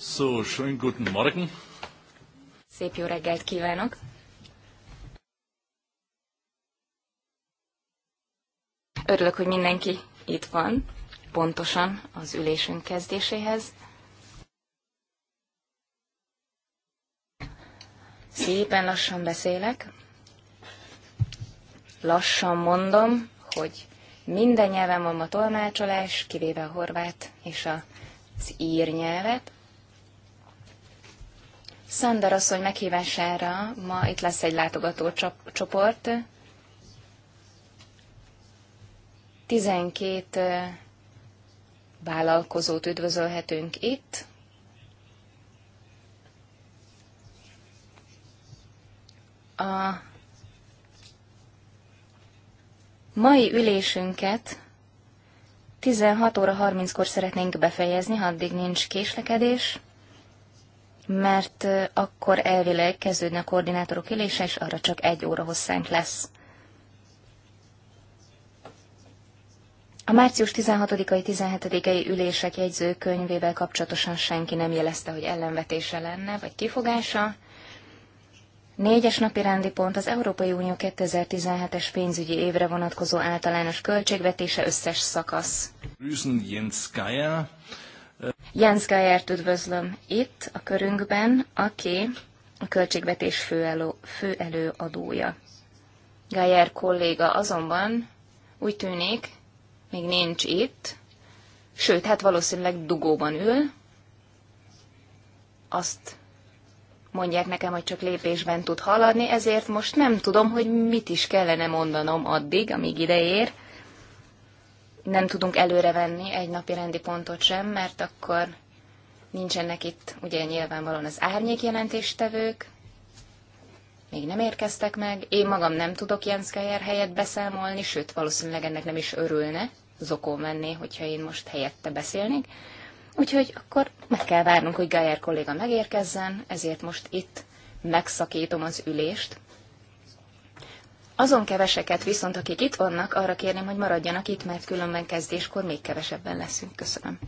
So, schönen guten Morgen. Szép jó reggelt kívánok. Örülök, hogy mindenki itt van, pontosan az ülésünk kezdéséhez. Szépen lassan beszélek. Lassan mondom, hogy minden nyelven van ma tolmácsolás, kivéve a horvát és az ír nyelvet. Szandar asszony meghívására ma itt lesz egy látogató csoport. 12 vállalkozót üdvözölhetünk itt. A mai ülésünket 16 óra 30-kor szeretnénk befejezni, addig nincs késlekedés mert akkor elvileg kezdődne a koordinátorok ülése, és arra csak egy óra hosszánk lesz. A március 16-ai, 17-ei ülések jegyzőkönyvével kapcsolatosan senki nem jelezte, hogy ellenvetése lenne, vagy kifogása. Négyes napi rendi pont az Európai Unió 2017-es pénzügyi évre vonatkozó általános költségvetése összes szakasz. Üzen Jens Geier, Jens Gajert üdvözlöm itt, a körünkben, aki a költségvetés főelőadója. Fő Gajer kolléga azonban úgy tűnik, még nincs itt, sőt, hát valószínűleg dugóban ül. Azt mondják nekem, hogy csak lépésben tud haladni, ezért most nem tudom, hogy mit is kellene mondanom addig, amíg ideér nem tudunk előrevenni egy napi rendi pontot sem, mert akkor nincsenek itt ugye nyilvánvalóan az árnyék jelentéstevők, még nem érkeztek meg, én magam nem tudok Jens Geyer helyett beszámolni, sőt, valószínűleg ennek nem is örülne, zokó menné, hogyha én most helyette beszélnék. Úgyhogy akkor meg kell várnunk, hogy Geyer kolléga megérkezzen, ezért most itt megszakítom az ülést, azon keveseket viszont, akik itt vannak, arra kérném, hogy maradjanak itt, mert különben kezdéskor még kevesebben leszünk. Köszönöm.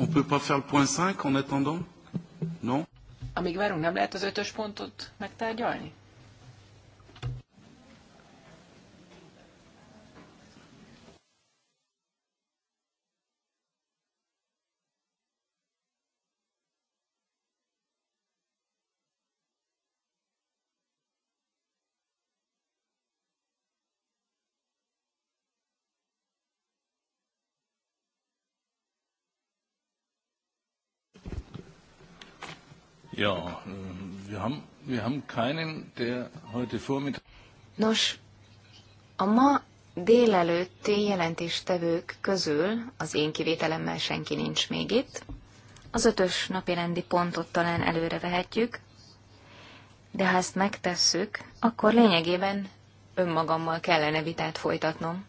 on peut pas faire le point 5 en attendant? Non? Amíg várunk, nem lehet az ötös pontot megtárgyalni? Ja, wir haben, wir haben keinen, der heute Vormittag... Nos, a ma délelőtti jelentéstevők közül az én kivételemmel senki nincs még itt. Az ötös napi rendi pontot talán előre vehetjük, de ha ezt megtesszük, akkor lényegében önmagammal kellene vitát folytatnom.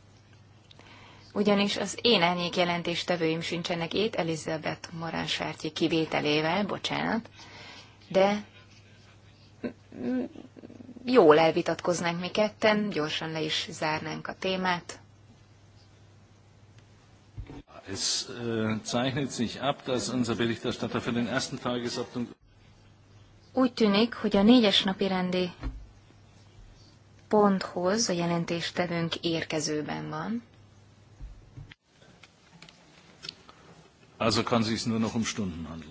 Ugyanis az én árnyék jelentéstevőim sincsenek itt, Elizabeth Morán kivételével, bocsánat, de jól elvitatkoznánk mi ketten, gyorsan le is zárnánk a témát. Es äh, zeichnet sich ab, dass unser Berichterstatter für den ersten Tagesordnung... Úgy tűnik, hogy a négyes napi rendi ponthoz a jelentéstevőnk érkezőben van. Also kann sich nur noch um Stunden handeln.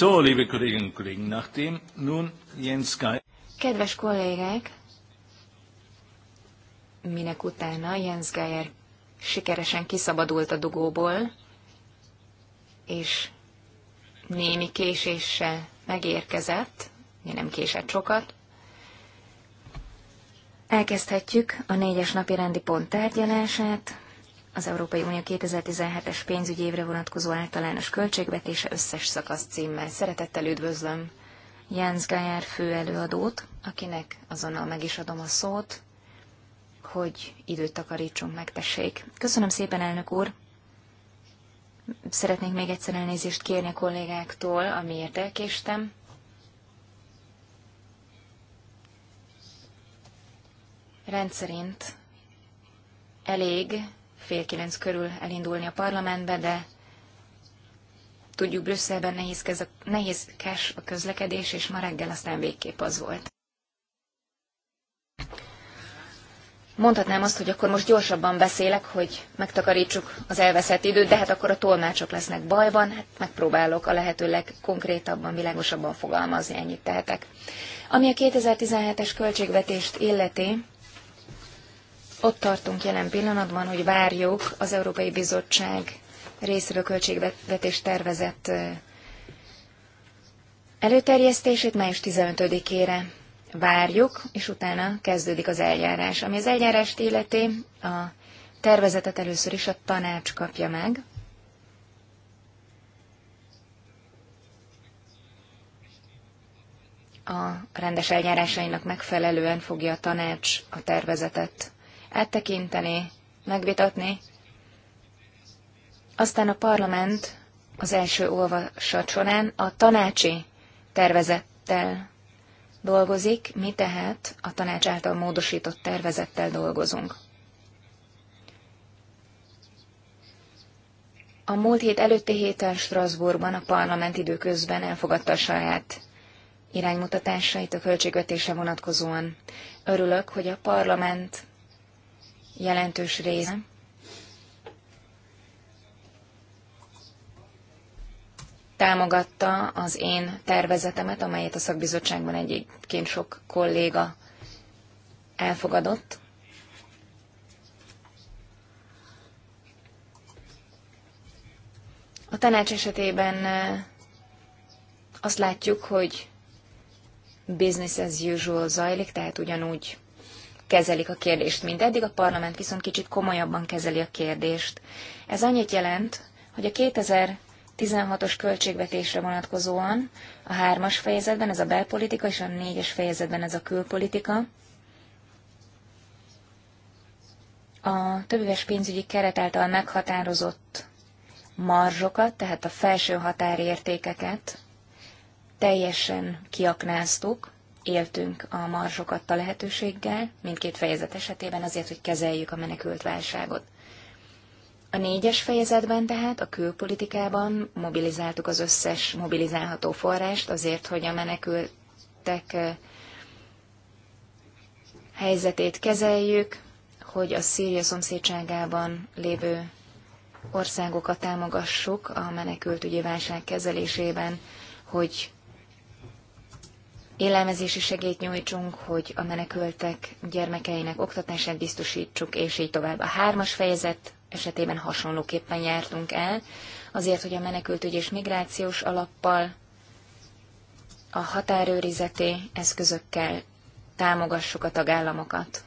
So, liebe Kolleginnen und Kollegen, nachdem nun Jens Kedves kollégák, minek utána Jens Geier sikeresen kiszabadult a dugóból, és némi késéssel megérkezett, mi nem késett sokat. Elkezdhetjük a négyes napi rendi pont tárgyalását az Európai Unió 2017-es pénzügyi évre vonatkozó általános költségvetése összes szakasz címmel. Szeretettel üdvözlöm Jens Gajár főelőadót, akinek azonnal meg is adom a szót, hogy időt takarítsunk meg, tessék. Köszönöm szépen, elnök úr! Szeretnék még egyszer elnézést kérni a kollégáktól, amiért elkéstem. Rendszerint elég fél kilenc körül elindulni a parlamentbe, de tudjuk Brüsszelben nehézkes a, nehézkes a közlekedés, és ma reggel aztán végképp az volt. Mondhatnám azt, hogy akkor most gyorsabban beszélek, hogy megtakarítsuk az elveszett időt, de hát akkor a tolmácsok lesznek bajban, hát megpróbálok a lehető legkonkrétabban, világosabban fogalmazni, ennyit tehetek. Ami a 2017-es költségvetést illeti, ott tartunk jelen pillanatban, hogy várjuk az Európai Bizottság részről költségvetés tervezett előterjesztését május 15-ére várjuk, és utána kezdődik az eljárás. Ami az eljárást illeti, a tervezetet először is a tanács kapja meg. A rendes eljárásainak megfelelően fogja a tanács a tervezetet áttekinteni, megvitatni. Aztán a parlament az első olvasat során a tanácsi tervezettel dolgozik, mi tehát a tanács által módosított tervezettel dolgozunk. A múlt hét előtti héten Strasbourgban a parlament időközben elfogadta a saját iránymutatásait a költségvetése vonatkozóan. Örülök, hogy a parlament jelentős része támogatta az én tervezetemet, amelyet a szakbizottságban egyébként sok kolléga elfogadott. A tanács esetében azt látjuk, hogy business as usual zajlik, tehát ugyanúgy kezelik a kérdést, mint eddig, a parlament viszont kicsit komolyabban kezeli a kérdést. Ez annyit jelent, hogy a 2016-os költségvetésre vonatkozóan a hármas fejezetben ez a belpolitika, és a négyes fejezetben ez a külpolitika, a többéves pénzügyi keret által meghatározott marzsokat, tehát a felső határértékeket teljesen kiaknáztuk, éltünk a marzsokatta lehetőséggel, mindkét fejezet esetében azért, hogy kezeljük a menekült válságot. A négyes fejezetben tehát a külpolitikában mobilizáltuk az összes mobilizálható forrást azért, hogy a menekültek helyzetét kezeljük, hogy a Szíria szomszédságában lévő országokat támogassuk a menekültügyi válság kezelésében, hogy élelmezési segélyt nyújtsunk, hogy a menekültek gyermekeinek oktatását biztosítsuk, és így tovább. A hármas fejezet esetében hasonlóképpen jártunk el, azért, hogy a menekültügy és migrációs alappal, a határőrizeti eszközökkel támogassuk a tagállamokat.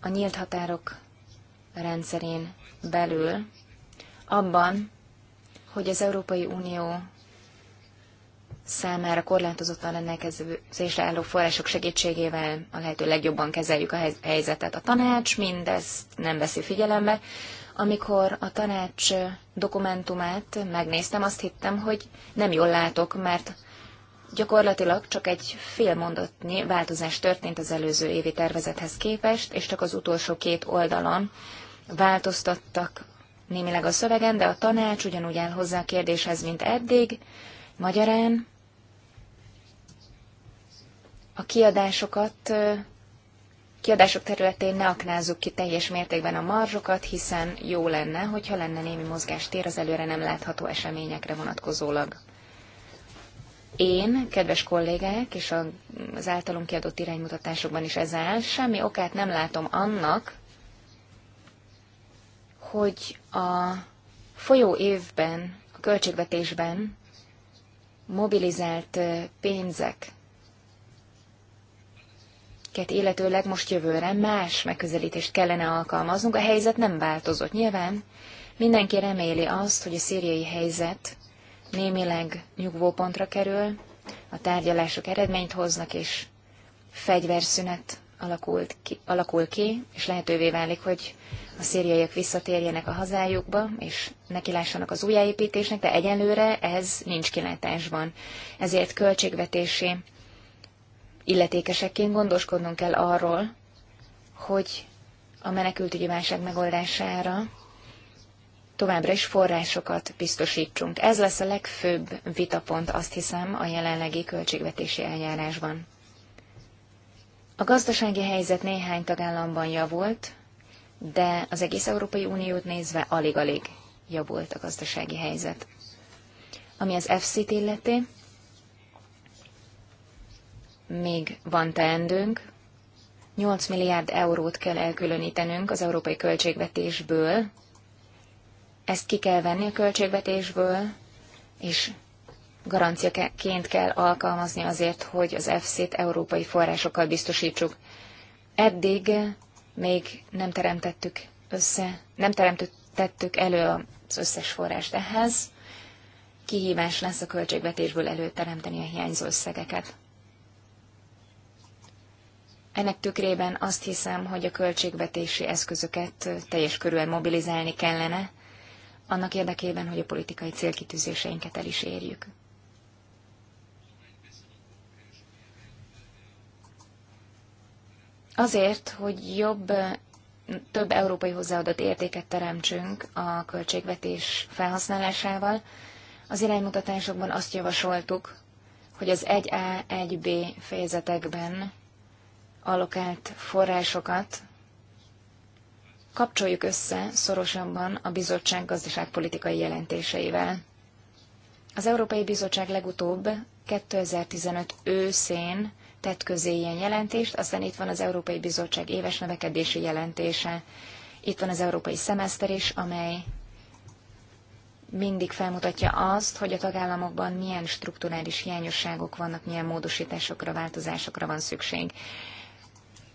A nyílt határok rendszerén belül abban, hogy az Európai Unió számára korlátozottan rendelkezésre álló források segítségével a lehető legjobban kezeljük a helyzetet. A tanács mindezt nem veszi figyelembe. Amikor a tanács dokumentumát megnéztem, azt hittem, hogy nem jól látok, mert gyakorlatilag csak egy fél mondatnyi változás történt az előző évi tervezethez képest, és csak az utolsó két oldalon változtattak némileg a szövegen, de a tanács ugyanúgy áll hozzá a kérdéshez, mint eddig, Magyarán a kiadásokat, kiadások területén ne aknázzuk ki teljes mértékben a marzsokat, hiszen jó lenne, hogyha lenne némi mozgástér az előre nem látható eseményekre vonatkozólag. Én, kedves kollégák, és az általunk kiadott iránymutatásokban is ez áll, semmi okát nem látom annak, hogy a folyó évben, a költségvetésben mobilizált pénzek minket illetőleg most jövőre más megközelítést kellene alkalmaznunk, a helyzet nem változott nyilván. Mindenki reméli azt, hogy a szíriai helyzet némileg nyugvópontra kerül, a tárgyalások eredményt hoznak, és fegyverszünet alakult ki, alakul ki, és lehetővé válik, hogy a szíriaiak visszatérjenek a hazájukba, és nekilássanak az újjáépítésnek, de egyelőre ez nincs kilátásban. Ezért költségvetési illetékesekként gondoskodnunk kell arról, hogy a menekültügyi válság megoldására továbbra is forrásokat biztosítsunk. Ez lesz a legfőbb vitapont, azt hiszem, a jelenlegi költségvetési eljárásban. A gazdasági helyzet néhány tagállamban javult, de az egész Európai Uniót nézve alig-alig javult a gazdasági helyzet. Ami az FC-t illeti, még van teendőnk. 8 milliárd eurót kell elkülönítenünk az európai költségvetésből. Ezt ki kell venni a költségvetésből, és garanciaként kell alkalmazni azért, hogy az EFSZ-t európai forrásokkal biztosítsuk. Eddig még nem teremtettük össze, nem teremtettük elő az összes forrást ehhez. Kihívás lesz a költségvetésből előteremteni a hiányzó összegeket. Ennek tükrében azt hiszem, hogy a költségvetési eszközöket teljes körül mobilizálni kellene, annak érdekében, hogy a politikai célkitűzéseinket el is érjük. Azért, hogy jobb, több európai hozzáadott értéket teremtsünk a költségvetés felhasználásával, az iránymutatásokban azt javasoltuk, hogy az 1A, 1B fejezetekben alokált forrásokat kapcsoljuk össze szorosabban a bizottság gazdaságpolitikai jelentéseivel. Az Európai Bizottság legutóbb 2015 őszén tett közé ilyen jelentést, aztán itt van az Európai Bizottság éves növekedési jelentése, itt van az Európai Szemeszter is, amely mindig felmutatja azt, hogy a tagállamokban milyen strukturális hiányosságok vannak, milyen módosításokra, változásokra van szükség.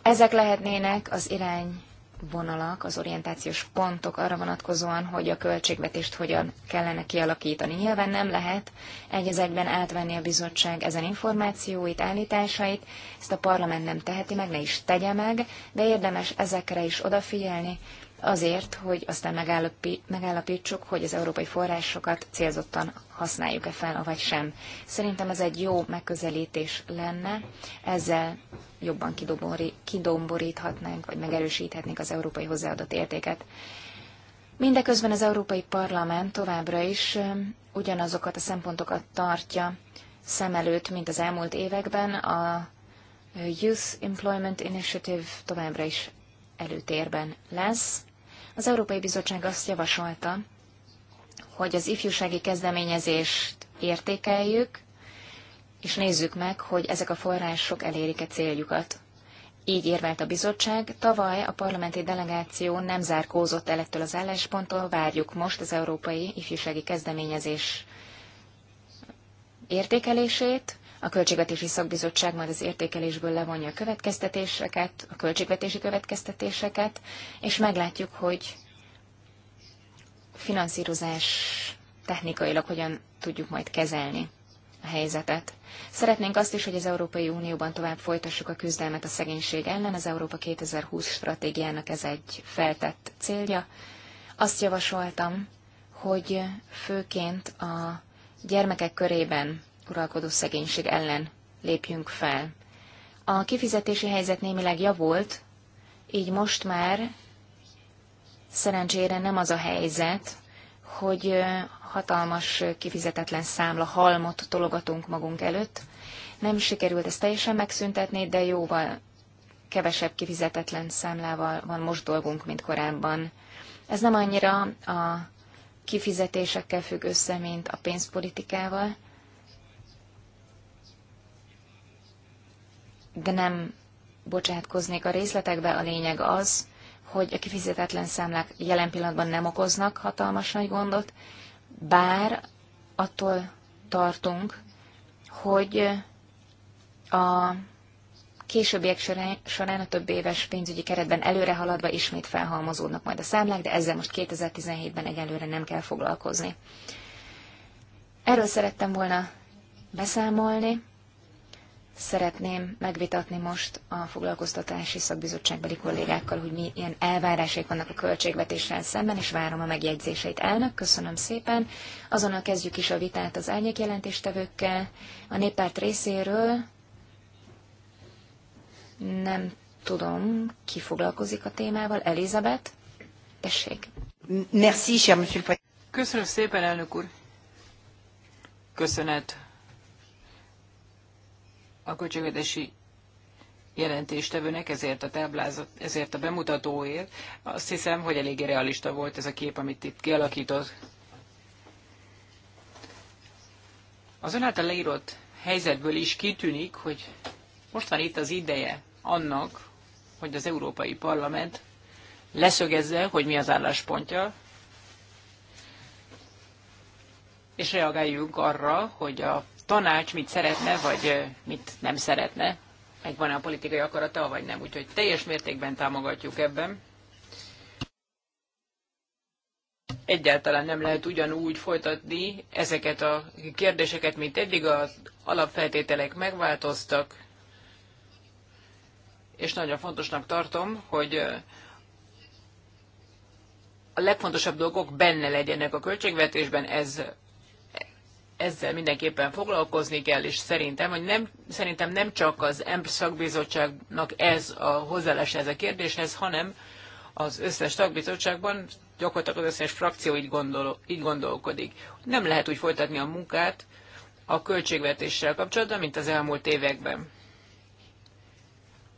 Ezek lehetnének az irányvonalak, az orientációs pontok arra vonatkozóan, hogy a költségvetést hogyan kellene kialakítani. Nyilván nem lehet egy az egyben átvenni a bizottság ezen információit, állításait, ezt a parlament nem teheti meg, ne is tegye meg, de érdemes ezekre is odafigyelni, azért, hogy aztán megállapítsuk, hogy az európai forrásokat célzottan használjuk-e fel, vagy sem. Szerintem ez egy jó megközelítés lenne, ezzel jobban kidomboríthatnánk, vagy megerősíthetnénk az európai hozzáadott értéket. Mindeközben az Európai Parlament továbbra is um, ugyanazokat a szempontokat tartja szem előtt, mint az elmúlt években. A Youth Employment Initiative továbbra is előtérben lesz. Az Európai Bizottság azt javasolta, hogy az ifjúsági kezdeményezést értékeljük, és nézzük meg, hogy ezek a források elérik-e céljukat. Így érvelt a bizottság, tavaly a parlamenti delegáció nem zárkózott el ettől az állásponttól, várjuk most az európai ifjúsági kezdeményezés értékelését, a Költségvetési Szakbizottság majd az értékelésből levonja a következtetéseket, a költségvetési következtetéseket, és meglátjuk, hogy finanszírozás technikailag hogyan tudjuk majd kezelni a helyzetet. Szeretnénk azt is, hogy az Európai Unióban tovább folytassuk a küzdelmet a szegénység ellen, az Európa 2020 stratégiának ez egy feltett célja. Azt javasoltam, hogy főként a gyermekek körében uralkodó szegénység ellen lépjünk fel. A kifizetési helyzet némileg javult, így most már szerencsére nem az a helyzet, hogy hatalmas kifizetetlen számla halmot tologatunk magunk előtt. Nem sikerült ezt teljesen megszüntetni, de jóval kevesebb kifizetetlen számlával van most dolgunk, mint korábban. Ez nem annyira a kifizetésekkel függ össze, mint a pénzpolitikával, de nem bocsátkoznék a részletekbe. A lényeg az, hogy a kifizetetlen számlák jelen pillanatban nem okoznak hatalmas nagy gondot, bár attól tartunk, hogy a későbbiek során a több éves pénzügyi keretben előre haladva ismét felhalmozódnak majd a számlák, de ezzel most 2017-ben egyelőre nem kell foglalkozni. Erről szerettem volna beszámolni. Szeretném megvitatni most a foglalkoztatási szakbizottságbeli kollégákkal, hogy milyen elvárásék vannak a költségvetéssel szemben, és várom a megjegyzéseit. Elnök, köszönöm szépen. Azonnal kezdjük is a vitát az árnyék jelentéstevőkkel. A néppárt részéről nem tudom, ki foglalkozik a témával. Elizabeth, tessék. Merci, cher monsieur Köszönöm szépen, elnök úr. Köszönet a költségvetési jelentéstevőnek ezért a táblázat, ezért a bemutatóért. Azt hiszem, hogy eléggé realista volt ez a kép, amit itt kialakított. Az ön által leírott helyzetből is kitűnik, hogy most van itt az ideje annak, hogy az Európai Parlament leszögezze, hogy mi az álláspontja, és reagáljunk arra, hogy a tanács mit szeretne, vagy mit nem szeretne, egy van-e a politikai akarata, vagy nem. Úgyhogy teljes mértékben támogatjuk ebben. Egyáltalán nem lehet ugyanúgy folytatni ezeket a kérdéseket, mint eddig. Az alapfeltételek megváltoztak, és nagyon fontosnak tartom, hogy a legfontosabb dolgok benne legyenek a költségvetésben, ez ezzel mindenképpen foglalkozni kell, és szerintem, hogy nem, szerintem nem csak az EMP szakbizottságnak ez a hozzáállása ez a kérdéshez, hanem az összes tagbizottságban gyakorlatilag az összes frakció így, gondol, így gondolkodik. Nem lehet úgy folytatni a munkát a költségvetéssel kapcsolatban, mint az elmúlt években.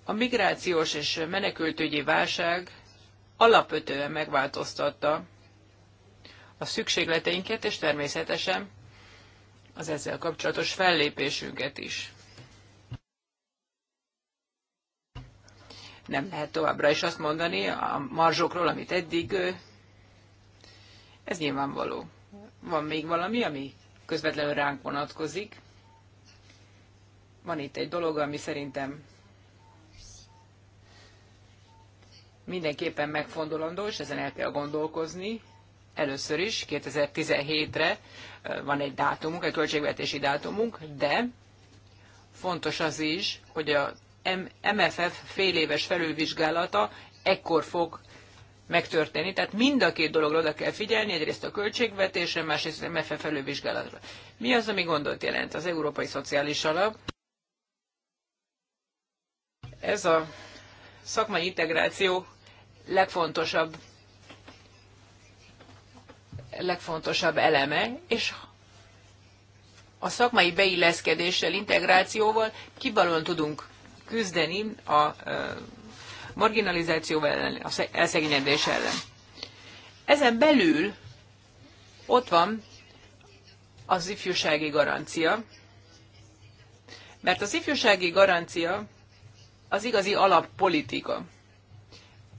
A migrációs és menekültügyi válság alapvetően megváltoztatta a szükségleteinket, és természetesen az ezzel kapcsolatos fellépésünket is. Nem lehet továbbra is azt mondani a marzsokról, amit eddig. Ez nyilvánvaló. Van még valami, ami közvetlenül ránk vonatkozik. Van itt egy dolog, ami szerintem mindenképpen megfondolandó, és ezen el kell gondolkozni, először is, 2017-re van egy dátumunk, egy költségvetési dátumunk, de fontos az is, hogy a MFF féléves felülvizsgálata ekkor fog megtörténni. Tehát mind a két dologra oda kell figyelni, egyrészt a költségvetésre, másrészt az MFF felülvizsgálatra. Mi az, ami gondot jelent? Az Európai Szociális Alap. Ez a szakmai integráció legfontosabb legfontosabb eleme, és a szakmai beilleszkedéssel, integrációval kibalon tudunk küzdeni a marginalizáció ellen, a elszegényedés ellen. Ezen belül ott van az ifjúsági garancia, mert az ifjúsági garancia az igazi alappolitika.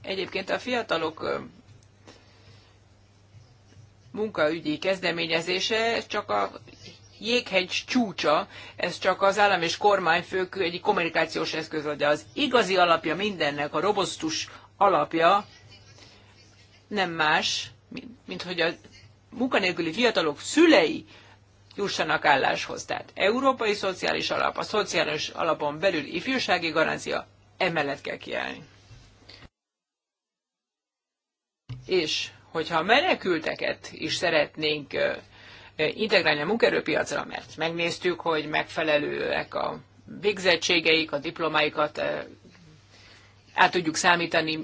Egyébként a fiatalok munkaügyi kezdeményezése ez csak a jéghegy csúcsa, ez csak az állam és kormányfők egy kommunikációs eszköz, de az igazi alapja mindennek, a robosztus alapja nem más, mint hogy a munkanélküli fiatalok szülei jussanak álláshoz. Tehát európai szociális alap, a szociális alapon belül ifjúsági garancia, emellett kell kiállni. És hogyha a menekülteket is szeretnénk integrálni a munkerőpiacra, mert megnéztük, hogy megfelelőek a végzettségeik, a diplomáikat át tudjuk számítani,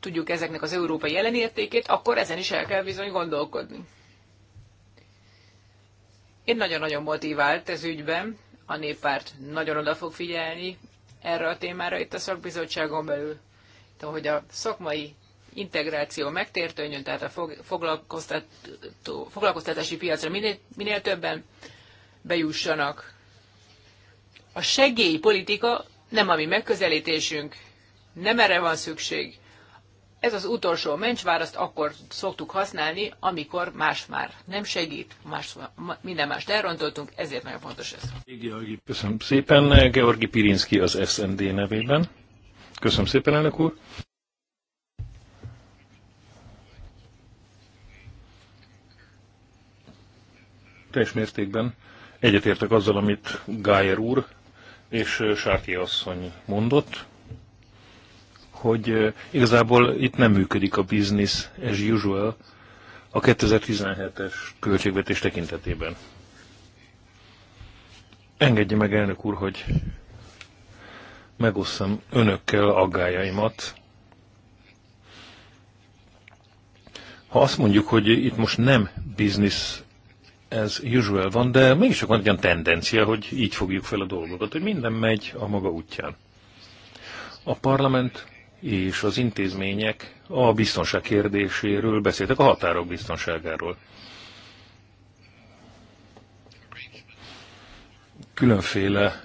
tudjuk ezeknek az európai jelenértékét, akkor ezen is el kell bizony gondolkodni. Én nagyon-nagyon motivált ez ügyben, a néppárt nagyon oda fog figyelni erre a témára itt a szakbizottságon belül. Tehát, hogy a szakmai integráció megtértőnyön, tehát a foglalkoztatási piacra minél, minél többen bejussanak. A segélypolitika nem a mi megközelítésünk, nem erre van szükség. Ez az utolsó mencsváraszt akkor szoktuk használni, amikor más már nem segít, más, minden mást elrontottunk, ezért nagyon fontos ez. Köszönöm szépen, Georgi Pirinski az SND nevében. Köszönöm szépen, elnök úr. teljes mértékben egyetértek azzal, amit Gájer úr és Sárki asszony mondott, hogy eh, igazából itt nem működik a business as usual a 2017-es költségvetés tekintetében. Engedje meg, elnök úr, hogy megosszam önökkel aggájaimat. Ha azt mondjuk, hogy itt most nem business as usual van, de mégis van egy olyan tendencia, hogy így fogjuk fel a dolgokat, hogy minden megy a maga útján. A parlament és az intézmények a biztonság kérdéséről beszéltek, a határok biztonságáról. Különféle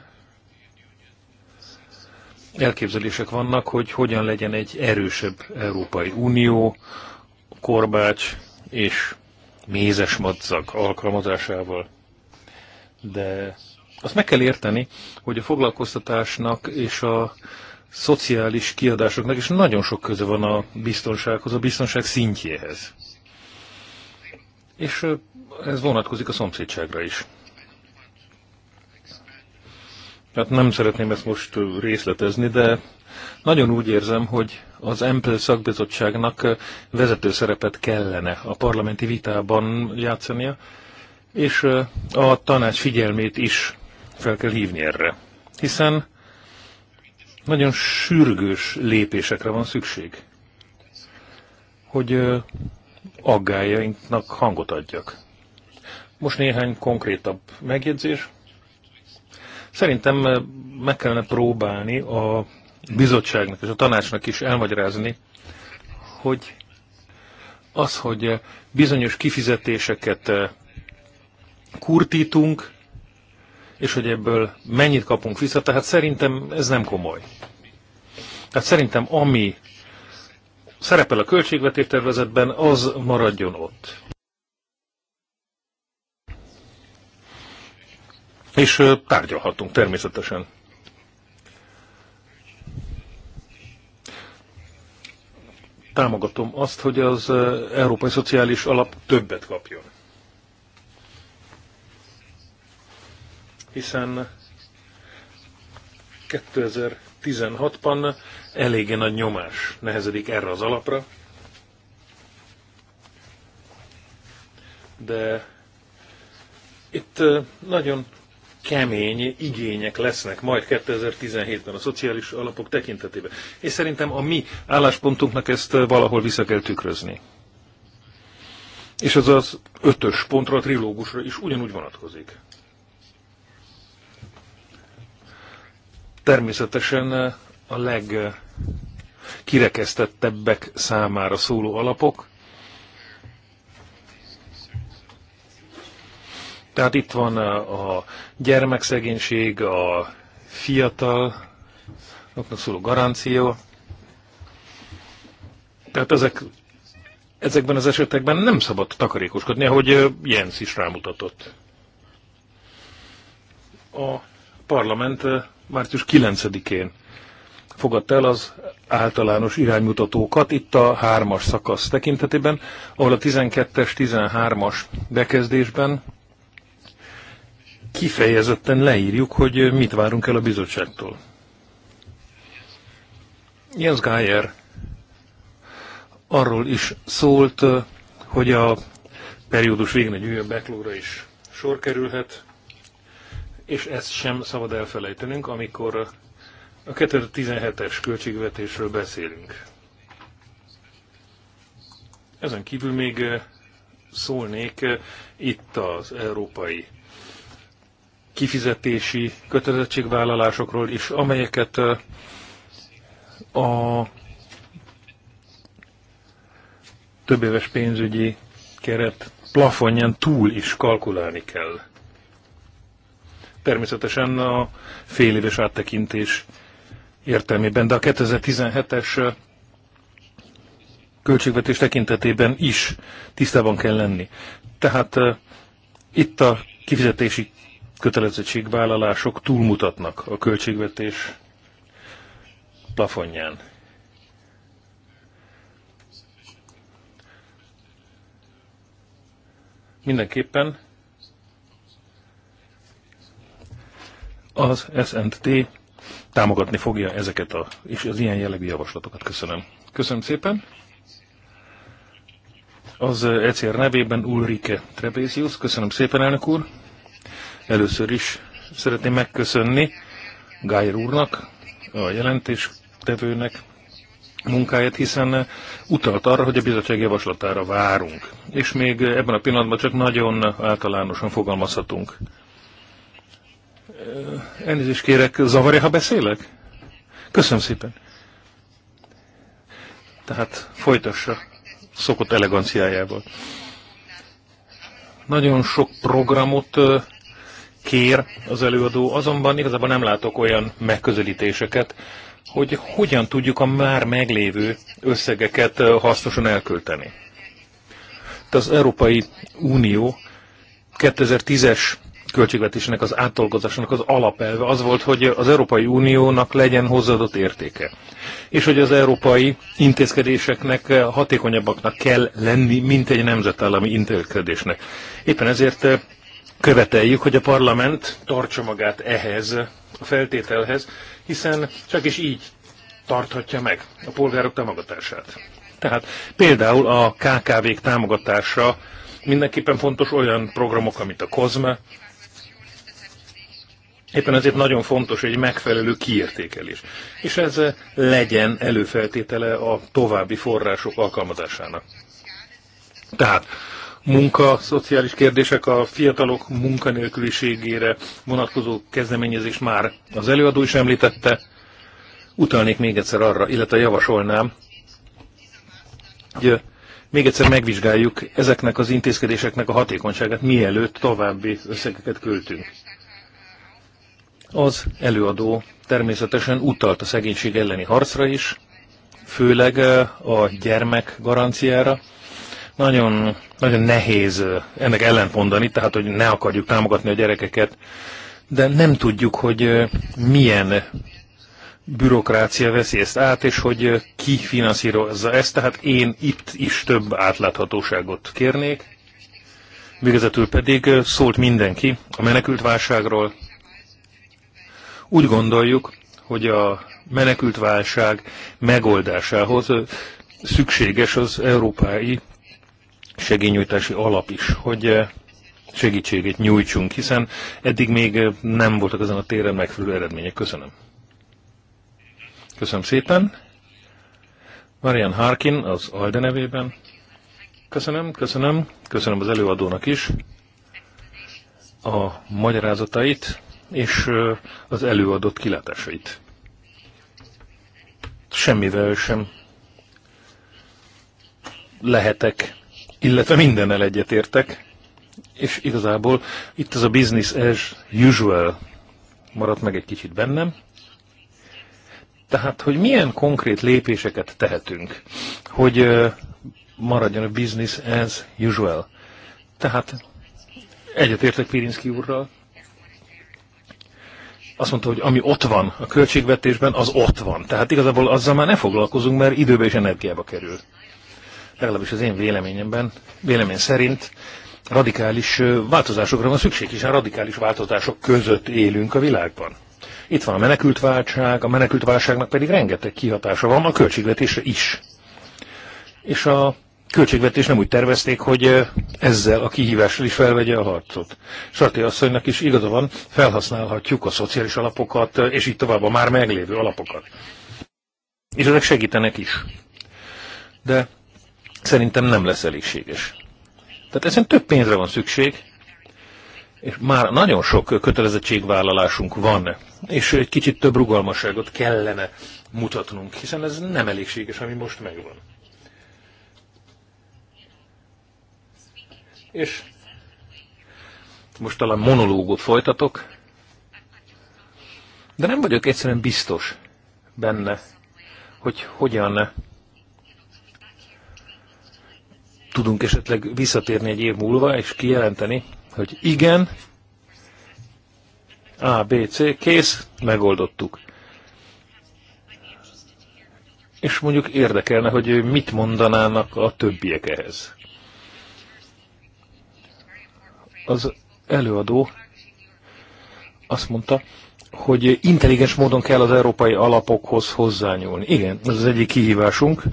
elképzelések vannak, hogy hogyan legyen egy erősebb Európai Unió, Korbács és mézes madzag alkalmazásával. De azt meg kell érteni, hogy a foglalkoztatásnak és a szociális kiadásoknak is nagyon sok köze van a biztonsághoz, a biztonság szintjéhez. És ez vonatkozik a szomszédságra is. Hát nem szeretném ezt most részletezni, de nagyon úgy érzem, hogy az EMPL szakbizottságnak vezető szerepet kellene a parlamenti vitában játszania, és a tanács figyelmét is fel kell hívni erre. Hiszen nagyon sürgős lépésekre van szükség, hogy aggájainknak hangot adjak. Most néhány konkrétabb megjegyzés. Szerintem meg kellene próbálni a bizottságnak és a tanácsnak is elmagyarázni, hogy az, hogy bizonyos kifizetéseket kurtítunk, és hogy ebből mennyit kapunk vissza, tehát szerintem ez nem komoly. Tehát szerintem ami szerepel a költségvetés tervezetben, az maradjon ott. és tárgyalhatunk természetesen. Támogatom azt, hogy az Európai Szociális Alap többet kapjon. Hiszen 2016-ban eléggé nagy nyomás nehezedik erre az alapra, de itt nagyon kemény igények lesznek majd 2017-ben a szociális alapok tekintetében. És szerintem a mi álláspontunknak ezt valahol vissza kell tükrözni. És az az ötös pontra, a trilógusra is ugyanúgy vonatkozik. Természetesen a legkirekesztettebbek számára szóló alapok Tehát itt van eh, a gyermekszegénység, a fiataloknak szóló garancia. Tehát ezek, ezekben az esetekben nem szabad takarékoskodni, ahogy eh, Jens is rámutatott. A parlament eh, március 9-én fogadta el az általános iránymutatókat, itt a hármas szakasz tekintetében, ahol a 12-es, 13-as bekezdésben kifejezetten leírjuk, hogy mit várunk el a bizottságtól. Jens Geyer arról is szólt, hogy a periódus végén egy olyan backlogra is sor kerülhet, és ezt sem szabad elfelejtenünk, amikor a 2017-es költségvetésről beszélünk. Ezen kívül még szólnék itt az európai kifizetési kötelezettségvállalásokról is, amelyeket a többéves pénzügyi keret plafonján túl is kalkulálni kell. Természetesen a féléves áttekintés értelmében, de a 2017-es költségvetés tekintetében is tisztában kell lenni. Tehát uh, itt a kifizetési kötelezettségvállalások túlmutatnak a költségvetés plafonján. Mindenképpen az SNT támogatni fogja ezeket a, és az ilyen jellegű javaslatokat. Köszönöm. Köszönöm szépen. Az ECR nevében Ulrike Trebézius. Köszönöm szépen, elnök úr. Először is szeretném megköszönni Gájer úrnak, a jelentéstevőnek munkáját, hiszen utalt arra, hogy a bizottság javaslatára várunk. És még ebben a pillanatban csak nagyon általánosan fogalmazhatunk. Elnézést kérek, zavarja, ha beszélek? Köszönöm szépen. Tehát folytassa szokott eleganciájával. Nagyon sok programot kér az előadó, azonban igazából nem látok olyan megközelítéseket, hogy hogyan tudjuk a már meglévő összegeket hasznosan elkölteni. Itt az Európai Unió 2010-es költségvetésének az átdolgozásának az alapelve az volt, hogy az Európai Uniónak legyen hozzáadott értéke. És hogy az európai intézkedéseknek hatékonyabbaknak kell lenni, mint egy nemzetállami intézkedésnek. Éppen ezért követeljük, hogy a parlament tartsa magát ehhez a feltételhez, hiszen csak is így tarthatja meg a polgárok támogatását. Tehát például a KKV-k támogatása mindenképpen fontos olyan programok, mint a COSME. Éppen ezért nagyon fontos egy megfelelő kiértékelés. És ez legyen előfeltétele a további források alkalmazásának. Tehát munka, szociális kérdések a fiatalok munkanélküliségére vonatkozó kezdeményezés már az előadó is említette. Utalnék még egyszer arra, illetve javasolnám, hogy még egyszer megvizsgáljuk ezeknek az intézkedéseknek a hatékonyságát, mielőtt további összegeket költünk. Az előadó természetesen utalt a szegénység elleni harcra is, főleg a gyermek garanciára, nagyon, nagyon nehéz ennek ellentmondani, tehát hogy ne akarjuk támogatni a gyerekeket, de nem tudjuk, hogy milyen bürokrácia veszi ezt át, és hogy ki finanszírozza ezt, tehát én itt is több átláthatóságot kérnék. Végezetül pedig szólt mindenki a menekült válságról. Úgy gondoljuk, hogy a menekült válság megoldásához szükséges az európai segélynyújtási alap is, hogy eh, segítségét nyújtsunk, hiszen eddig még eh, nem voltak ezen a téren megfelelő eredmények. Köszönöm. Köszönöm szépen. Marian Harkin az Alde nevében. Köszönöm, köszönöm, köszönöm az előadónak is a magyarázatait és eh, az előadott kilátásait. Semmivel sem lehetek illetve mindennel egyetértek, és igazából itt ez a business as usual maradt meg egy kicsit bennem. Tehát, hogy milyen konkrét lépéseket tehetünk, hogy maradjon a business as usual. Tehát egyetértek Pirinszki úrral, azt mondta, hogy ami ott van a költségvetésben, az ott van. Tehát igazából azzal már ne foglalkozunk, mert időbe és energiába kerül legalábbis az én véleményemben, vélemény szerint radikális változásokra van szükség, hiszen radikális változások között élünk a világban. Itt van a menekültválság, a menekültválságnak pedig rengeteg kihatása van a költségvetésre is. És a költségvetés nem úgy tervezték, hogy ezzel a kihívással is felvegye a harcot. Sarté asszonynak is igaza van, felhasználhatjuk a szociális alapokat, és így tovább a már meglévő alapokat. És ezek segítenek is. De szerintem nem lesz elégséges. Tehát ezen több pénzre van szükség, és már nagyon sok kötelezettségvállalásunk van, és egy kicsit több rugalmasságot kellene mutatnunk, hiszen ez nem elégséges, ami most megvan. És most talán monológot folytatok, de nem vagyok egyszerűen biztos benne, hogy hogyan tudunk esetleg visszatérni egy év múlva, és kijelenteni, hogy igen, A, B, C, kész, megoldottuk. És mondjuk érdekelne, hogy mit mondanának a többiek ehhez. Az előadó azt mondta, hogy intelligens módon kell az európai alapokhoz hozzányúlni. Igen, ez az egyik kihívásunk,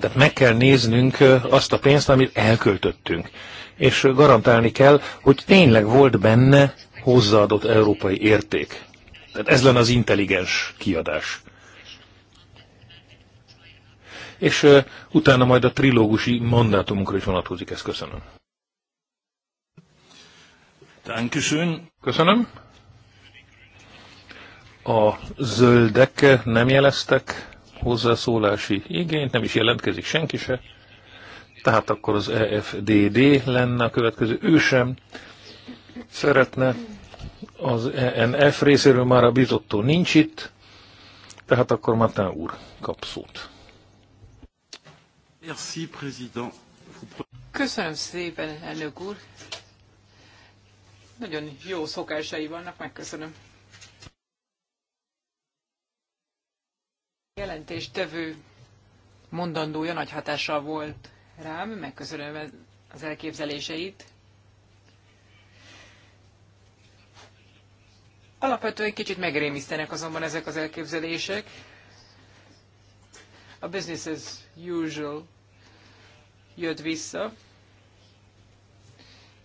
tehát meg kell néznünk azt a pénzt, amit elköltöttünk. És garantálni kell, hogy tényleg volt benne hozzáadott európai érték. Tehát ez lenne az intelligens kiadás. És uh, utána majd a trilógusi mandátumunkra is vonatkozik ez. Köszönöm. Dankeschön. Köszönöm. A zöldek nem jeleztek hozzászólási igényt, nem is jelentkezik senki se, tehát akkor az EFDD lenne a következő. Ő sem szeretne, az ENF részéről már a bizottó nincs itt, tehát akkor Matán úr kap szót. Merci, président. Köszönöm szépen, elnök úr. Nagyon jó szokásai vannak, megköszönöm. jelentéstevő mondandója nagy hatással volt rám, megköszönöm az elképzeléseit. Alapvetően kicsit megrémisztenek azonban ezek az elképzelések. A business as usual jött vissza.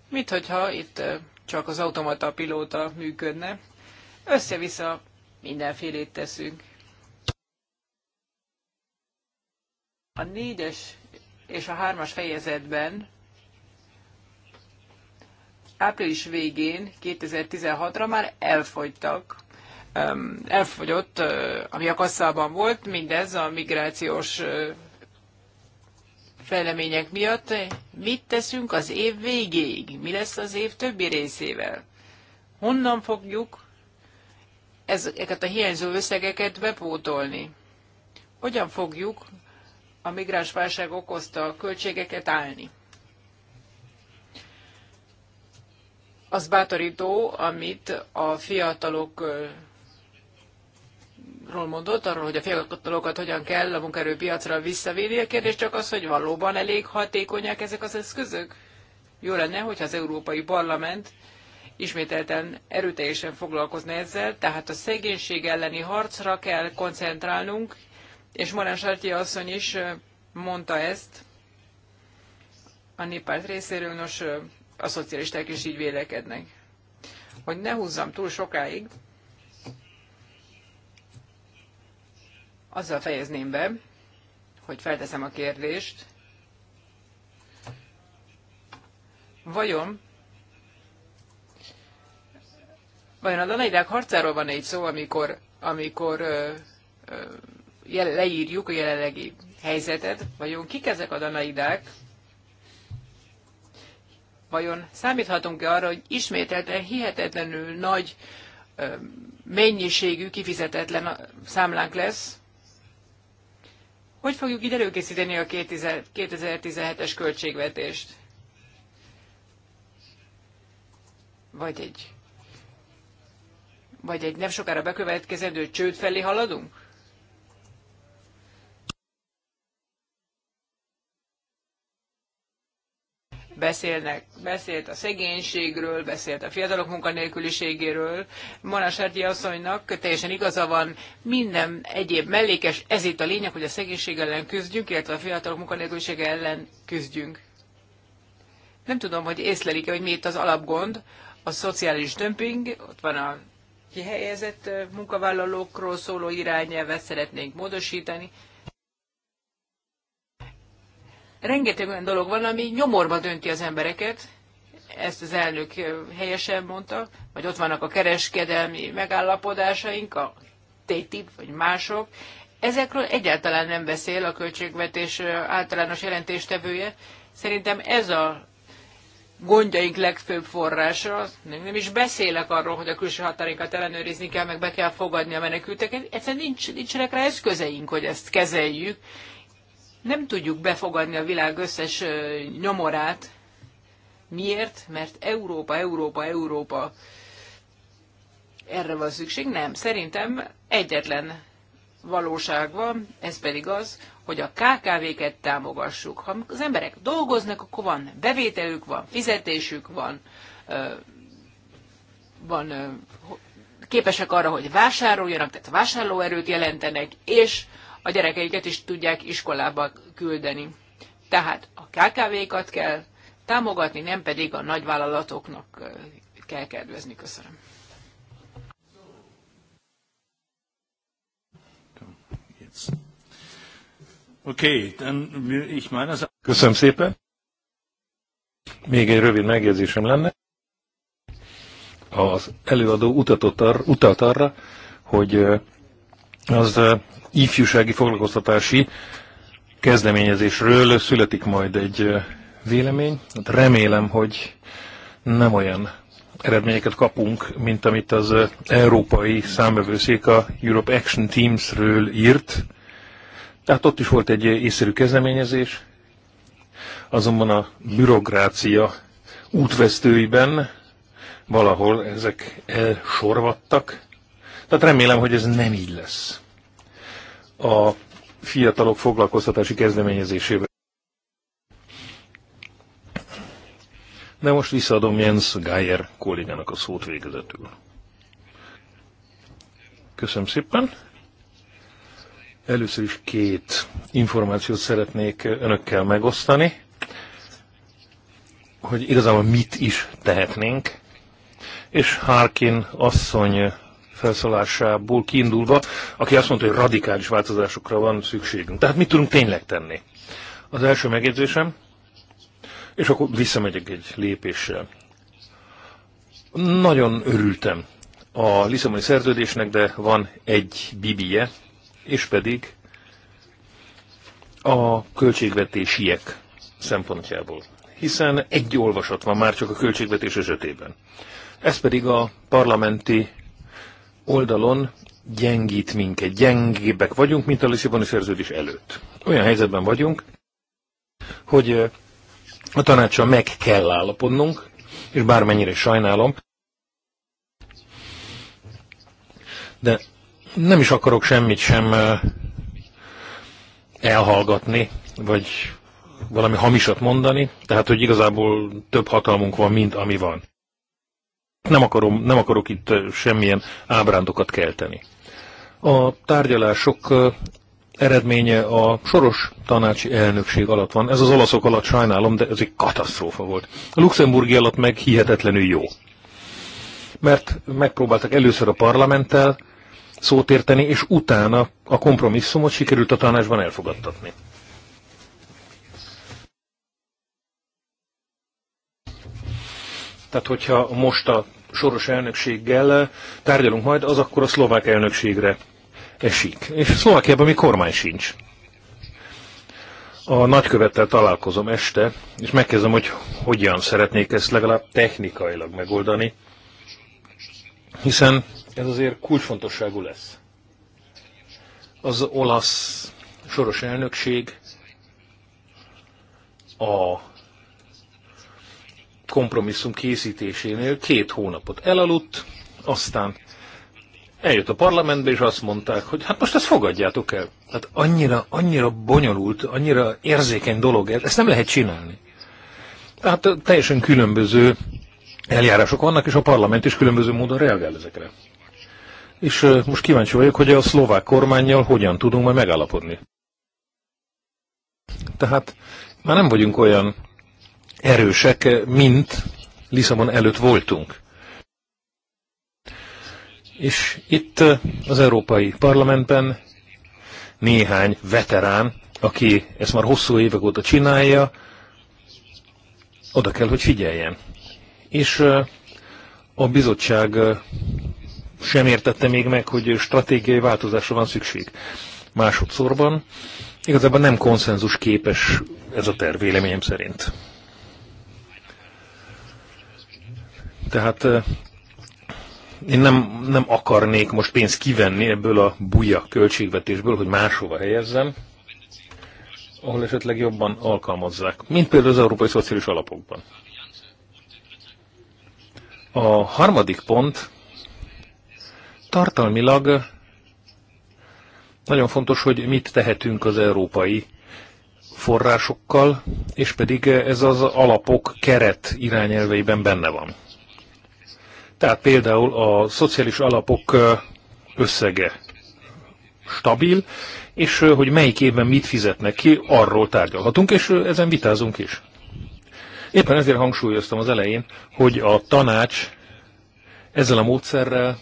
Mint hogyha itt csak az automata pilóta működne. Össze-vissza mindenfélét teszünk. A négyes és a hármas fejezetben április végén 2016-ra már elfogytak, elfogyott, ami a kasszában volt, mindez a migrációs fejlemények miatt. Mit teszünk az év végéig? Mi lesz az év többi részével? Honnan fogjuk ezeket a hiányzó összegeket bepótolni? Hogyan fogjuk a migránsválság okozta a költségeket állni. Az bátorító, amit a fiatalok mondott, arról, hogy a fiatalokat hogyan kell a munkaerőpiacra visszavinni. A kérdés csak az, hogy valóban elég hatékonyak ezek az eszközök? Jó lenne, hogyha az Európai Parlament ismételten erőteljesen foglalkozna ezzel, tehát a szegénység elleni harcra kell koncentrálnunk, és Morán Sarti asszony is mondta ezt a néppárt részéről, nos, a szocialisták is így vélekednek. Hogy ne húzzam túl sokáig, azzal fejezném be, hogy felteszem a kérdést, vajon vajon a Danaidák harcáról van egy szó, amikor, amikor ö, ö, leírjuk a jelenlegi helyzetet, vajon kik ezek a danaidák, vajon számíthatunk-e arra, hogy ismételten hihetetlenül nagy mennyiségű kifizetetlen számlánk lesz, hogy fogjuk így előkészíteni a 2017-es költségvetést? Vagy egy, vagy egy nem sokára bekövetkezendő csőd felé haladunk? beszélnek, beszélt a szegénységről, beszélt a fiatalok munkanélküliségéről. Manasárgyi asszonynak teljesen igaza van, minden egyéb mellékes, ez itt a lényeg, hogy a szegénység ellen küzdjünk, illetve a fiatalok munkanélkülisége ellen küzdjünk. Nem tudom, hogy észlelik-e, hogy mi itt az alapgond, a szociális dömping, ott van a kihelyezett munkavállalókról szóló irányelvet szeretnénk módosítani, rengeteg olyan dolog van, ami nyomorba dönti az embereket, ezt az elnök helyesen mondta, vagy ott vannak a kereskedelmi megállapodásaink, a TTIP, vagy mások. Ezekről egyáltalán nem beszél a költségvetés általános jelentéstevője. Szerintem ez a gondjaink legfőbb forrása. Nem is beszélek arról, hogy a külső határinkat ellenőrizni kell, meg be kell fogadni a menekülteket. Egyszerűen nincs, nincsenek rá eszközeink, hogy ezt kezeljük. Nem tudjuk befogadni a világ összes nyomorát. Miért? Mert Európa, Európa, Európa. Erre van szükség? Nem. Szerintem egyetlen valóság van, ez pedig az, hogy a KKV-ket támogassuk. Ha az emberek dolgoznak, akkor van bevételük, van fizetésük, van, van képesek arra, hogy vásároljanak, tehát vásárlóerőt jelentenek, és a gyerekeiket is tudják iskolába küldeni. Tehát a KKV-kat kell támogatni, nem pedig a nagyvállalatoknak kell kedvezni. Köszönöm. Köszönöm szépen. Még egy rövid megjegyzésem lenne. Az előadó utatott arra, utalt arra, hogy az ifjúsági foglalkoztatási kezdeményezésről születik majd egy vélemény. Hát remélem, hogy nem olyan eredményeket kapunk, mint amit az európai számövőszék a Europe Action Teams-ről írt. Tehát ott is volt egy észszerű kezdeményezés, azonban a bürokrácia útvesztőiben valahol ezek elsorvadtak, tehát remélem, hogy ez nem így lesz. A fiatalok foglalkoztatási kezdeményezésével. De most visszaadom Jens Geyer kollégának a szót végezetül. Köszönöm szépen. Először is két információt szeretnék önökkel megosztani, hogy igazából mit is tehetnénk. És Harkin asszony felszólásából kiindulva, aki azt mondta, hogy radikális változásokra van szükségünk. Tehát mit tudunk tényleg tenni? Az első megjegyzésem, és akkor visszamegyek egy lépéssel. Nagyon örültem a Lisszaboni szerződésnek, de van egy bibije, és pedig a költségvetésiek szempontjából. Hiszen egy olvasat van már csak a költségvetés esetében. Ez pedig a parlamenti oldalon gyengít minket, gyengébbek vagyunk, mint a Lisszaboni szerződés előtt. Olyan helyzetben vagyunk, hogy a tanácsa meg kell állapodnunk, és bármennyire sajnálom, de nem is akarok semmit sem elhallgatni, vagy valami hamisat mondani, tehát hogy igazából több hatalmunk van, mint ami van. Nem, akarom, nem akarok itt semmilyen ábrándokat kelteni. A tárgyalások eredménye a soros tanácsi elnökség alatt van. Ez az olaszok alatt sajnálom, de ez egy katasztrófa volt. A luxemburgi alatt meg hihetetlenül jó. Mert megpróbáltak először a parlamenttel szót érteni, és utána a kompromisszumot sikerült a tanácsban elfogadtatni. Tehát, hogyha most a soros elnökséggel tárgyalunk majd, az akkor a szlovák elnökségre esik. És Szlovákiában még kormány sincs. A nagykövettel találkozom este, és megkezdem, hogy hogyan szeretnék ezt legalább technikailag megoldani, hiszen ez azért kulcsfontosságú lesz. Az olasz soros elnökség a kompromisszum készítésénél két hónapot elaludt, aztán eljött a parlamentbe, és azt mondták, hogy hát most ezt fogadjátok el. Hát annyira, annyira bonyolult, annyira érzékeny dolog ez, ezt nem lehet csinálni. Tehát teljesen különböző eljárások vannak, és a parlament is különböző módon reagál ezekre. És most kíváncsi vagyok, hogy a szlovák kormányjal hogyan tudunk majd megállapodni. Tehát már nem vagyunk olyan erősek, mint Lisszabon előtt voltunk. És itt eh, az Európai Parlamentben néhány veterán, aki ezt már hosszú évek óta csinálja, oda kell, hogy figyeljen. És eh, a bizottság eh, sem értette még meg, hogy stratégiai változásra van szükség. Másodszorban igazából nem konszenzus képes ez a terv véleményem szerint. Tehát én nem, nem akarnék most pénzt kivenni ebből a buja költségvetésből, hogy máshova helyezzem, ahol esetleg jobban alkalmazzák, mint például az Európai Szociális Alapokban. A harmadik pont tartalmilag nagyon fontos, hogy mit tehetünk az európai forrásokkal, és pedig ez az alapok keret irányelveiben benne van. Tehát például a szociális alapok összege stabil, és hogy melyik évben mit fizetnek ki, arról tárgyalhatunk, és ezen vitázunk is. Éppen ezért hangsúlyoztam az elején, hogy a tanács ezzel a módszerrel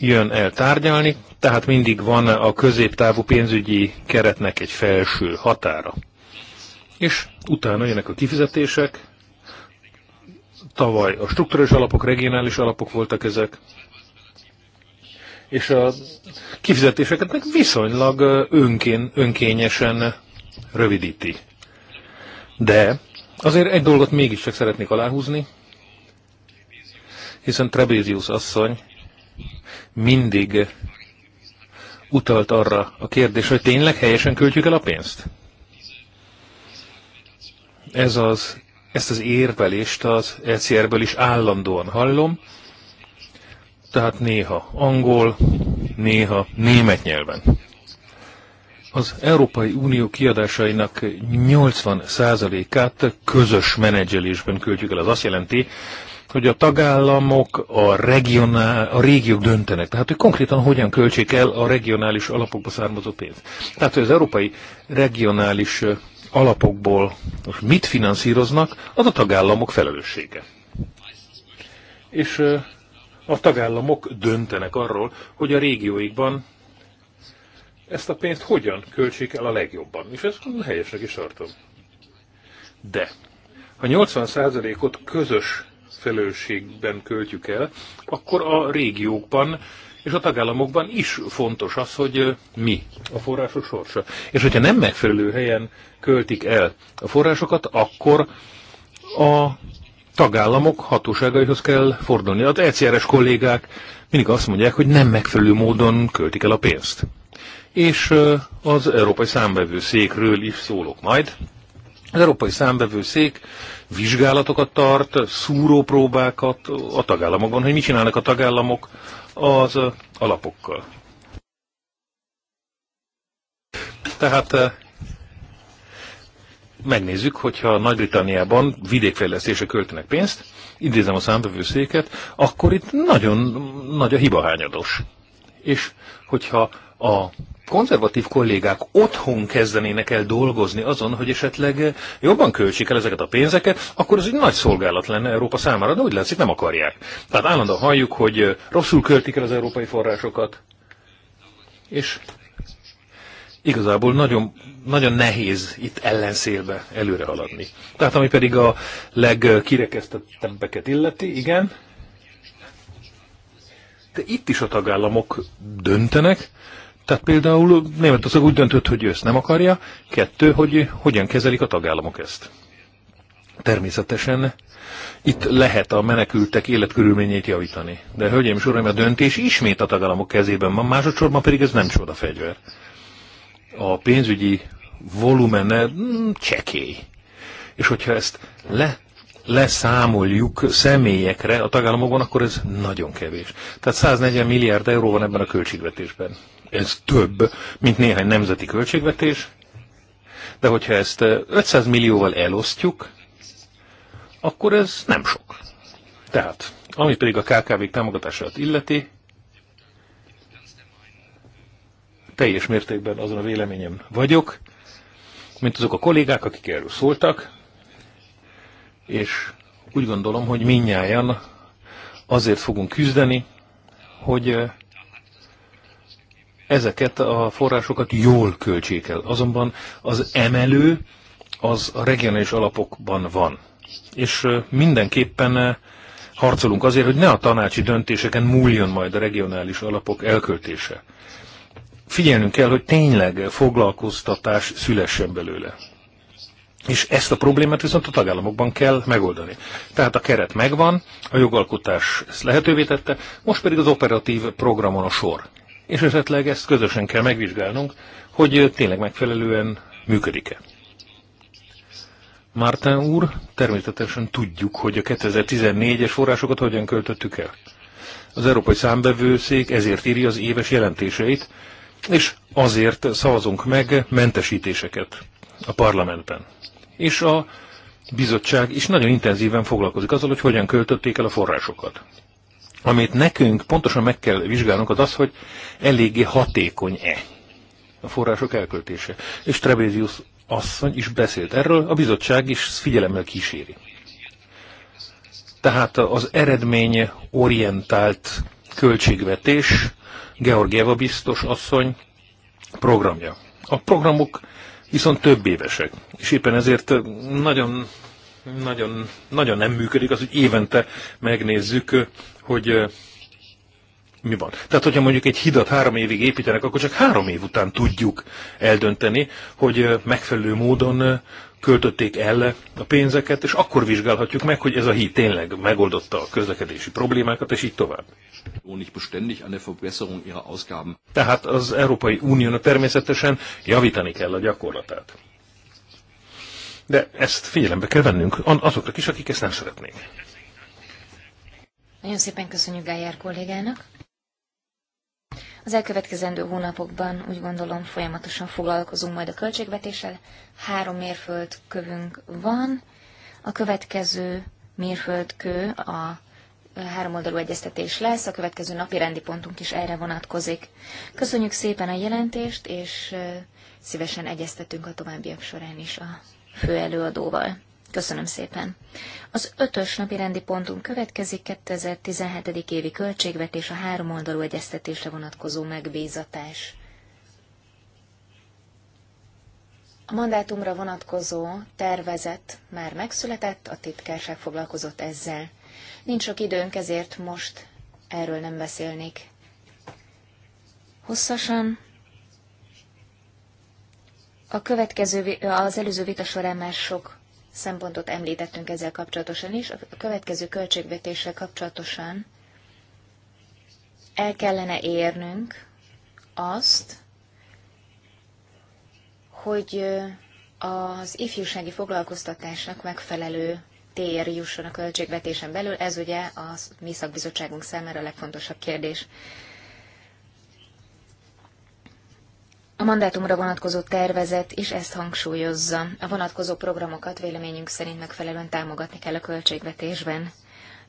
jön el tárgyalni, tehát mindig van a középtávú pénzügyi keretnek egy felső határa. És utána jönnek a kifizetések, Tavaly a strukturális alapok, regionális alapok voltak ezek, és a kifizetéseket meg viszonylag önkén, önkényesen rövidíti. De azért egy dolgot mégiscsak szeretnék aláhúzni, hiszen Trebézius asszony mindig utalt arra a kérdés, hogy tényleg helyesen költjük el a pénzt? Ez az ezt az érvelést az ECR-ből is állandóan hallom, tehát néha angol, néha német nyelven. Az Európai Unió kiadásainak 80%-át közös menedzselésben költjük el. Az azt jelenti, hogy a tagállamok, a, regionál, a régiók döntenek. Tehát, hogy konkrétan hogyan költsék el a regionális alapokba származó pénzt. Tehát, hogy az európai regionális alapokból most mit finanszíroznak, az a tagállamok felelőssége. És a tagállamok döntenek arról, hogy a régióikban ezt a pénzt hogyan költsék el a legjobban. És ezt helyesnek is tartom. De ha 80%-ot közös felelősségben költjük el, akkor a régiókban és a tagállamokban is fontos az, hogy mi a források sorsa. És hogyha nem megfelelő helyen költik el a forrásokat, akkor a tagállamok hatóságaihoz kell fordulni. Az ECRS kollégák mindig azt mondják, hogy nem megfelelő módon költik el a pénzt. És az Európai Számbevőszékről is szólok majd. Az Európai Számbevőszék vizsgálatokat tart, szúrópróbákat a tagállamokban, hogy mit csinálnak a tagállamok az alapokkal. Tehát megnézzük, hogyha Nagy-Britanniában vidékfejlesztésre költenek pénzt, idézem a számbevőszéket, akkor itt nagyon nagy a hibahányados. És hogyha a konzervatív kollégák otthon kezdenének el dolgozni azon, hogy esetleg jobban költsék el ezeket a pénzeket, akkor ez egy nagy szolgálat lenne Európa számára, de úgy látszik nem akarják. Tehát állandóan halljuk, hogy rosszul költik el az európai forrásokat, és igazából nagyon, nagyon nehéz itt ellenszélbe előre haladni. Tehát ami pedig a legkirekesztettebbeket illeti, igen, de itt is a tagállamok döntenek, tehát például Németország úgy döntött, hogy ő ezt nem akarja, kettő, hogy hogyan kezelik a tagállamok ezt. Természetesen itt lehet a menekültek életkörülményét javítani. De hölgyeim és uraim, a döntés ismét a tagállamok kezében van, másodszorban pedig ez nem csoda fegyver. A pénzügyi volumene hmm, csekély. És hogyha ezt le leszámoljuk személyekre a tagállamokban, akkor ez nagyon kevés. Tehát 140 milliárd euró van ebben a költségvetésben ez több, mint néhány nemzeti költségvetés, de hogyha ezt 500 eh, millióval elosztjuk, akkor ez nem sok. Tehát, ami pedig a kkv támogatását illeti, teljes mértékben azon a véleményem vagyok, mint azok a kollégák, akik erről szóltak, és úgy gondolom, hogy minnyáján azért fogunk küzdeni, hogy eh, ezeket a forrásokat jól költsék el. Azonban az emelő az a regionális alapokban van. És mindenképpen harcolunk azért, hogy ne a tanácsi döntéseken múljon majd a regionális alapok elköltése. Figyelnünk kell, hogy tényleg foglalkoztatás szülessen belőle. És ezt a problémát viszont a tagállamokban kell megoldani. Tehát a keret megvan, a jogalkotás ezt lehetővé tette, most pedig az operatív programon a sor és esetleg ezt közösen kell megvizsgálnunk, hogy tényleg megfelelően működik-e. Márten úr, természetesen tudjuk, hogy a 2014-es forrásokat hogyan költöttük el. Az Európai Számbevőszék ezért írja az éves jelentéseit, és azért szavazunk meg mentesítéseket a parlamentben. És a bizottság is nagyon intenzíven foglalkozik azzal, hogy hogyan költötték el a forrásokat. Amit nekünk pontosan meg kell vizsgálnunk, az az, hogy eléggé hatékony-e a források elköltése. És Trebézius asszony is beszélt erről, a bizottság is figyelemmel kíséri. Tehát az eredmény orientált költségvetés, Georgieva biztos asszony programja. A programok viszont több évesek, és éppen ezért nagyon, nagyon, nagyon nem működik az, hogy évente megnézzük hogy mi van. Tehát, hogyha mondjuk egy hidat három évig építenek, akkor csak három év után tudjuk eldönteni, hogy megfelelő módon költötték el a pénzeket, és akkor vizsgálhatjuk meg, hogy ez a híd tényleg megoldotta a közlekedési problémákat, és így tovább. Tehát az Európai Uniónak természetesen javítani kell a gyakorlatát. De ezt figyelembe kell vennünk azoknak is, akik ezt nem szeretnék. Nagyon szépen köszönjük Gájár kollégának. Az elkövetkezendő hónapokban úgy gondolom folyamatosan foglalkozunk majd a költségvetéssel. Három mérföldkövünk van. A következő mérföldkő a háromoldalú egyeztetés lesz, a következő napi rendi pontunk is erre vonatkozik. Köszönjük szépen a jelentést, és szívesen egyeztetünk a továbbiak során is a főelőadóval. Köszönöm szépen. Az ötös napi rendi pontunk következik 2017. évi költségvetés a három oldalú egyeztetésre vonatkozó megbízatás. A mandátumra vonatkozó tervezet már megszületett, a titkárság foglalkozott ezzel. Nincs sok időnk, ezért most erről nem beszélnék. Hosszasan a következő, az előző vita során már sok szempontot említettünk ezzel kapcsolatosan is. A következő költségvetéssel kapcsolatosan el kellene érnünk azt, hogy az ifjúsági foglalkoztatásnak megfelelő tér jusson a költségvetésen belül, ez ugye a mi szakbizottságunk számára a legfontosabb kérdés. A mandátumra vonatkozó tervezet is ezt hangsúlyozza. A vonatkozó programokat véleményünk szerint megfelelően támogatni kell a költségvetésben.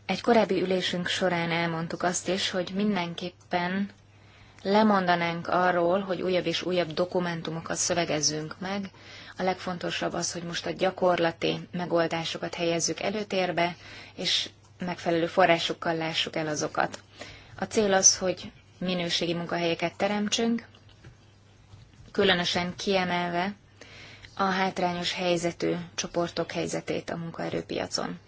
Egy korábbi ülésünk során elmondtuk azt is, hogy mindenképpen lemondanánk arról, hogy újabb és újabb dokumentumokat szövegezzünk meg. A legfontosabb az, hogy most a gyakorlati megoldásokat helyezzük előtérbe, és megfelelő forrásokkal lássuk el azokat. A cél az, hogy minőségi munkahelyeket teremtsünk, különösen kiemelve a hátrányos helyzetű csoportok helyzetét a munkaerőpiacon.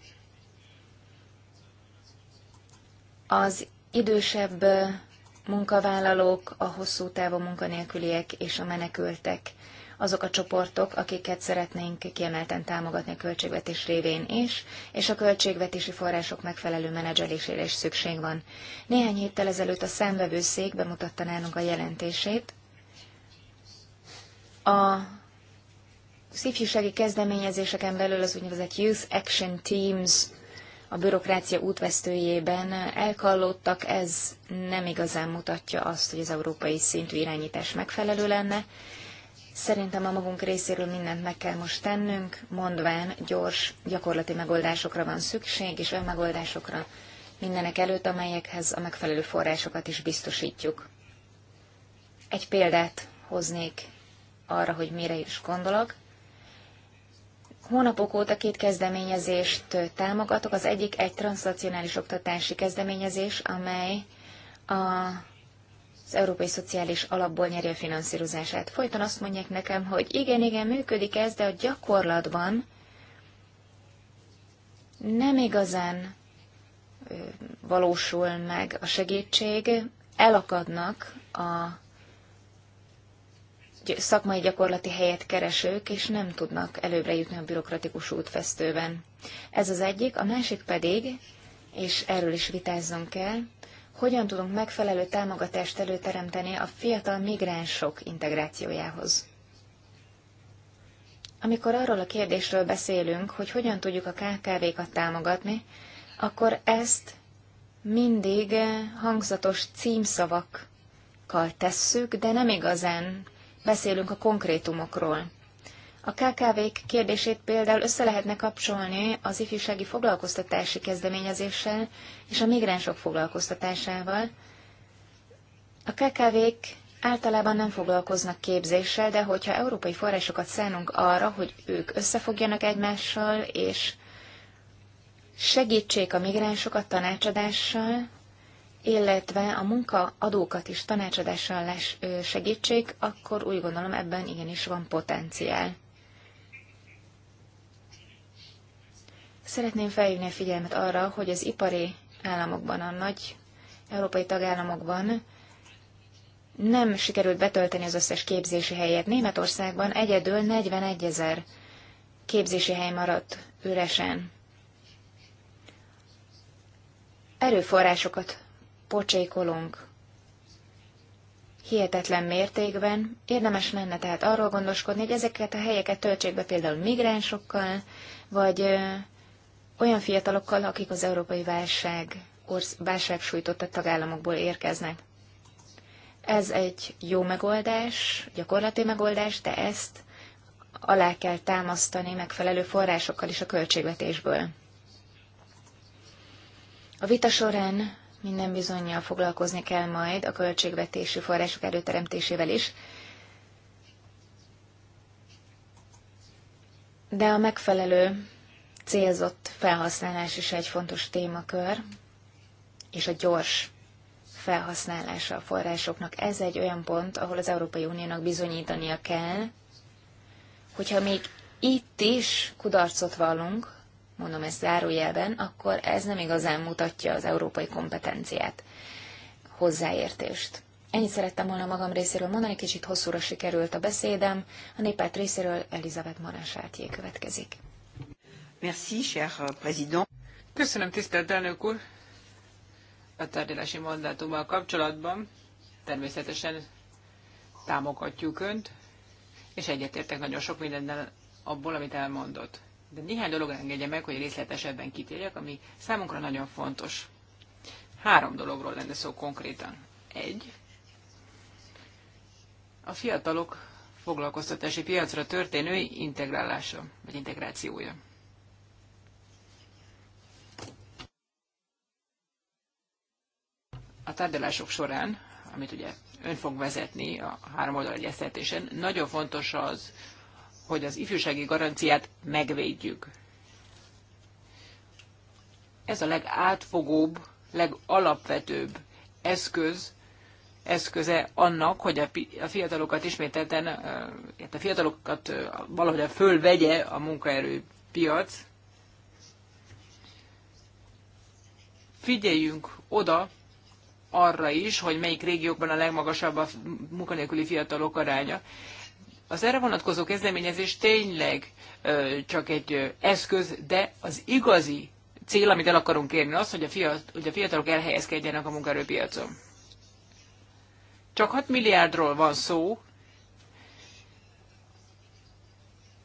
Az idősebb munkavállalók, a hosszú távú munkanélküliek és a menekültek azok a csoportok, akiket szeretnénk kiemelten támogatni a költségvetés révén is, és a költségvetési források megfelelő menedzselésére is szükség van. Néhány héttel ezelőtt a szemvevőszék bemutatta nálunk a jelentését, a az ifjúsági kezdeményezéseken belül az úgynevezett Youth Action Teams a bürokrácia útvesztőjében elkallódtak, ez nem igazán mutatja azt, hogy az európai szintű irányítás megfelelő lenne. Szerintem a magunk részéről mindent meg kell most tennünk, mondván gyors, gyakorlati megoldásokra van szükség, és önmegoldásokra megoldásokra mindenek előtt, amelyekhez a megfelelő forrásokat is biztosítjuk. Egy példát hoznék arra, hogy mire is gondolok. Hónapok óta két kezdeményezést támogatok. Az egyik egy transzacionális oktatási kezdeményezés, amely a, az Európai Szociális Alapból nyeri a finanszírozását. Folyton azt mondják nekem, hogy igen, igen, működik ez, de a gyakorlatban nem igazán valósul meg a segítség, elakadnak a szakmai gyakorlati helyet keresők, és nem tudnak előbbre jutni a bürokratikus útfesztőben. Ez az egyik, a másik pedig, és erről is vitázzunk kell, hogyan tudunk megfelelő támogatást előteremteni a fiatal migránsok integrációjához. Amikor arról a kérdésről beszélünk, hogy hogyan tudjuk a KKV-kat támogatni, akkor ezt mindig hangzatos címszavakkal tesszük, de nem igazán beszélünk a konkrétumokról. A KKV-k kérdését például össze lehetne kapcsolni az ifjúsági foglalkoztatási kezdeményezéssel és a migránsok foglalkoztatásával. A KKV-k általában nem foglalkoznak képzéssel, de hogyha európai forrásokat szánunk arra, hogy ők összefogjanak egymással, és segítsék a migránsokat tanácsadással, illetve a munkaadókat is tanácsadással lesz, segítsék, akkor úgy gondolom ebben igenis van potenciál. Szeretném felhívni a figyelmet arra, hogy az ipari államokban, a nagy európai tagállamokban nem sikerült betölteni az összes képzési helyet. Németországban egyedül 41 ezer képzési hely maradt üresen. Erőforrásokat pocsékolunk hihetetlen mértékben. Érdemes lenne tehát arról gondoskodni, hogy ezeket a helyeket töltsék be például migránsokkal, vagy olyan fiatalokkal, akik az európai válság, orsz, válság a tagállamokból érkeznek. Ez egy jó megoldás, gyakorlati megoldás, de ezt alá kell támasztani megfelelő forrásokkal is a költségvetésből. A vita során minden bizonyal foglalkozni kell majd a költségvetési források előteremtésével is. De a megfelelő célzott felhasználás is egy fontos témakör, és a gyors felhasználása a forrásoknak. Ez egy olyan pont, ahol az Európai Uniónak bizonyítania kell, hogyha még itt is kudarcot vallunk, mondom ezt zárójelben, akkor ez nem igazán mutatja az európai kompetenciát, hozzáértést. Ennyit szerettem volna magam részéről mondani, kicsit hosszúra sikerült a beszédem. A néppárt részéről Elizabeth Marásátjé következik. Merci, cher euh, président. Köszönöm, tisztelt elnök úr! A tárgyalási mandátummal kapcsolatban természetesen támogatjuk Önt, és egyetértek nagyon sok mindennel abból, amit elmondott de néhány dolog engedje meg, hogy részletesebben kitérjek, ami számunkra nagyon fontos. Három dologról lenne szó konkrétan. Egy, a fiatalok foglalkoztatási piacra történő integrálása, vagy integrációja. A tárgyalások során, amit ugye ön fog vezetni a három oldal egyeztetésen, nagyon fontos az, hogy az ifjúsági garanciát megvédjük. Ez a legátfogóbb, legalapvetőbb eszköz, eszköze annak, hogy a fiatalokat ismételten, a fiatalokat valahogy fölvegye a munkaerőpiac. Figyeljünk oda arra is, hogy melyik régiókban a legmagasabb a munkanélküli fiatalok aránya az erre vonatkozó kezdeményezés tényleg csak egy eszköz, de az igazi cél, amit el akarunk érni, az, hogy a, fiatal, hogy a fiatalok elhelyezkedjenek a munkaerőpiacon. Csak 6 milliárdról van szó,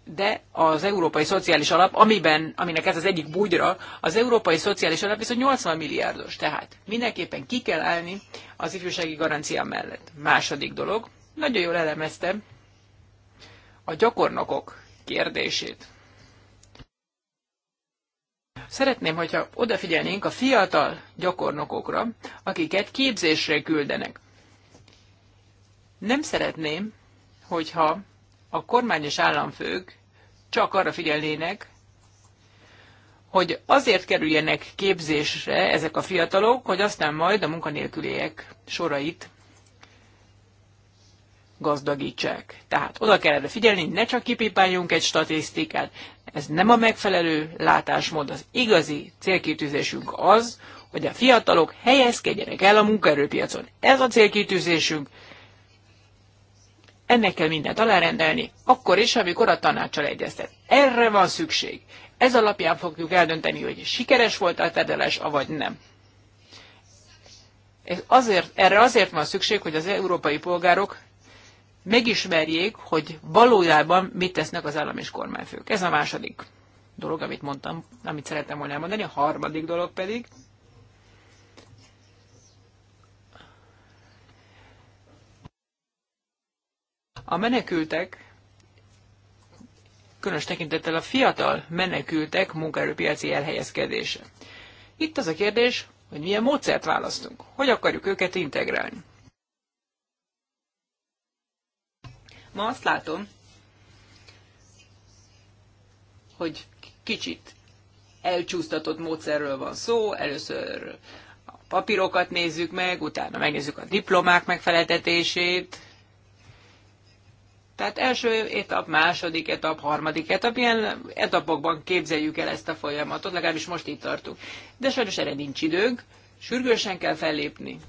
de az Európai Szociális Alap, amiben, aminek ez az egyik bugyra, az Európai Szociális Alap viszont 80 milliárdos, tehát mindenképpen ki kell állni az ifjúsági garancia mellett. Második dolog, nagyon jól elemeztem a gyakornokok kérdését. Szeretném, hogyha odafigyelnénk a fiatal gyakornokokra, akiket képzésre küldenek. Nem szeretném, hogyha a kormány és államfők csak arra figyelnének, hogy azért kerüljenek képzésre ezek a fiatalok, hogy aztán majd a munkanélküliek sorait gazdagítsák. Tehát oda kell erre figyelni, ne csak kipipáljunk egy statisztikát, ez nem a megfelelő látásmód, az igazi célkitűzésünk az, hogy a fiatalok helyezkedjenek el a munkaerőpiacon. Ez a célkitűzésünk, ennek kell mindent alárendelni, akkor is, amikor a tanácsal egyeztet. Erre van szükség. Ez alapján fogjuk eldönteni, hogy sikeres volt a tedeles, avagy nem. Ez azért, erre azért van szükség, hogy az európai polgárok megismerjék, hogy valójában mit tesznek az állam és kormányfők. Ez a második dolog, amit mondtam, amit szerettem volna elmondani. A harmadik dolog pedig, a menekültek, különös tekintettel a fiatal menekültek munkaerőpiaci elhelyezkedése. Itt az a kérdés, hogy milyen módszert választunk, hogy akarjuk őket integrálni. Ma azt látom, hogy kicsit elcsúsztatott módszerről van szó. Először a papírokat nézzük meg, utána megnézzük a diplomák megfeleltetését. Tehát első etap, második etap, harmadik etap, ilyen etapokban képzeljük el ezt a folyamatot, legalábbis most itt tartunk. De sajnos erre nincs időnk, sürgősen kell fellépni.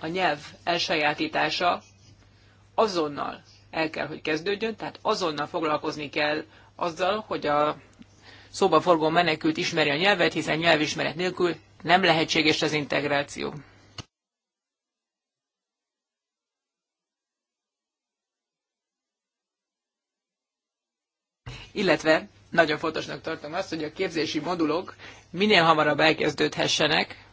A nyelv elsajátítása azonnal el kell, hogy kezdődjön, tehát azonnal foglalkozni kell azzal, hogy a szóba forgó menekült ismeri a nyelvet, hiszen nyelvismeret nélkül nem lehetséges az integráció. Illetve nagyon fontosnak tartom azt, hogy a képzési modulok minél hamarabb elkezdődhessenek,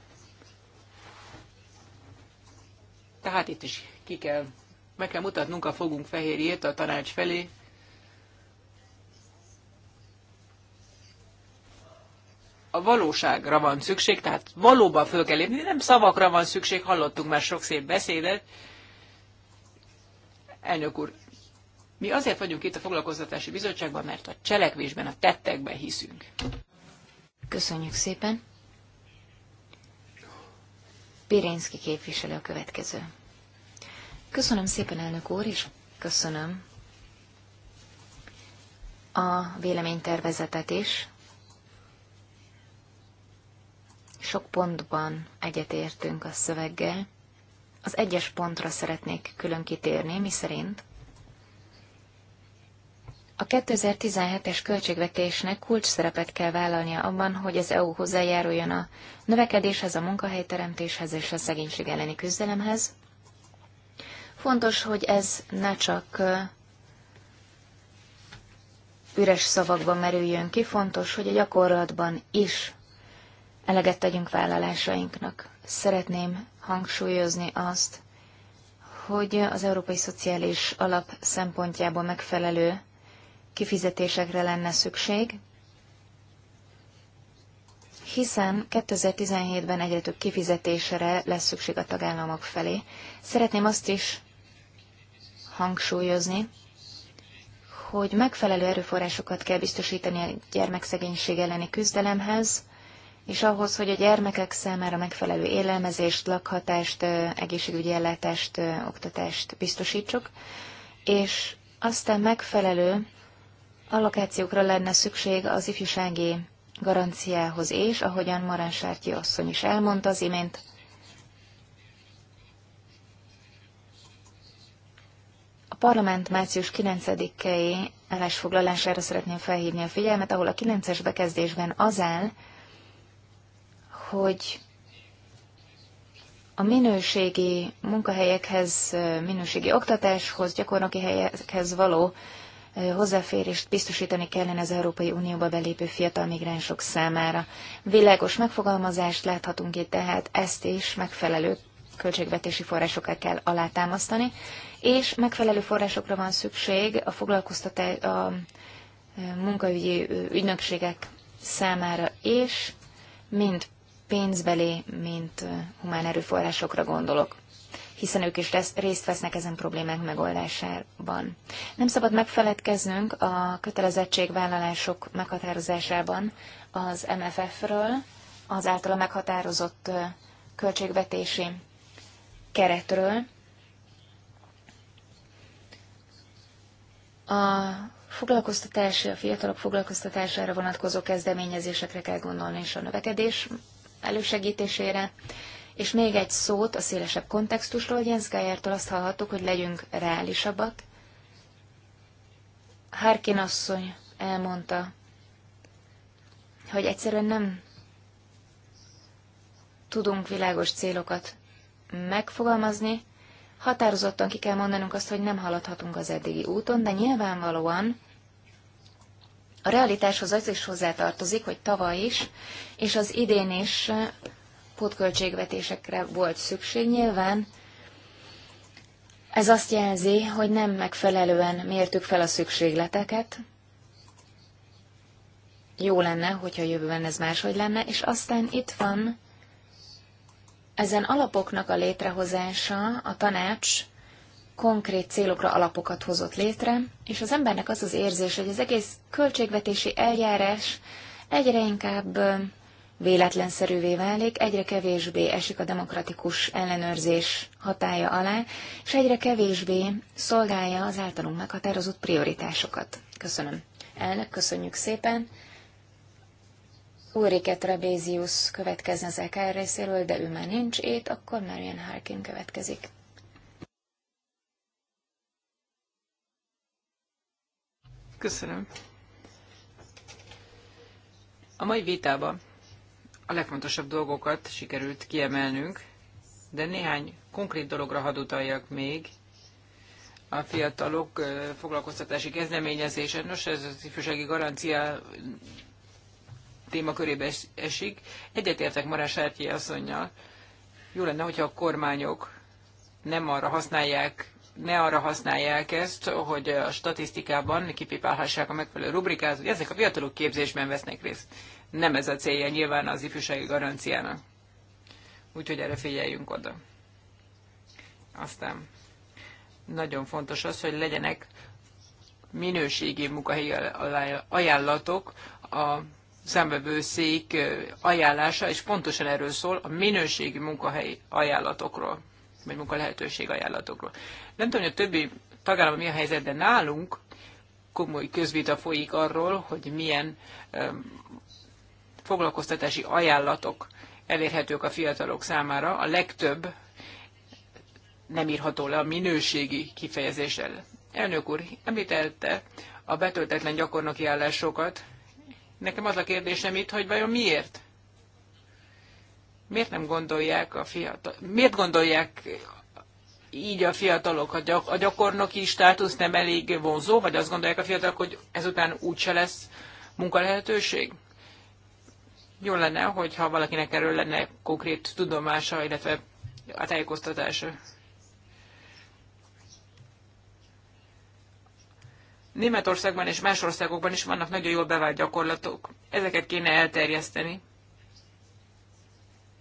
tehát itt is ki kell meg kell mutatnunk a fogunk fehérjét a tanács felé. A valóságra van szükség, tehát valóban föl kell lépni, nem szavakra van szükség, hallottunk már sok szép beszédet. Elnök úr, mi azért vagyunk itt a foglalkoztatási bizottságban, mert a cselekvésben, a tettekben hiszünk. Köszönjük szépen. Pirénszki képviselő a következő. Köszönöm szépen, elnök úr, és köszönöm a véleménytervezetet is. Sok pontban egyetértünk a szöveggel. Az egyes pontra szeretnék külön kitérni, mi szerint a 2017-es költségvetésnek kulcs szerepet kell vállalnia abban, hogy az EU hozzájáruljon a növekedéshez, a munkahelyteremtéshez és a szegénység elleni küzdelemhez, Fontos, hogy ez ne csak üres szavakban merüljön ki, fontos, hogy a gyakorlatban is eleget tegyünk vállalásainknak. Szeretném hangsúlyozni azt, hogy az Európai Szociális Alap szempontjából megfelelő kifizetésekre lenne szükség, hiszen 2017-ben egyre több kifizetésre lesz szükség a tagállamok felé. Szeretném azt is hangsúlyozni, hogy megfelelő erőforrásokat kell biztosítani a gyermekszegénység elleni küzdelemhez, és ahhoz, hogy a gyermekek számára megfelelő élelmezést, lakhatást, egészségügyi ellátást, oktatást biztosítsuk, és aztán megfelelő allokációkra lenne szükség az ifjúsági garanciához és, ahogyan Marán Sártyi asszony is elmondta az imént, A parlament március 9-i állásfoglalására szeretném felhívni a figyelmet, ahol a 9-es bekezdésben az áll, hogy a minőségi munkahelyekhez, minőségi oktatáshoz, gyakornoki helyekhez való hozzáférést biztosítani kellene az Európai Unióba belépő fiatal migránsok számára. Világos megfogalmazást láthatunk itt, tehát ezt is megfelelő költségvetési forrásokkal kell alátámasztani, és megfelelő forrásokra van szükség a foglalkoztatás, a e, munkaügyi ügynökségek számára és mind pénzbeli, mint e, humán erőforrásokra gondolok hiszen ők is részt vesznek ezen problémák megoldásában. Nem szabad megfeledkeznünk a kötelezettségvállalások meghatározásában az MFF-ről, az általa meghatározott e, költségvetési keretről, A foglalkoztatás, a fiatalok foglalkoztatására vonatkozó kezdeményezésekre kell gondolni, és a növekedés elősegítésére. És még egy szót a szélesebb kontextusról. Jens Gájártól azt hallhattuk, hogy legyünk reálisabbak. Harkin asszony elmondta, hogy egyszerűen nem tudunk világos célokat megfogalmazni, Határozottan ki kell mondanunk azt, hogy nem haladhatunk az eddigi úton, de nyilvánvalóan a realitáshoz az is hozzátartozik, hogy tavaly is, és az idén is pótköltségvetésekre volt szükség. Nyilván ez azt jelzi, hogy nem megfelelően mértük fel a szükségleteket. Jó lenne, hogyha jövőben ez máshogy lenne, és aztán itt van ezen alapoknak a létrehozása a tanács konkrét célokra alapokat hozott létre, és az embernek az az érzés, hogy az egész költségvetési eljárás egyre inkább véletlenszerűvé válik, egyre kevésbé esik a demokratikus ellenőrzés hatája alá, és egyre kevésbé szolgálja az általunk meghatározott prioritásokat. Köszönöm. Elnök, köszönjük szépen. Ulrike Trebézius következne az EKR részéről, de ő már nincs itt, akkor Marian Harkin következik. Köszönöm. A mai vitában a legfontosabb dolgokat sikerült kiemelnünk, de néhány konkrét dologra hadd utaljak még. A fiatalok foglalkoztatási kezdeményezése, nos ez az ifjúsági garancia témakörébe esik. Egyetértek Marás Ártyi asszonynal. Jó lenne, hogyha a kormányok nem arra használják ne arra használják ezt, hogy a statisztikában kipipálhassák a megfelelő rubrikát, hogy ezek a fiatalok képzésben vesznek részt. Nem ez a célja nyilván az ifjúsági garanciának. Úgyhogy erre figyeljünk oda. Aztán nagyon fontos az, hogy legyenek minőségi munkahelyi ajánlatok a számbevőszék ajánlása, és pontosan erről szól a minőségi munkahely ajánlatokról, vagy munkalehetőség ajánlatokról. Nem tudom, hogy a többi tagállam mi a helyzet, de nálunk komoly közvita folyik arról, hogy milyen um, foglalkoztatási ajánlatok elérhetők a fiatalok számára. A legtöbb nem írható le a minőségi kifejezéssel. Elnök úr említette a betöltetlen gyakornoki állásokat, Nekem az a kérdésem itt, hogy vajon miért? Miért nem gondolják a fiatal... Miért gondolják így a fiatalok a, a gyakornoki státusz nem elég vonzó, vagy azt gondolják a fiatalok, hogy ezután úgyse lesz munkalehetőség? Jó lenne, hogyha valakinek erről lenne konkrét tudomása, illetve a tájékoztatása. Németországban és más országokban is vannak nagyon jól bevált gyakorlatok. Ezeket kéne elterjeszteni.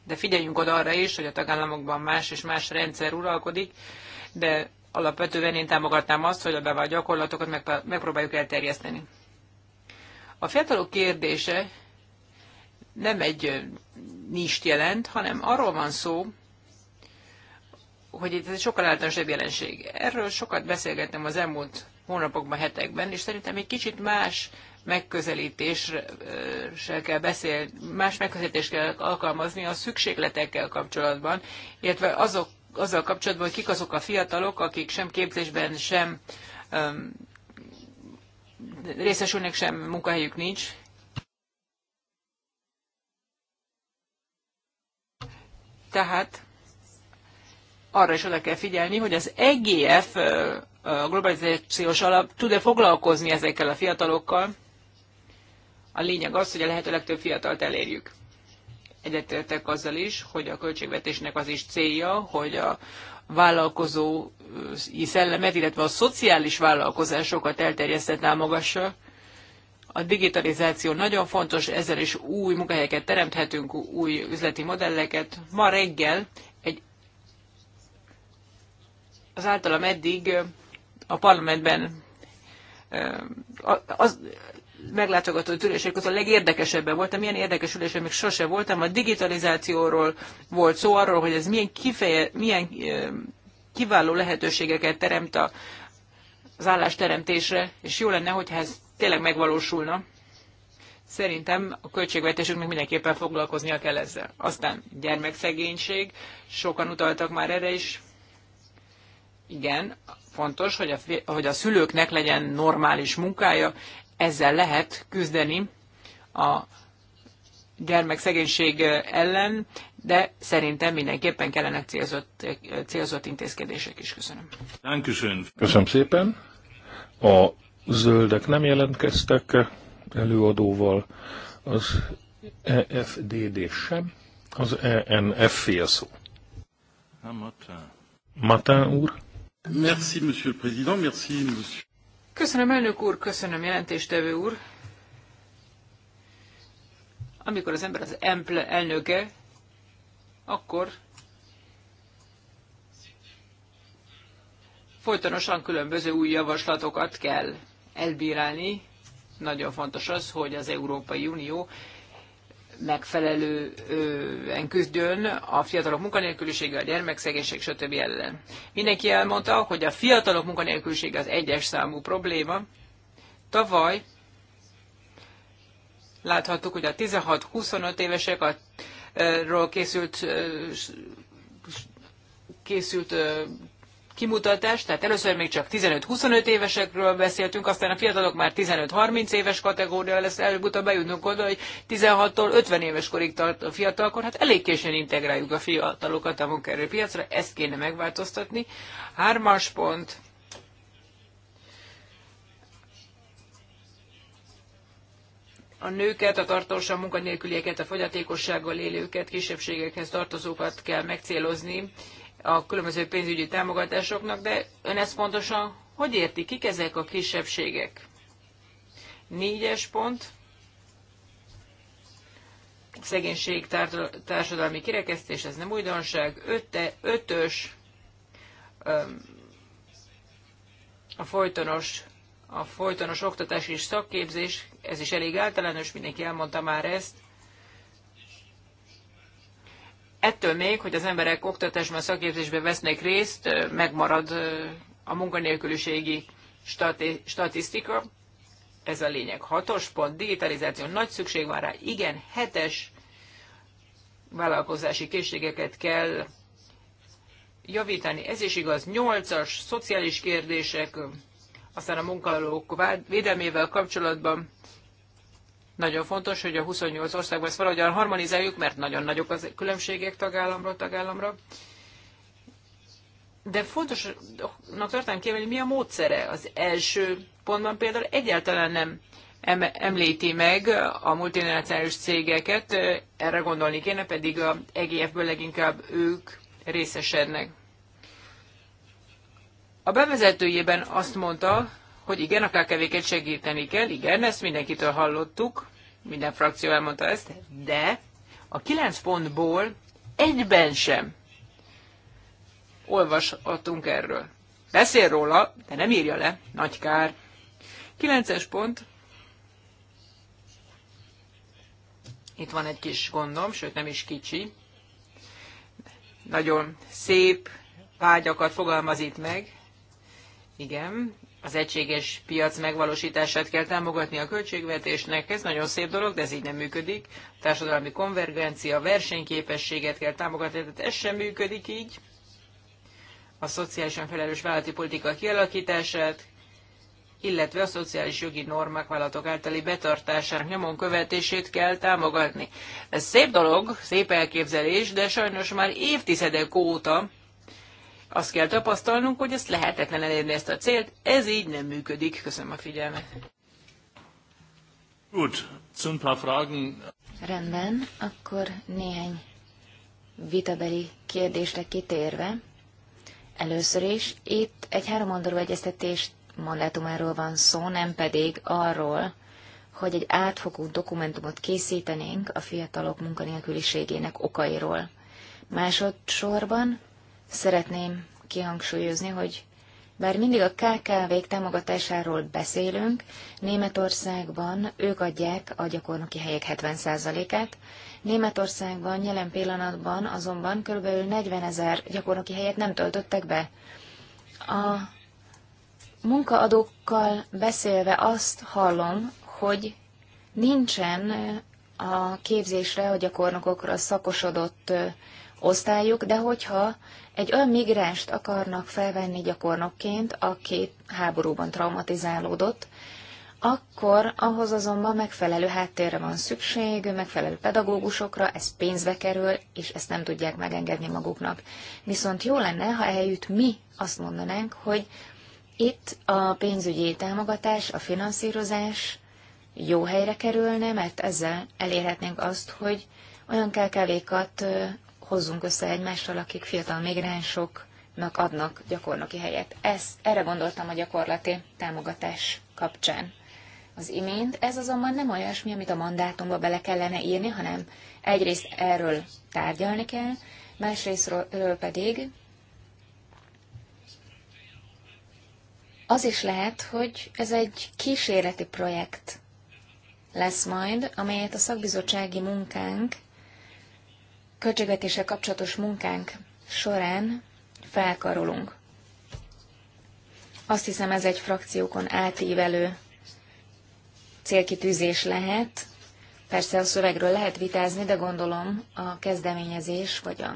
De figyeljünk oda arra is, hogy a tagállamokban más és más rendszer uralkodik, de alapvetően én támogatnám azt, hogy a bevált gyakorlatokat megpróbáljuk elterjeszteni. A fiatalok kérdése nem egy nist jelent, hanem arról van szó, hogy ez egy sokkal általánosabb jelenség. Erről sokat beszélgettem az elmúlt hónapokban, hetekben, és szerintem egy kicsit más megközelítéssel eh, kell beszélni, más megközelítést kell alkalmazni a szükségletekkel kapcsolatban, illetve azok, azzal kapcsolatban, hogy kik azok a fiatalok, akik sem képzésben, sem um, részesülnek, sem munkahelyük nincs. Tehát arra is oda kell figyelni, hogy az EGF eh, a globalizációs alap tud-e foglalkozni ezekkel a fiatalokkal. A lényeg az, hogy a lehető legtöbb fiatalt elérjük. Egyetértek azzal is, hogy a költségvetésnek az is célja, hogy a vállalkozói szellemet, illetve a szociális vállalkozásokat elterjesztett támogassa. A digitalizáció nagyon fontos, ezzel is új munkahelyeket teremthetünk, új üzleti modelleket. Ma reggel egy az általam eddig a parlamentben az meglátogatott ülések között a legérdekesebben voltam. Milyen érdekes ülésen még sose voltam. A digitalizációról volt szó, arról, hogy ez milyen, kifeje, milyen kiváló lehetőségeket teremt a, az állásteremtésre, és jó lenne, hogyha ez tényleg megvalósulna. Szerintem a költségvetésünknek mindenképpen foglalkoznia kell ezzel. Aztán gyermekszegénység, sokan utaltak már erre is. Igen, fontos, hogy a, hogy a szülőknek legyen normális munkája, ezzel lehet küzdeni a gyermekszegénység ellen, de szerintem mindenképpen kellene célzott, célzott intézkedések is. Köszönöm. Köszönöm. Köszönöm szépen. A zöldek nem jelentkeztek előadóval, az EFDD sem, az ENF fél szó. Matán úr. Merci, monsieur le président, merci, monsieur. Köszönöm, elnök úr, köszönöm, jelentéstevő úr. Amikor az ember az emple elnöke, akkor folytonosan különböző új javaslatokat kell elbírálni. Nagyon fontos az, hogy az Európai Unió megfelelően küzdjön a fiatalok munkanélkülisége, a gyermekszegénység, stb. ellen. Mindenki elmondta, hogy a fiatalok munkanélkülisége az egyes számú probléma. Tavaly láthattuk, hogy a 16-25 évesek a, eh, ról készült eh, készült eh, kimutatás, tehát először még csak 15-25 évesekről beszéltünk, aztán a fiatalok már 15-30 éves kategória lesz, előbb-utóbb bejutunk oda, hogy 16-tól 50 éves korig tart a fiatalkor, hát elég későn integráljuk a fiatalokat a munkaerőpiacra, ezt kéne megváltoztatni. Hármas pont. a nőket, a tartósan munkanélkülieket, a fogyatékossággal élőket, kisebbségekhez tartozókat kell megcélozni, a különböző pénzügyi támogatásoknak, de ön ezt pontosan hogy érti? Kik ezek a kisebbségek? Négyes pont, szegénység, társadalmi kirekesztés, ez nem újdonság. Ötte, ötös, a folytonos, a folytonos oktatás és szakképzés, ez is elég általános, mindenki elmondta már ezt ettől még, hogy az emberek oktatásban, szakképzésben vesznek részt, megmarad a munkanélküliségi stati- statisztika. Ez a lényeg. Hatos pont, digitalizáció, nagy szükség van rá. Igen, hetes vállalkozási készségeket kell javítani. Ez is igaz. Nyolcas, szociális kérdések, aztán a munkahelyek védelmével kapcsolatban nagyon fontos, hogy a 28 országban ezt valahogyan harmonizáljuk, mert nagyon nagyok az különbségek tagállamra tagállamra. De fontosnak tartanám kívül, hogy mi a módszere. Az első pontban például egyáltalán nem említi meg a multinacionális cégeket, erre gondolni kéne, pedig a EGF-ből leginkább ők részesednek. A bevezetőjében azt mondta, hogy igen, a KKV-ket segíteni kell, igen, ezt mindenkitől hallottuk, minden frakció elmondta ezt, de a kilenc pontból egyben sem olvashatunk erről. Beszél róla, de nem írja le, nagy kár. Kilences pont. Itt van egy kis gondom, sőt nem is kicsi. Nagyon szép vágyakat fogalmaz itt meg. Igen, az egységes piac megvalósítását kell támogatni a költségvetésnek. Ez nagyon szép dolog, de ez így nem működik. A társadalmi konvergencia, versenyképességet kell támogatni, tehát ez sem működik így. A szociálisan felelős vállalati politika kialakítását, illetve a szociális jogi normák vállalatok általi betartásának nyomon követését kell támogatni. Ez szép dolog, szép elképzelés, de sajnos már évtizedek óta azt kell tapasztalnunk, hogy ezt lehetetlen elérni ezt a célt, ez így nem működik. Köszönöm a figyelmet. Gut, zum paar Fragen. Rendben, akkor néhány vitabeli kérdésre kitérve. Először is, itt egy háromoldalú egyeztetés mandátumáról van szó, nem pedig arról, hogy egy átfogó dokumentumot készítenénk a fiatalok munkanélküliségének okairól. Másodszorban szeretném kihangsúlyozni, hogy bár mindig a KKV-k támogatásáról beszélünk, Németországban ők adják a gyakornoki helyek 70%-át. Németországban jelen pillanatban azonban kb. 40 ezer gyakornoki helyet nem töltöttek be. A munkaadókkal beszélve azt hallom, hogy nincsen a képzésre a gyakornokokra szakosodott osztályuk, de hogyha egy olyan migránst akarnak felvenni gyakornokként, aki háborúban traumatizálódott, akkor ahhoz azonban megfelelő háttérre van szükség, megfelelő pedagógusokra, ez pénzbe kerül, és ezt nem tudják megengedni maguknak. Viszont jó lenne, ha eljut mi azt mondanánk, hogy itt a pénzügyi támogatás, a finanszírozás jó helyre kerülne, mert ezzel elérhetnénk azt, hogy olyan kelkelékat hozzunk össze egymással, akik fiatal migránsoknak adnak gyakornoki helyet. Ez, erre gondoltam a gyakorlati támogatás kapcsán. Az imént ez azonban nem olyasmi, amit a mandátumba bele kellene írni, hanem egyrészt erről tárgyalni kell, másrésztről pedig az is lehet, hogy ez egy kísérleti projekt lesz majd, amelyet a szakbizottsági munkánk költségvetése kapcsolatos munkánk során felkarolunk. Azt hiszem, ez egy frakciókon átívelő célkitűzés lehet. Persze a szövegről lehet vitázni, de gondolom a kezdeményezés vagy a,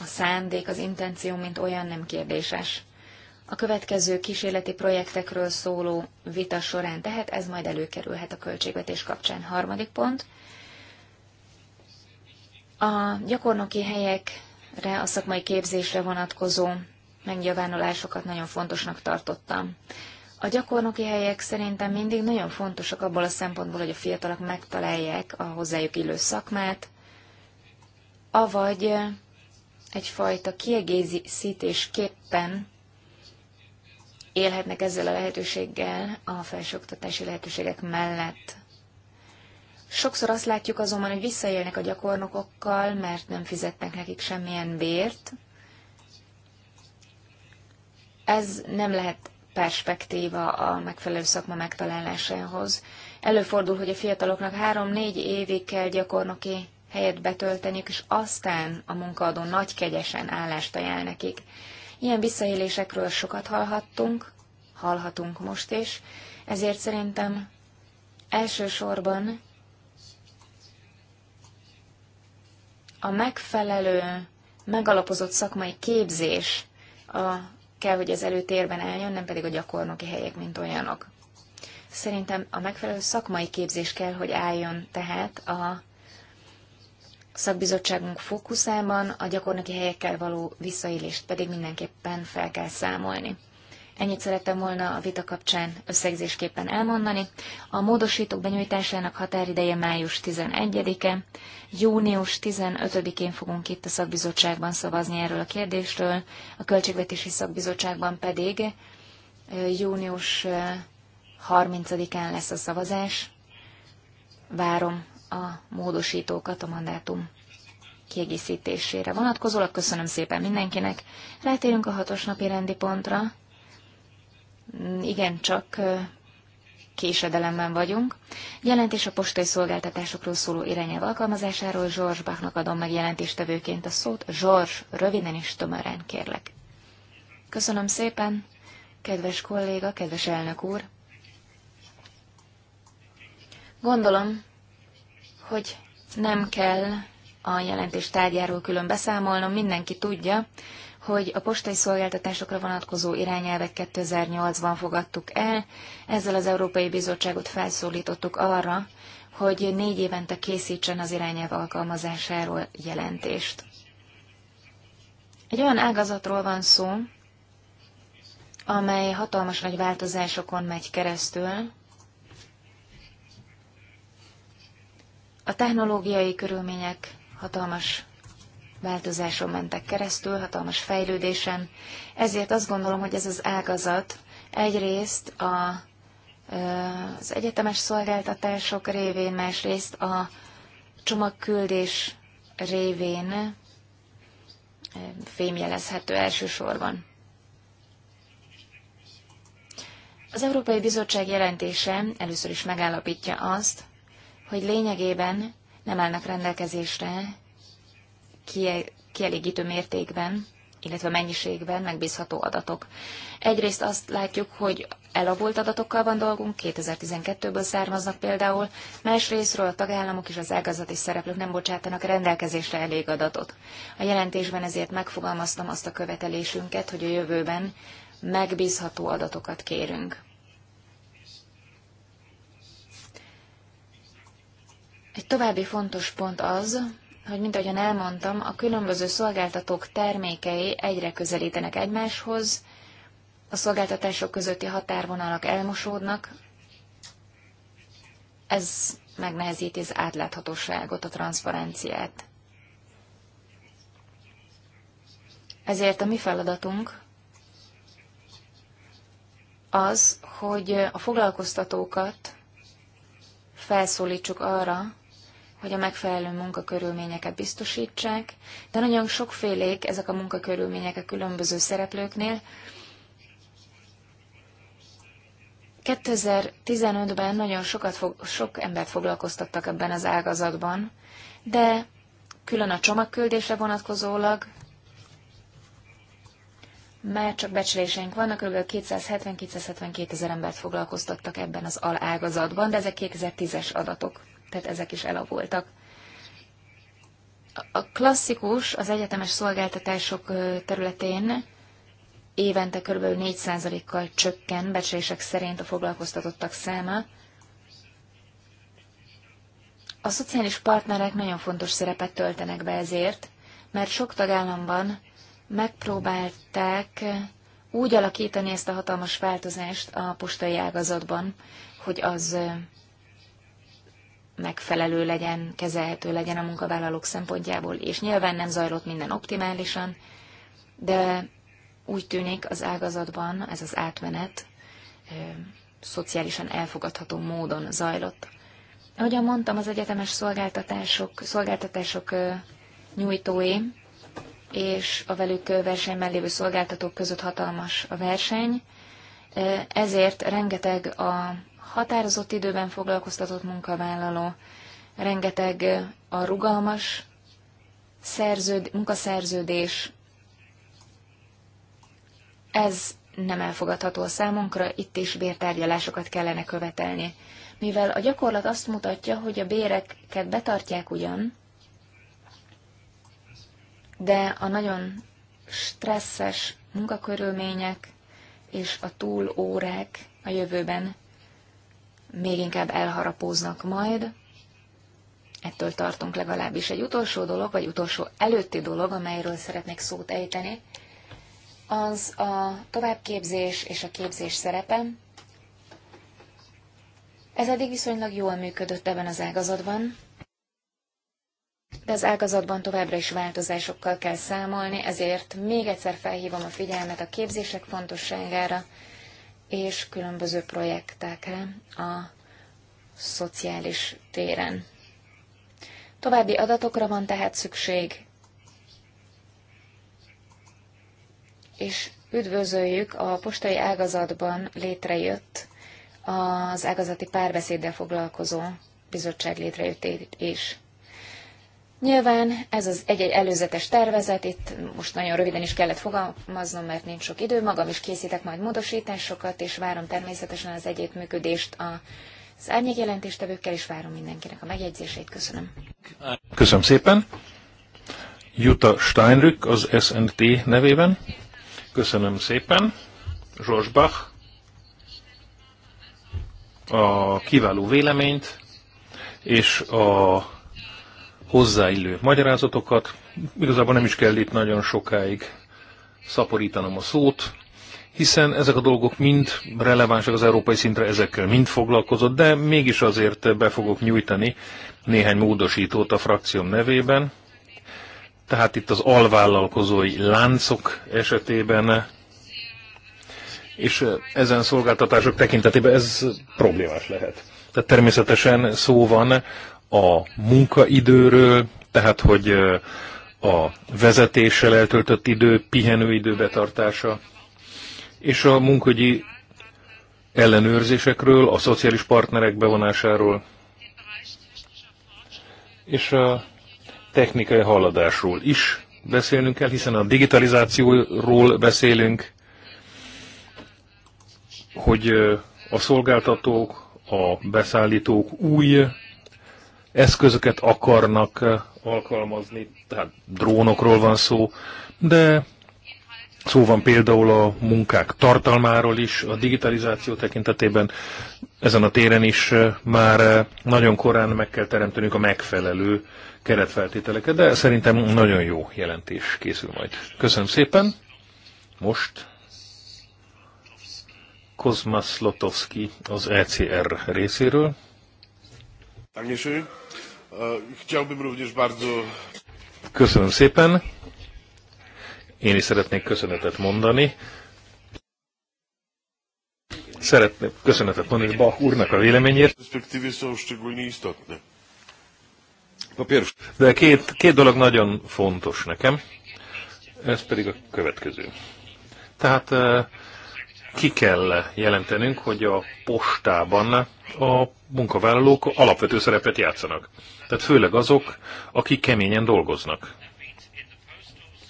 a szándék, az intenció, mint olyan nem kérdéses. A következő kísérleti projektekről szóló vita során tehát ez majd előkerülhet a költségvetés kapcsán. Harmadik pont – a gyakornoki helyekre, a szakmai képzésre vonatkozó megnyilvánulásokat nagyon fontosnak tartottam. A gyakornoki helyek szerintem mindig nagyon fontosak abból a szempontból, hogy a fiatalok megtalálják a hozzájuk illő szakmát, avagy egyfajta kiegészítésképpen élhetnek ezzel a lehetőséggel a felsőoktatási lehetőségek mellett. Sokszor azt látjuk azonban, hogy visszaélnek a gyakornokokkal, mert nem fizetnek nekik semmilyen bért. Ez nem lehet perspektíva a megfelelő szakma megtalálásához. Előfordul, hogy a fiataloknak három-négy évig kell gyakornoki helyet betölteniük, és aztán a munkaadó nagy kegyesen állást ajánl nekik. Ilyen visszaélésekről sokat hallhattunk, hallhatunk most is, ezért szerintem elsősorban a megfelelő, megalapozott szakmai képzés a, kell, hogy az előtérben álljon, nem pedig a gyakornoki helyek, mint olyanok. Szerintem a megfelelő szakmai képzés kell, hogy álljon tehát a szakbizottságunk fókuszában, a gyakornoki helyekkel való visszaélést pedig mindenképpen fel kell számolni. Ennyit szerettem volna a vita kapcsán összegzésképpen elmondani. A módosítók benyújtásának határideje május 11-e. Június 15-én fogunk itt a szakbizottságban szavazni erről a kérdésről, a költségvetési szakbizottságban pedig június 30-án lesz a szavazás. Várom a módosítókat a mandátum kiegészítésére vonatkozólag. Köszönöm szépen mindenkinek. Rátérünk a hatos napi rendi pontra igencsak késedelemben vagyunk. Jelentés a postai szolgáltatásokról szóló irányelv alkalmazásáról Zsors Bachnak adom meg jelentéstevőként a szót. Zsors, röviden és tömören kérlek. Köszönöm szépen, kedves kolléga, kedves elnök úr. Gondolom, hogy nem kell a jelentés tárgyáról külön beszámolnom, mindenki tudja, hogy a postai szolgáltatásokra vonatkozó irányelvek 2008-ban fogadtuk el, ezzel az Európai Bizottságot felszólítottuk arra, hogy négy évente készítsen az irányelv alkalmazásáról jelentést. Egy olyan ágazatról van szó, amely hatalmas nagy változásokon megy keresztül. A technológiai körülmények hatalmas változáson mentek keresztül, hatalmas fejlődésen. Ezért azt gondolom, hogy ez az ágazat egyrészt a, az egyetemes szolgáltatások révén, másrészt a csomagküldés révén fémjelezhető elsősorban. Az Európai Bizottság jelentése először is megállapítja azt, hogy lényegében nem állnak rendelkezésre kielégítő mértékben, illetve mennyiségben megbízható adatok. Egyrészt azt látjuk, hogy elavult adatokkal van dolgunk, 2012-ből származnak például, másrésztről a tagállamok és az ágazati szereplők nem bocsátanak rendelkezésre elég adatot. A jelentésben ezért megfogalmaztam azt a követelésünket, hogy a jövőben megbízható adatokat kérünk. Egy további fontos pont az, hogy mint ahogyan elmondtam, a különböző szolgáltatók termékei egyre közelítenek egymáshoz, a szolgáltatások közötti határvonalak elmosódnak, ez megnehezíti az átláthatóságot, a transzparenciát. Ezért a mi feladatunk az, hogy a foglalkoztatókat felszólítsuk arra, hogy a megfelelő munkakörülményeket biztosítsák, de nagyon sokfélék ezek a munkakörülmények a különböző szereplőknél. 2015-ben nagyon sokat fog, sok embert foglalkoztattak ebben az ágazatban, de külön a csomagküldésre vonatkozólag már csak becsléseink vannak, kb. 270-272 ezer embert foglalkoztattak ebben az alágazatban, de ezek 2010-es adatok tehát ezek is elavultak. A klasszikus az egyetemes szolgáltatások területén évente kb. 4%-kal csökken becsések szerint a foglalkoztatottak száma. A szociális partnerek nagyon fontos szerepet töltenek be ezért, mert sok tagállamban megpróbálták úgy alakítani ezt a hatalmas változást a postai ágazatban, hogy az megfelelő legyen, kezelhető legyen a munkavállalók szempontjából, és nyilván nem zajlott minden optimálisan, de úgy tűnik az ágazatban ez az átmenet ö, szociálisan elfogadható módon zajlott. Ahogyan mondtam, az egyetemes szolgáltatások, szolgáltatások ö, nyújtói és a velük versenyben lévő szolgáltatók között hatalmas a verseny, ezért rengeteg a határozott időben foglalkoztatott munkavállaló, rengeteg a rugalmas szerződ, munkaszerződés. Ez nem elfogadható a számunkra, itt is bértárgyalásokat kellene követelni. Mivel a gyakorlat azt mutatja, hogy a béreket betartják ugyan, de a nagyon stresszes munkakörülmények és a túlórák a jövőben még inkább elharapóznak majd. Ettől tartunk legalábbis egy utolsó dolog, vagy utolsó előtti dolog, amelyről szeretnék szót ejteni, az a továbbképzés és a képzés szerepe. Ez eddig viszonylag jól működött ebben az ágazatban, de az ágazatban továbbra is változásokkal kell számolni, ezért még egyszer felhívom a figyelmet a képzések fontosságára, és különböző projektekre a szociális téren. További adatokra van tehát szükség, és üdvözöljük a postai ágazatban létrejött az ágazati párbeszéddel foglalkozó bizottság létrejöttét is. Nyilván ez az egy-egy előzetes tervezet, itt most nagyon röviden is kellett fogalmaznom, mert nincs sok idő, magam is készítek majd módosításokat, és várom természetesen az együttműködést a az árnyék jelentéstevőkkel, és várom mindenkinek a megjegyzését. Köszönöm. Köszönöm szépen. Jutta Steinrück az SNT nevében. Köszönöm szépen. Bach a kiváló véleményt és a hozzáillő magyarázatokat. Igazából nem is kell itt nagyon sokáig szaporítanom a szót, hiszen ezek a dolgok mind relevánsak az európai szintre, ezekkel mind foglalkozott, de mégis azért be fogok nyújtani néhány módosítót a frakcióm nevében. Tehát itt az alvállalkozói láncok esetében és ezen szolgáltatások tekintetében ez problémás lehet. Tehát természetesen szó van a munkaidőről, tehát hogy a vezetéssel eltöltött idő, pihenőidő betartása, és a munkagyi ellenőrzésekről, a szociális partnerek bevonásáról, és a technikai haladásról is beszélnünk kell, hiszen a digitalizációról beszélünk, hogy a szolgáltatók, a beszállítók új eszközöket akarnak eh, alkalmazni, tehát drónokról van szó, de szó van például a munkák tartalmáról is, a digitalizáció tekintetében ezen a téren is eh, már eh, nagyon korán meg kell teremtenünk a megfelelő keretfeltételeket, de szerintem nagyon jó jelentés készül majd. Köszönöm szépen. Most Kozmas Lotovski az ECR részéről. E, Köszönöm szépen. Én is szeretnék köszönetet mondani. Szeretnék köszönetet mondani Bach úrnak a véleményért. De két, két dolog nagyon fontos nekem, ez pedig a következő. Tehát e, ki kell jelentenünk, hogy a postában a munkavállalók alapvető szerepet játszanak. Tehát főleg azok, akik keményen dolgoznak.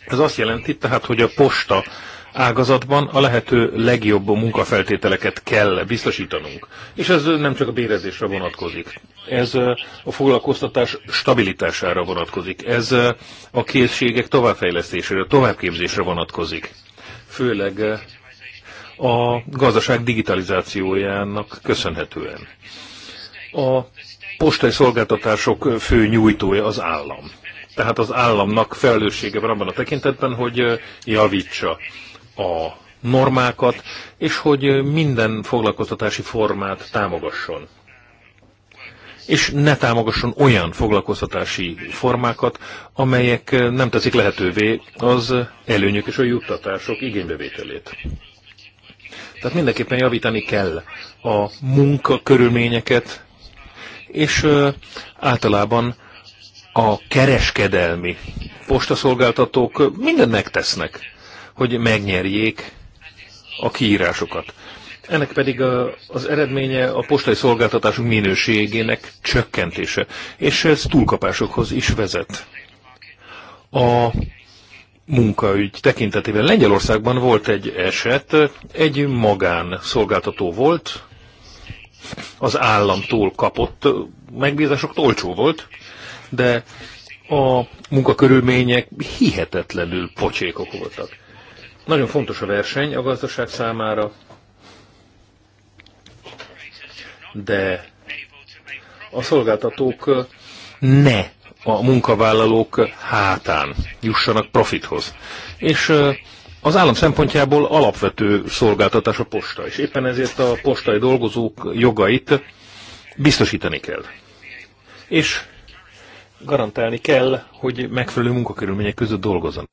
Ez azt jelenti tehát, hogy a posta ágazatban a lehető legjobb munkafeltételeket kell biztosítanunk. És ez nem csak a bérezésre vonatkozik. Ez a foglalkoztatás stabilitására vonatkozik. Ez a készségek továbbfejlesztésére, továbbképzésre vonatkozik. Főleg a gazdaság digitalizációjának köszönhetően. A postai szolgáltatások fő nyújtója az állam. Tehát az államnak felelőssége van abban a tekintetben, hogy javítsa a normákat, és hogy minden foglalkoztatási formát támogasson. És ne támogasson olyan foglalkoztatási formákat, amelyek nem teszik lehetővé az előnyök és a juttatások igénybevételét. Tehát mindenképpen javítani kell a munkakörülményeket, és általában a kereskedelmi postaszolgáltatók mindent megtesznek, hogy megnyerjék a kiírásokat. Ennek pedig a, az eredménye a postai szolgáltatások minőségének csökkentése, és ez túlkapásokhoz is vezet. A munkaügy tekintetében. Lengyelországban volt egy eset, egy magán szolgáltató volt, az államtól kapott megbízások olcsó volt, de a munkakörülmények hihetetlenül pocsékok voltak. Nagyon fontos a verseny a gazdaság számára, de a szolgáltatók ne a munkavállalók hátán jussanak profithoz. És az állam szempontjából alapvető szolgáltatás a posta, és éppen ezért a postai dolgozók jogait biztosítani kell. És garantálni kell, hogy megfelelő munkakörülmények között dolgozzanak.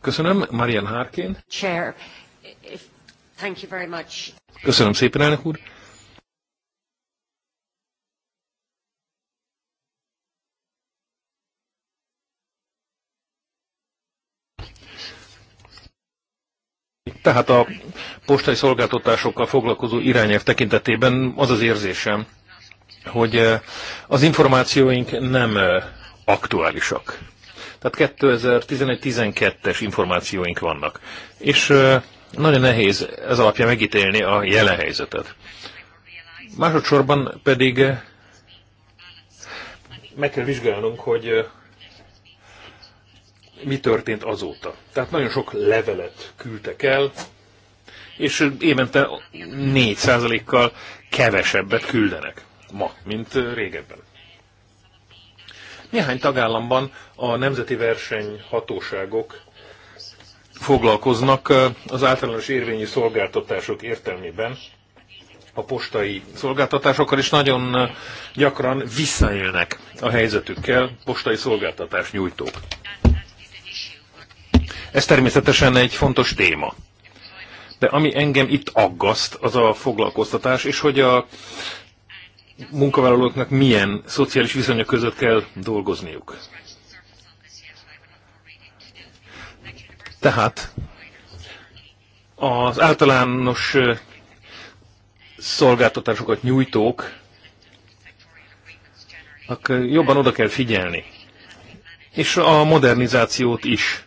Köszönöm, Marian Harkin. Chair, Köszönöm szépen, elnök úr. Tehát a postai szolgáltatásokkal foglalkozó irányelv tekintetében az az érzésem, hogy eh, az információink nem eh, aktuálisak. Tehát 2011-12-es információink vannak. És eh, nagyon nehéz ez alapján megítélni a jelen helyzetet. Másodszorban pedig meg kell vizsgálnunk, hogy mi történt azóta. Tehát nagyon sok levelet küldtek el, és évente 4%-kal kevesebbet küldenek ma, mint régebben. Néhány tagállamban a nemzeti versenyhatóságok foglalkoznak az általános érvényű szolgáltatások értelmében a postai szolgáltatásokkal, is nagyon gyakran visszaélnek a helyzetükkel postai szolgáltatás nyújtók. Ez természetesen egy fontos téma. De ami engem itt aggaszt, az a foglalkoztatás, és hogy a munkavállalóknak milyen szociális viszonyok között kell dolgozniuk. Tehát az általános szolgáltatásokat nyújtók jobban oda kell figyelni. És a modernizációt is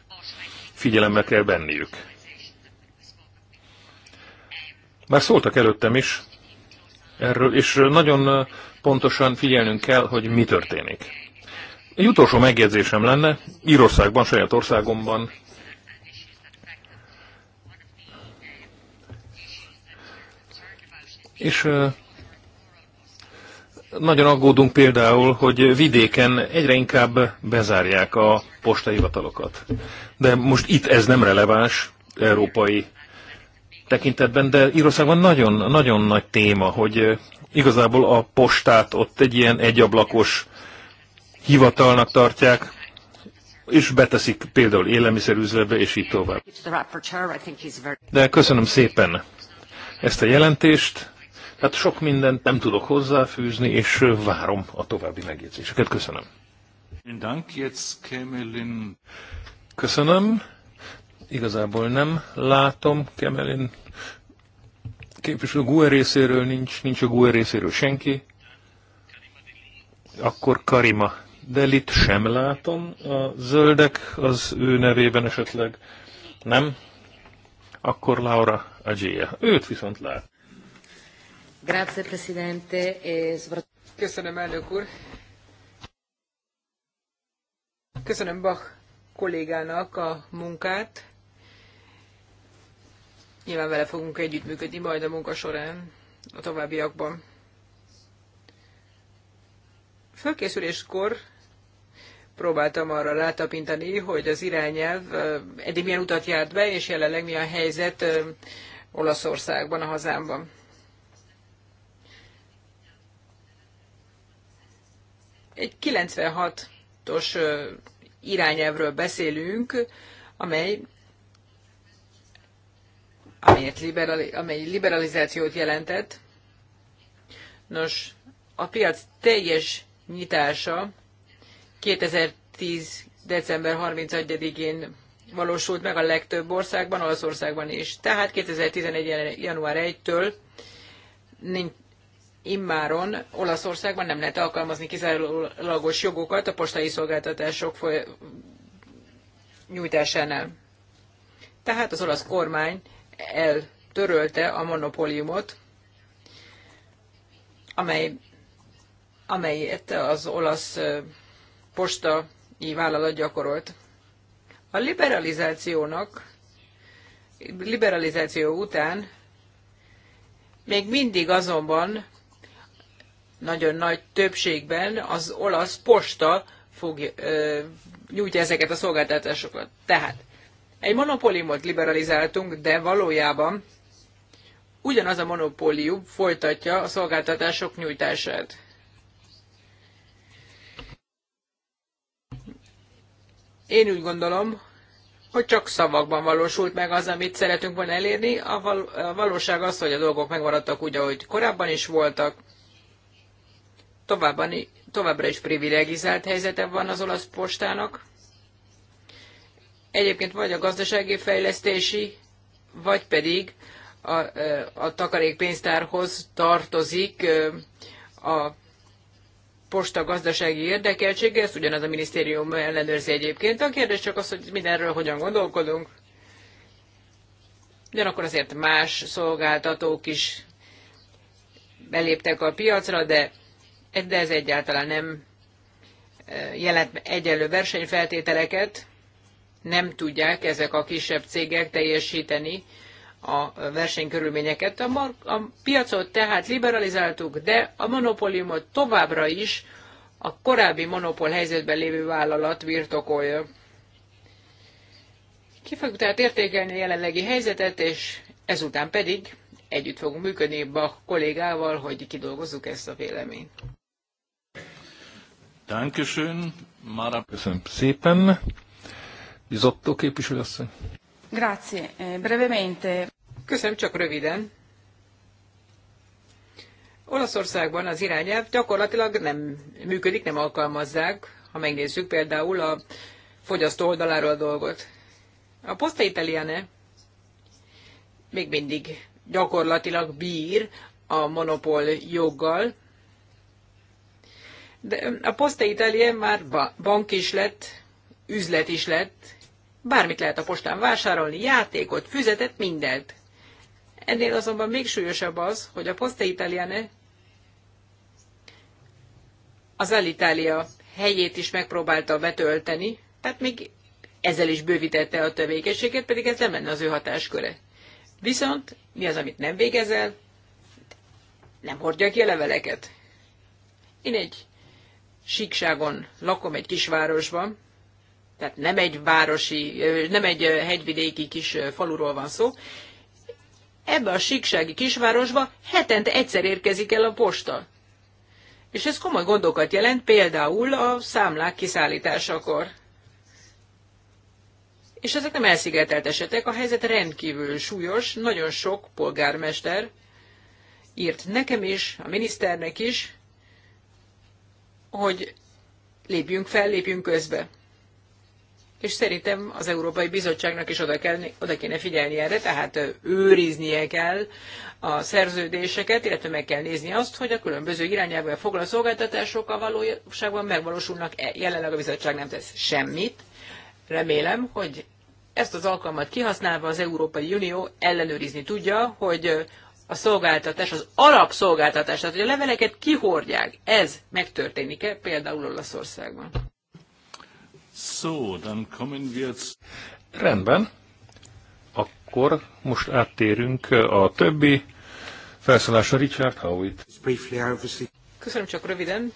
figyelembe kell venniük. Már szóltak előttem is erről, és nagyon pontosan figyelnünk kell, hogy mi történik. Egy utolsó megjegyzésem lenne, Írországban, saját országomban és nagyon aggódunk például, hogy vidéken egyre inkább bezárják a postahivatalokat. De most itt ez nem releváns európai tekintetben, de Írországban nagyon, nagyon nagy téma, hogy igazából a postát ott egy ilyen egyablakos hivatalnak tartják, és beteszik például élelmiszerüzletbe, és így tovább. De köszönöm szépen ezt a jelentést tehát sok mindent nem tudok hozzáfűzni, és várom a további megjegyzéseket. Köszönöm. Köszönöm. Igazából nem látom Kemelin képviselő GUE részéről nincs, nincs a GUE részéről senki. Akkor Karima Delit sem látom. A zöldek az ő nevében esetleg nem. Akkor Laura Agyéja. Őt viszont lát. Grazie, Presidente. E Köszönöm, elnök úr. Köszönöm Bach kollégának a munkát. Nyilván vele fogunk együttműködni majd a munka során a továbbiakban. Fölkészüléskor próbáltam arra rátapintani, hogy az irányelv eddig milyen utat járt be, és jelenleg mi a helyzet Olaszországban, a hazámban. Egy 96-os irányelvről beszélünk, amely amelyet liberali, amely liberalizációt jelentett. Nos, a piac teljes nyitása 2010. december 31-én valósult meg a legtöbb országban, Olaszországban is. Tehát 2011. január 1-től immáron Olaszországban nem lehet alkalmazni kizárólagos jogokat a postai szolgáltatások nyújtásánál. Tehát az olasz kormány eltörölte a monopóliumot, amely, amelyet az olasz postai vállalat gyakorolt. A liberalizációnak, liberalizáció után még mindig azonban nagyon nagy többségben az olasz posta fog, ö, nyújtja ezeket a szolgáltatásokat. Tehát egy monopóliumot liberalizáltunk, de valójában ugyanaz a monopólium folytatja a szolgáltatások nyújtását. Én úgy gondolom, hogy csak szavakban valósult meg az, amit szeretünk volna elérni. A, val- a valóság az, hogy a dolgok megmaradtak úgy, ahogy korábban is voltak továbbra is privilegizált helyzete van az olasz postának. Egyébként vagy a gazdasági fejlesztési, vagy pedig a, a takarékpénztárhoz tartozik a posta gazdasági érdekeltsége, ezt ugyanaz a minisztérium ellenőrzi egyébként. A kérdés csak az, hogy mindenről hogyan gondolkodunk. Ugyanakkor azért más szolgáltatók is beléptek a piacra, de de ez egyáltalán nem eh, jelent egyenlő versenyfeltételeket, nem tudják ezek a kisebb cégek teljesíteni a versenykörülményeket. A, mar- a piacot tehát liberalizáltuk, de a monopóliumot továbbra is a korábbi monopól helyzetben lévő vállalat birtokolja. Ki fogjuk tehát értékelni a jelenlegi helyzetet, és ezután pedig együtt fogunk működni a kollégával, hogy kidolgozzuk ezt a véleményt. Dankeschön, Mara. Köszönöm szépen. Izotto képviselőasszony. Grazie, eh, brevemente. Köszönöm, csak röviden. Olaszországban az irányelv gyakorlatilag nem működik, nem alkalmazzák, ha megnézzük például a fogyasztó oldaláról a dolgot. A Posta Italiane még mindig gyakorlatilag bír a monopól joggal, de a Posta Italia már bank is lett, üzlet is lett, bármit lehet a postán vásárolni, játékot, füzetet, mindent. Ennél azonban még súlyosabb az, hogy a Posta Italiane az Alitalia helyét is megpróbálta betölteni, tehát még ezzel is bővítette a tevékenységet, pedig ez nem lenne az ő hatásköre. Viszont mi az, amit nem végezel? Nem hordja ki a leveleket. Én egy síkságon lakom egy kisvárosban, tehát nem egy városi, nem egy hegyvidéki kis faluról van szó, ebbe a síksági kisvárosba hetente egyszer érkezik el a posta. És ez komoly gondokat jelent például a számlák kiszállításakor. És ezek nem elszigetelt esetek, a helyzet rendkívül súlyos, nagyon sok polgármester írt nekem is, a miniszternek is, hogy lépjünk fel, lépjünk közbe. És szerintem az Európai Bizottságnak is oda, kell, oda kéne figyelni erre, tehát őriznie kell a szerződéseket, illetve meg kell nézni azt, hogy a különböző irányelvvel szolgáltatások a valóságban megvalósulnak-e. Jelenleg a bizottság nem tesz semmit. Remélem, hogy ezt az alkalmat kihasználva az Európai Unió ellenőrizni tudja, hogy a szolgáltatás, az arab szolgáltatás, tehát hogy a leveleket kihordják, ez megtörténik-e például Olaszországban? So, then kommen with... Rendben. Akkor most áttérünk eh, a többi felszólásra Richard Howitt. Köszönöm csak röviden.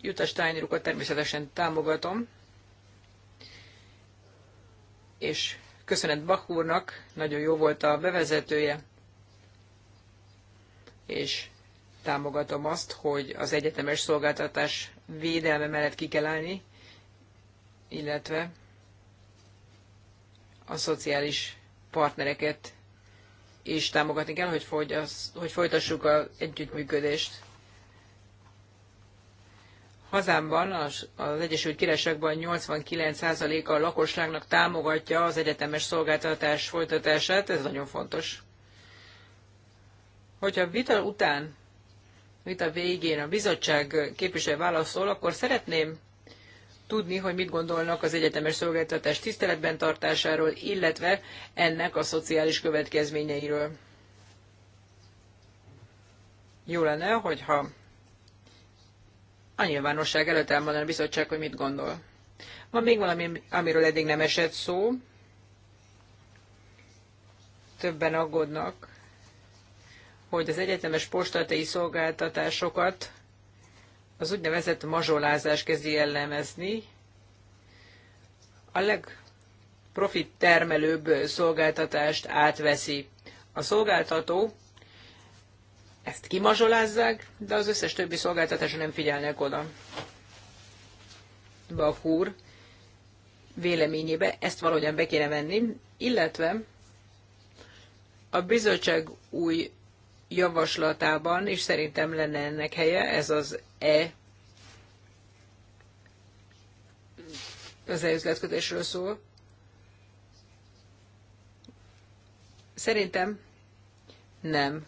Jutta Steinrukat természetesen támogatom, és Köszönet Bach úrnak, nagyon jó volt a bevezetője, és támogatom azt, hogy az egyetemes szolgáltatás védelme mellett ki kell állni, illetve a szociális partnereket is támogatni kell, hogy, fogy, hogy folytassuk az együttműködést. Hazámban, az, az Egyesült Királyságban 89%-a a lakosságnak támogatja az egyetemes szolgáltatás folytatását, ez nagyon fontos. Hogyha vita után, vita végén a bizottság képviselő válaszol, akkor szeretném tudni, hogy mit gondolnak az egyetemes szolgáltatás tiszteletben tartásáról, illetve ennek a szociális következményeiről. Jó lenne, hogyha a nyilvánosság előtt elmondani a bizottság, hogy mit gondol. Van még valami, amiről eddig nem esett szó. Többen aggódnak, hogy az egyetemes postatei szolgáltatásokat az úgynevezett mazsolázás kezdi jellemezni. A legprofit termelőbb szolgáltatást átveszi. A szolgáltató ezt kimazsolázzák, de az összes többi szolgáltatásra nem figyelnek oda. Bakúr véleményébe ezt valahogyan be kéne venni, illetve a bizottság új javaslatában, és szerintem lenne ennek helye, ez az E az e-üzletkötésről szól. Szerintem nem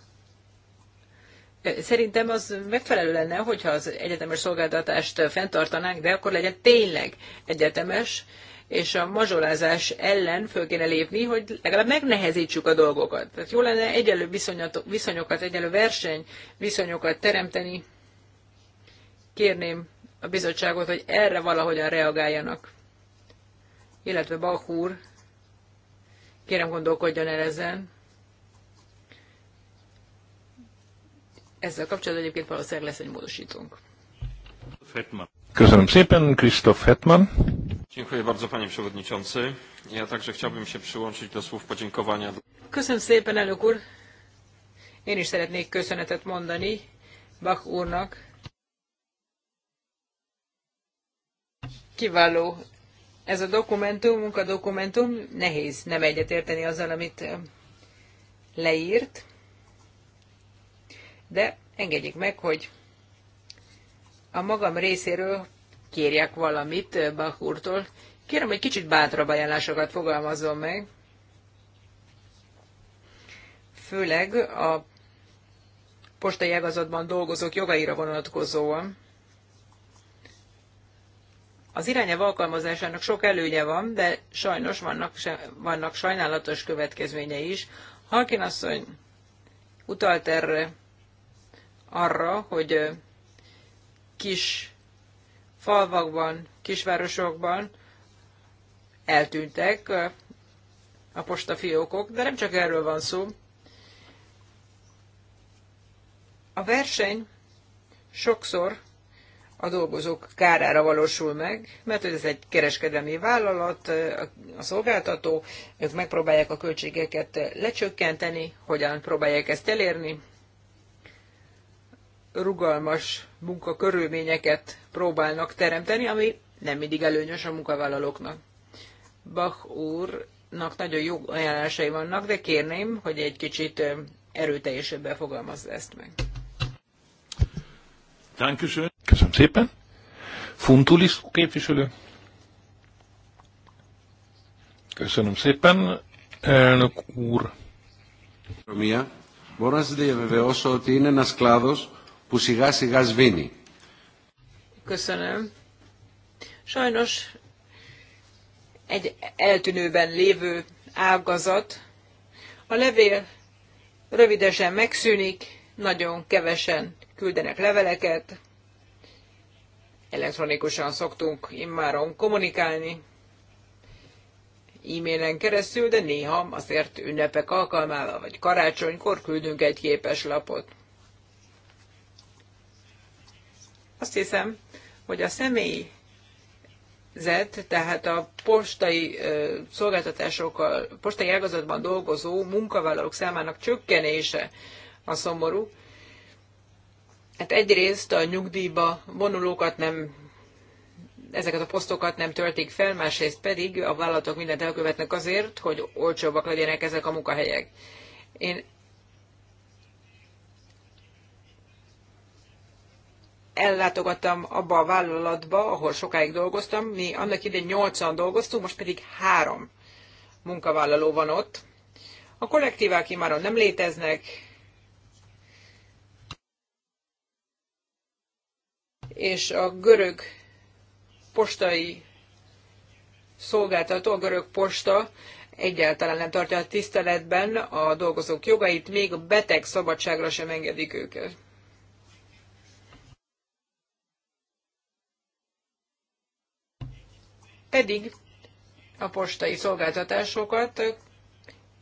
Szerintem az megfelelő lenne, hogyha az egyetemes szolgáltatást fenntartanánk, de akkor legyen tényleg egyetemes, és a mazsolázás ellen föl kéne lépni, hogy legalább megnehezítsük a dolgokat. Tehát jó lenne egyenlő viszonyokat, egyenlő verseny viszonyokat teremteni. Kérném a bizottságot, hogy erre valahogyan reagáljanak. Illetve Balkúr, kérem gondolkodjon el ezen. Ezzel kapcsolatban egyébként valószínűleg lesz egy módosítónk. Hetman. Köszönöm szépen, Krisztof Hetman. Dziękuję bardzo, panie przewodniczący. Ja także chciałbym się przyłączyć do słów podziękowania. Köszönöm szépen, elnök úr. Én is szeretnék köszönetet mondani Bach úrnak. Kiváló ez a dokumentum, munkadokumentum, nehéz nem egyetérteni azzal, amit leírt de engedjék meg, hogy a magam részéről kérjek valamit eh, Bach úrtól. Kérem, hogy kicsit bátrabb ajánlásokat fogalmazzon meg, főleg a postai ágazatban dolgozók jogaira vonatkozóan. Az irányelv alkalmazásának sok előnye van, de sajnos vannak, vannak sajnálatos következményei is. Halkin asszony utalt erre, arra, hogy kis falvakban, kisvárosokban eltűntek a postafiókok, de nem csak erről van szó. A verseny sokszor a dolgozók kárára valósul meg, mert ez egy kereskedelmi vállalat, a szolgáltató, ők megpróbálják a költségeket lecsökkenteni, hogyan próbálják ezt elérni, rugalmas munkakörülményeket próbálnak teremteni, ami nem mindig előnyös a munkavállalóknak. Bach úrnak nagyon jó ajánlásai vannak, de kérném, hogy egy kicsit erőteljesebben fogalmazza ezt meg. Köszönöm szépen. Funtulis képviselő. Köszönöm szépen, elnök úr. Buenos días, veo que tiene που σιγά σιγά σβήνει. Köszönöm. Sajnos egy eltűnőben lévő ágazat. A levél rövidesen megszűnik, nagyon kevesen küldenek leveleket, elektronikusan szoktunk immáron kommunikálni, e-mailen keresztül, de néha azért ünnepek alkalmával vagy karácsonykor küldünk egy lapot. Azt hiszem, hogy a személyi tehát a postai szolgáltatásokkal, postai ágazatban dolgozó munkavállalók számának csökkenése a szomorú. Hát egyrészt a nyugdíjba vonulókat nem ezeket a posztokat nem töltik fel, másrészt pedig a vállalatok mindent elkövetnek azért, hogy olcsóbbak legyenek ezek a munkahelyek. Én ellátogattam abba a vállalatba, ahol sokáig dolgoztam, mi annak idején nyolcan dolgoztunk, most pedig három munkavállaló van ott. A kollektívák imáron nem léteznek, és a görög postai szolgáltató, a görög posta egyáltalán nem tartja a tiszteletben a dolgozók jogait, még a beteg szabadságra sem engedik őket. pedig a postai szolgáltatásokat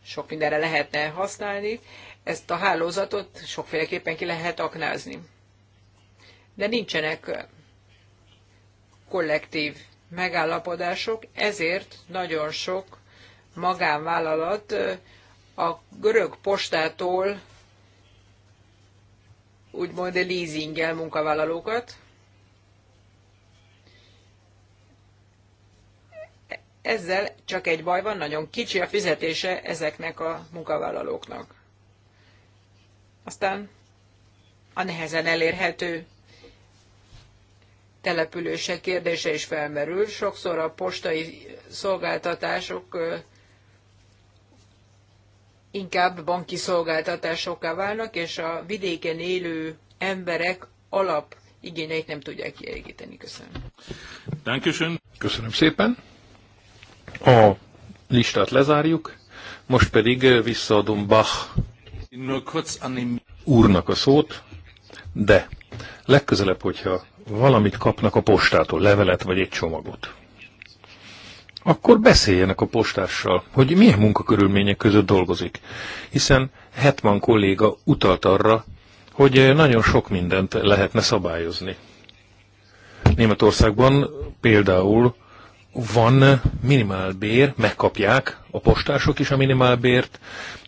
sok mindenre lehetne használni, ezt a hálózatot sokféleképpen ki lehet aknázni. De nincsenek kollektív megállapodások, ezért nagyon sok magánvállalat a görög postától úgymond leasinggel munkavállalókat, Ezzel csak egy baj van, nagyon kicsi a fizetése ezeknek a munkavállalóknak. Aztán a nehezen elérhető települések kérdése is felmerül. Sokszor a postai szolgáltatások inkább banki szolgáltatásokká válnak, és a vidéken élő emberek alap igényeit nem tudják kielégíteni. Köszönöm. Köszönöm szépen. A listát lezárjuk, most pedig visszaadom Bach úrnak a szót, de legközelebb, hogyha valamit kapnak a postától, levelet vagy egy csomagot, akkor beszéljenek a postással, hogy milyen munkakörülmények között dolgozik. Hiszen Hetman kolléga utalt arra, hogy nagyon sok mindent lehetne szabályozni. Németországban például van minimálbér, megkapják a postások is a minimálbért,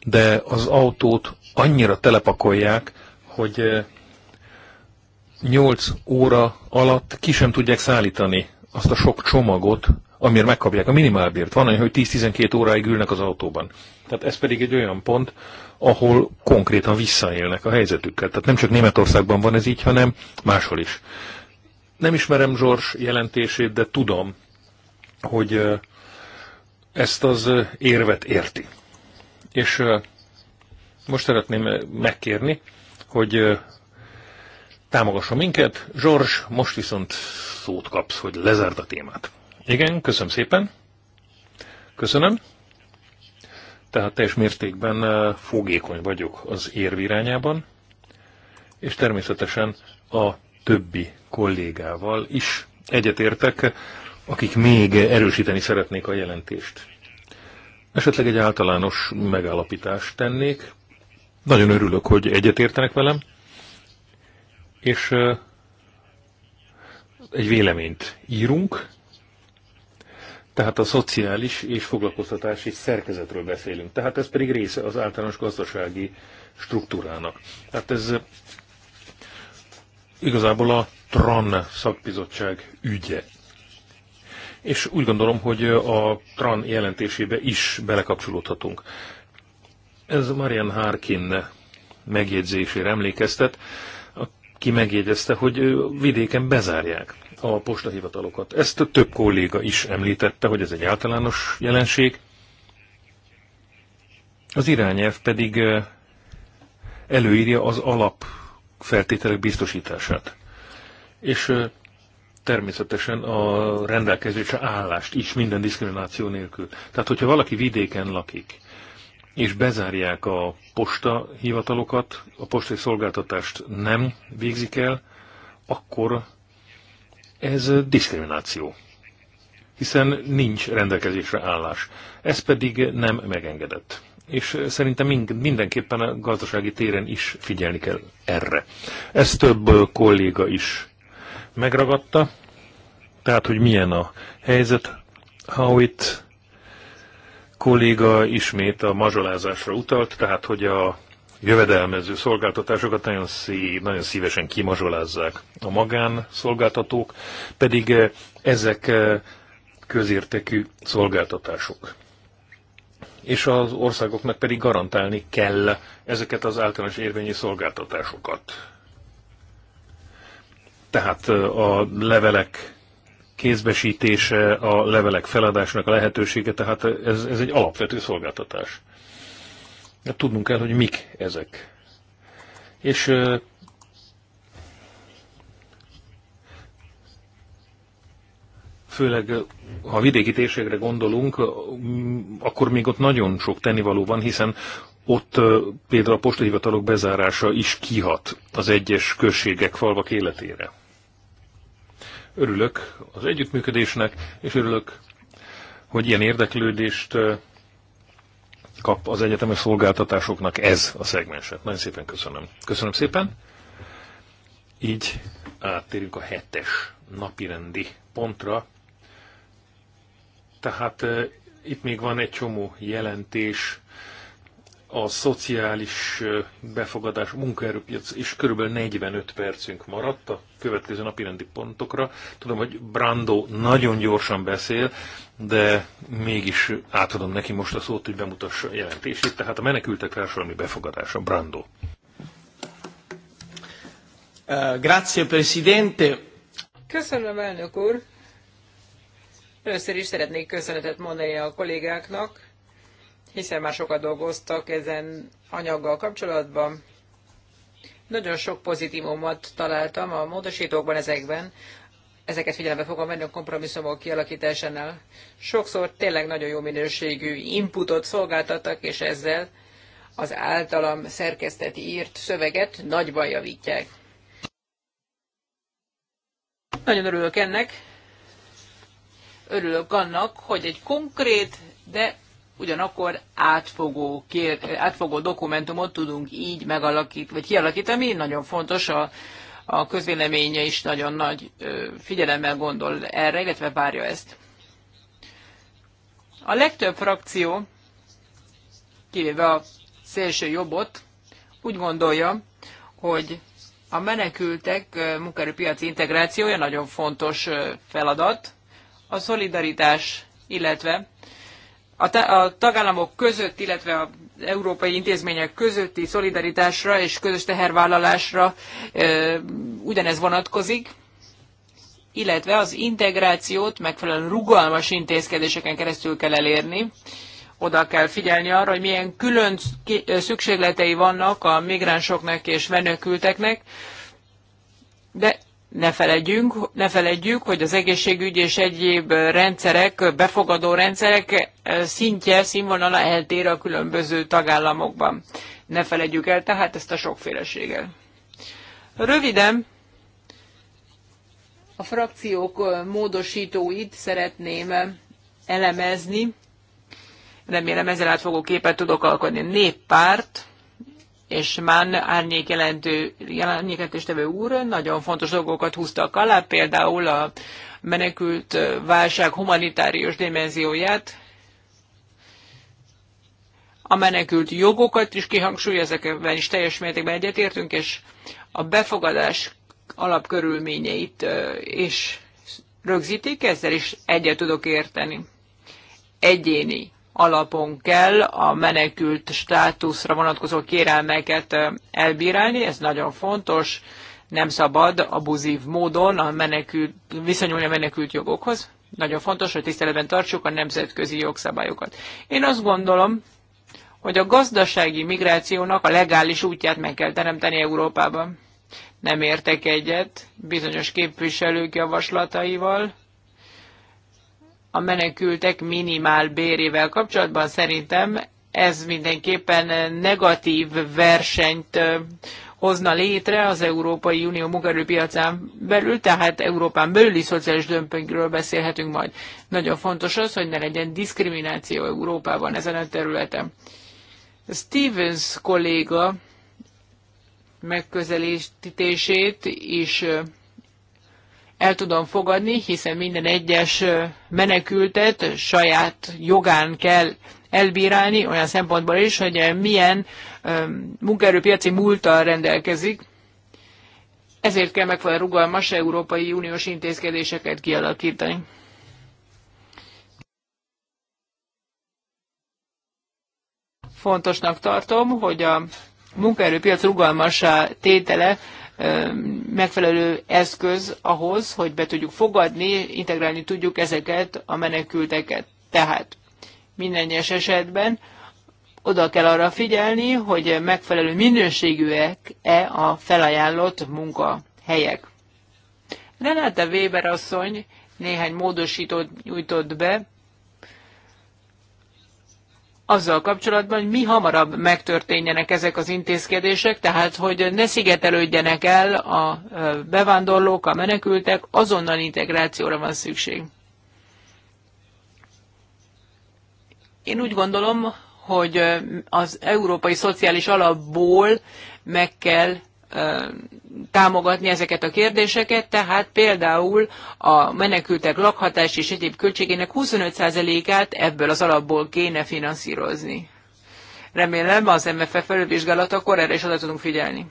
de az autót annyira telepakolják, hogy 8 eh, óra alatt ki sem tudják szállítani azt a sok csomagot, amiért megkapják a minimálbért. Van olyan, hogy 10-12 óráig ülnek az autóban. Tehát ez pedig egy olyan pont, ahol konkrétan visszaélnek a helyzetükkel. Tehát nem csak Németországban van ez így, hanem máshol is. Nem ismerem Zsors jelentését, de tudom, hogy ezt az érvet érti. És most szeretném megkérni, hogy támogassa minket. Zsors, most viszont szót kapsz, hogy lezárd a témát. Igen, köszönöm szépen. Köszönöm. Tehát teljes mértékben fogékony vagyok az érv irányában, és természetesen a többi kollégával is egyetértek, akik még erősíteni szeretnék a jelentést. Esetleg egy általános megállapítást tennék. Nagyon örülök, hogy egyetértenek velem, és egy véleményt írunk, tehát a szociális és foglalkoztatási szerkezetről beszélünk. Tehát ez pedig része az általános gazdasági struktúrának. Tehát ez igazából a TRAN szakbizottság ügye és úgy gondolom, hogy a TRAN jelentésébe is belekapcsolódhatunk. Ez Marian Harkin megjegyzésére emlékeztet, aki megjegyezte, hogy vidéken bezárják a postahivatalokat. Ezt több kolléga is említette, hogy ez egy általános jelenség. Az irányelv pedig előírja az alapfeltételek biztosítását. És természetesen a rendelkezésre állást is minden diszkrimináció nélkül. Tehát, hogyha valaki vidéken lakik, és bezárják a posta hivatalokat, a postai szolgáltatást nem végzik el, akkor ez diszkrimináció. Hiszen nincs rendelkezésre állás. Ez pedig nem megengedett. És szerintem mindenképpen a gazdasági téren is figyelni kell erre. Ezt több kolléga is megragadta, tehát hogy milyen a helyzet. Howitt kolléga ismét a mazsolázásra utalt, tehát hogy a jövedelmező szolgáltatásokat nagyon, szí, nagyon szívesen kimazsolázzák. A magánszolgáltatók pedig eh, ezek eh, közértekű szolgáltatások. És az országoknak pedig garantálni kell ezeket az általános érvényi szolgáltatásokat. Tehát a levelek kézbesítése, a levelek feladásnak a lehetősége, tehát ez, ez egy alapvető szolgáltatás. De tudnunk kell, hogy mik ezek. És főleg ha vidéki térségre gondolunk, akkor még ott nagyon sok tennivaló van, hiszen ott például a postahivatalok bezárása is kihat az egyes községek, falvak életére. Örülök az együttműködésnek, és örülök, hogy ilyen érdeklődést kap az egyetemes szolgáltatásoknak ez a szegmenset. Nagyon szépen köszönöm. Köszönöm szépen. Így áttérünk a hetes napirendi pontra. Tehát itt még van egy csomó jelentés, a szociális befogadás, munkaerőpiac, és körülbelül 45 percünk maradt a következő napi rendi pontokra. Tudom, hogy Brando nagyon gyorsan beszél, de mégis átadom neki most a szót, hogy bemutassa a jelentését. Tehát a menekültek társadalmi befogadása, Brando. Uh, grazie, Presidente. Köszönöm, elnök úr. Először is szeretnék köszönetet mondani a kollégáknak, hiszen már sokat dolgoztak ezen anyaggal kapcsolatban. Nagyon sok pozitívumot találtam a módosítókban ezekben, ezeket figyelembe fogom venni a kompromisszumok kialakításánál. Sokszor tényleg nagyon jó minőségű inputot szolgáltattak, és ezzel az általam szerkesztett írt szöveget nagyban javítják. Nagyon örülök ennek. Örülök annak, hogy egy konkrét, de ugyanakkor átfogó, kér, átfogó dokumentumot tudunk így megalakítani, vagy kialakítani, nagyon fontos a, a közvéleménye is nagyon nagy figyelemmel gondol erre, illetve várja ezt. A legtöbb frakció, kivéve a szélső jobbot, úgy gondolja, hogy a menekültek munkaerőpiaci integrációja nagyon fontos feladat, a szolidaritás, illetve a, a tagállamok között, illetve az európai intézmények közötti szolidaritásra és közös tehervállalásra ö, ugyanez vonatkozik, illetve az integrációt megfelelően rugalmas intézkedéseken keresztül kell elérni. Oda kell figyelni arra, hogy milyen külön szükségletei vannak a migránsoknak és menekülteknek, de ne feledjünk, ne feledjük, hogy az egészségügy és egyéb rendszerek, befogadó rendszerek eh, szintje, színvonala eltér a különböző tagállamokban. Ne feledjük el tehát ezt a sokféleséget. Röviden a frakciók eh, módosítóit szeretném eh, elemezni. Remélem ezzel fogok képet tudok alkotni. Néppárt és Mann árnyék jelentő, árnyékentéstevő úr nagyon fontos dolgokat húztak alá, például a menekült válság humanitárius dimenzióját, a menekült jogokat is kihangsúly, ezekben is teljes mértékben egyetértünk, és a befogadás alapkörülményeit és rögzítik, ezzel is egyet tudok érteni. Egyéni alapon kell a menekült státuszra vonatkozó kérelmeket elbírálni, ez nagyon fontos, nem szabad abuzív módon a menekült, viszonyulni a menekült jogokhoz. Nagyon fontos, hogy tiszteletben tartsuk a nemzetközi jogszabályokat. Én azt gondolom, hogy a gazdasági migrációnak a legális útját meg kell teremteni Európában. Nem értek egyet bizonyos képviselők javaslataival, a menekültek minimál bérével kapcsolatban szerintem ez mindenképpen negatív versenyt hozna létre az Európai Unió munkaerőpiacán belül, tehát Európán belüli szociális dömpingről beszélhetünk majd. Nagyon fontos az, hogy ne legyen diszkrimináció Európában ezen a területen. Stevens kolléga megközelítését is el tudom fogadni, hiszen minden egyes menekültet saját jogán kell elbírálni, olyan szempontból is, hogy milyen munkaerőpiaci múltal rendelkezik. Ezért kell megfelelő rugalmas Európai Uniós intézkedéseket kialakítani. Fontosnak tartom, hogy a munkaerőpiac rugalmassá tétele megfelelő eszköz ahhoz, hogy be tudjuk fogadni, integrálni tudjuk ezeket a menekülteket. Tehát minden egyes esetben oda kell arra figyelni, hogy megfelelő minőségűek-e a felajánlott munkahelyek. Renáta Weber asszony néhány módosítót nyújtott be, azzal kapcsolatban, hogy mi hamarabb megtörténjenek ezek az intézkedések, tehát hogy ne szigetelődjenek el a bevándorlók, a menekültek, azonnal integrációra van szükség. Én úgy gondolom, hogy az európai szociális alapból meg kell támogatni ezeket a kérdéseket, tehát például a menekültek lakhatás és egyéb költségének 25%-át ebből az alapból kéne finanszírozni. Remélem az MFF felülvizsgálatakor erre is oda tudunk figyelni.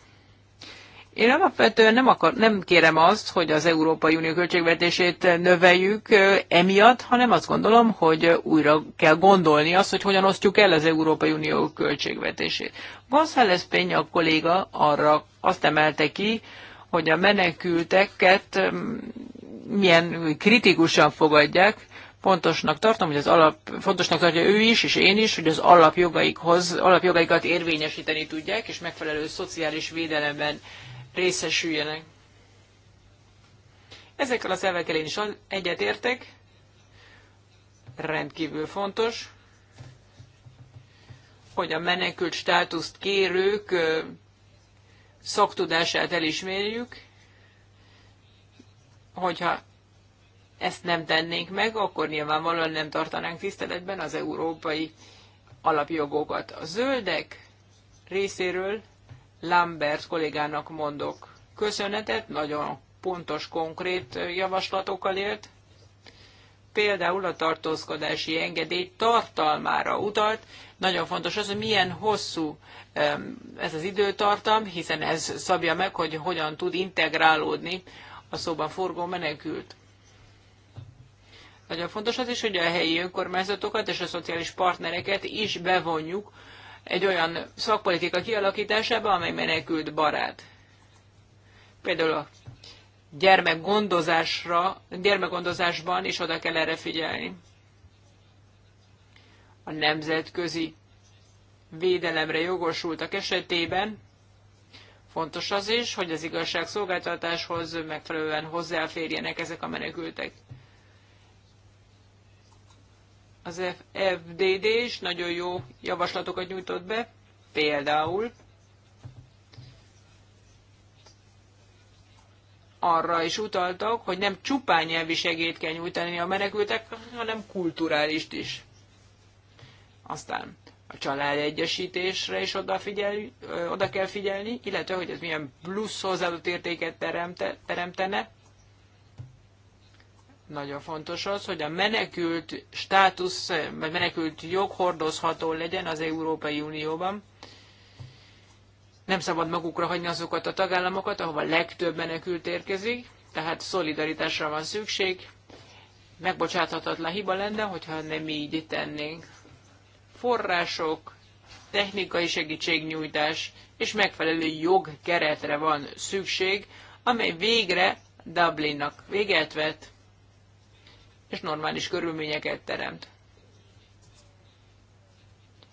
Én alapvetően nem, akar, nem kérem azt, hogy az Európai Unió költségvetését növeljük emiatt, hanem azt gondolom, hogy újra kell gondolni azt, hogy hogyan osztjuk el az Európai Unió költségvetését. González Pénya kolléga arra azt emelte ki, hogy a menekülteket mm, milyen kritikusan fogadják, fontosnak tartom, hogy az alap, fontosnak tartja ő is, és én is, hogy az alapjogaikhoz, alapjogaikat érvényesíteni tudják, és megfelelő szociális védelemben részesüljenek. Ezekkel az elvekkel én is egyetértek, rendkívül fontos, hogy a menekült státuszt kérők szaktudását elismerjük, hogyha ezt nem tennénk meg, akkor nyilvánvalóan nem tartanánk tiszteletben az európai alapjogokat. A zöldek részéről Lambert kollégának mondok köszönetet, nagyon pontos, konkrét javaslatokkal élt. Például a tartózkodási engedély tartalmára utalt, nagyon fontos az, hogy milyen hosszú ez az időtartam, hiszen ez szabja meg, hogy hogyan tud integrálódni a szóban forgó menekült. Nagyon fontos az is, hogy a helyi önkormányzatokat és a szociális partnereket is bevonjuk egy olyan szakpolitika kialakításába, amely menekült barát. Például a gyermekgondozásra, gyermekgondozásban is oda kell erre figyelni a nemzetközi védelemre jogosultak esetében fontos az is, hogy az igazságszolgáltatáshoz megfelelően hozzáférjenek ezek a menekültek. Az FDD is nagyon jó javaslatokat nyújtott be, például arra is utaltak, hogy nem csupán nyelvi segélyt kell nyújtani a menekültek, hanem kulturális is. Aztán a egyesítésre is oda, figyel, oda kell figyelni, illetve hogy ez milyen plusz hozzáadott értéket teremte, teremtene. Nagyon fontos az, hogy a menekült státusz, vagy menekült jog hordozható legyen az Európai Unióban. Nem szabad magukra hagyni azokat a tagállamokat, ahova legtöbb menekült érkezik, tehát szolidaritásra van szükség. Megbocsáthatatlan hiba lenne, hogyha nem így tennénk források, technikai segítségnyújtás és megfelelő jogkeretre van szükség, amely végre Dublinnak véget vet, és normális körülményeket teremt.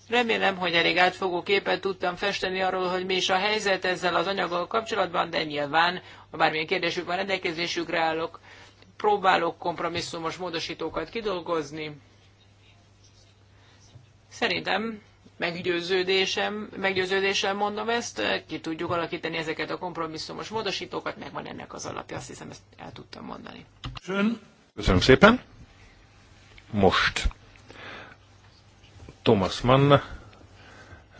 Remélem, hogy elég átfogó képet tudtam festeni arról, hogy mi is a helyzet ezzel az anyaggal kapcsolatban, de nyilván, ha bármilyen kérdésük van, rendelkezésükre állok, próbálok kompromisszumos módosítókat kidolgozni, Szerintem meggyőződésem, meggyőződésem mondom ezt, ki tudjuk alakítani ezeket a kompromisszumos módosítókat, meg van ennek az alapja, azt hiszem ezt el tudtam mondani. Köszönöm szépen. Most Thomas Mann,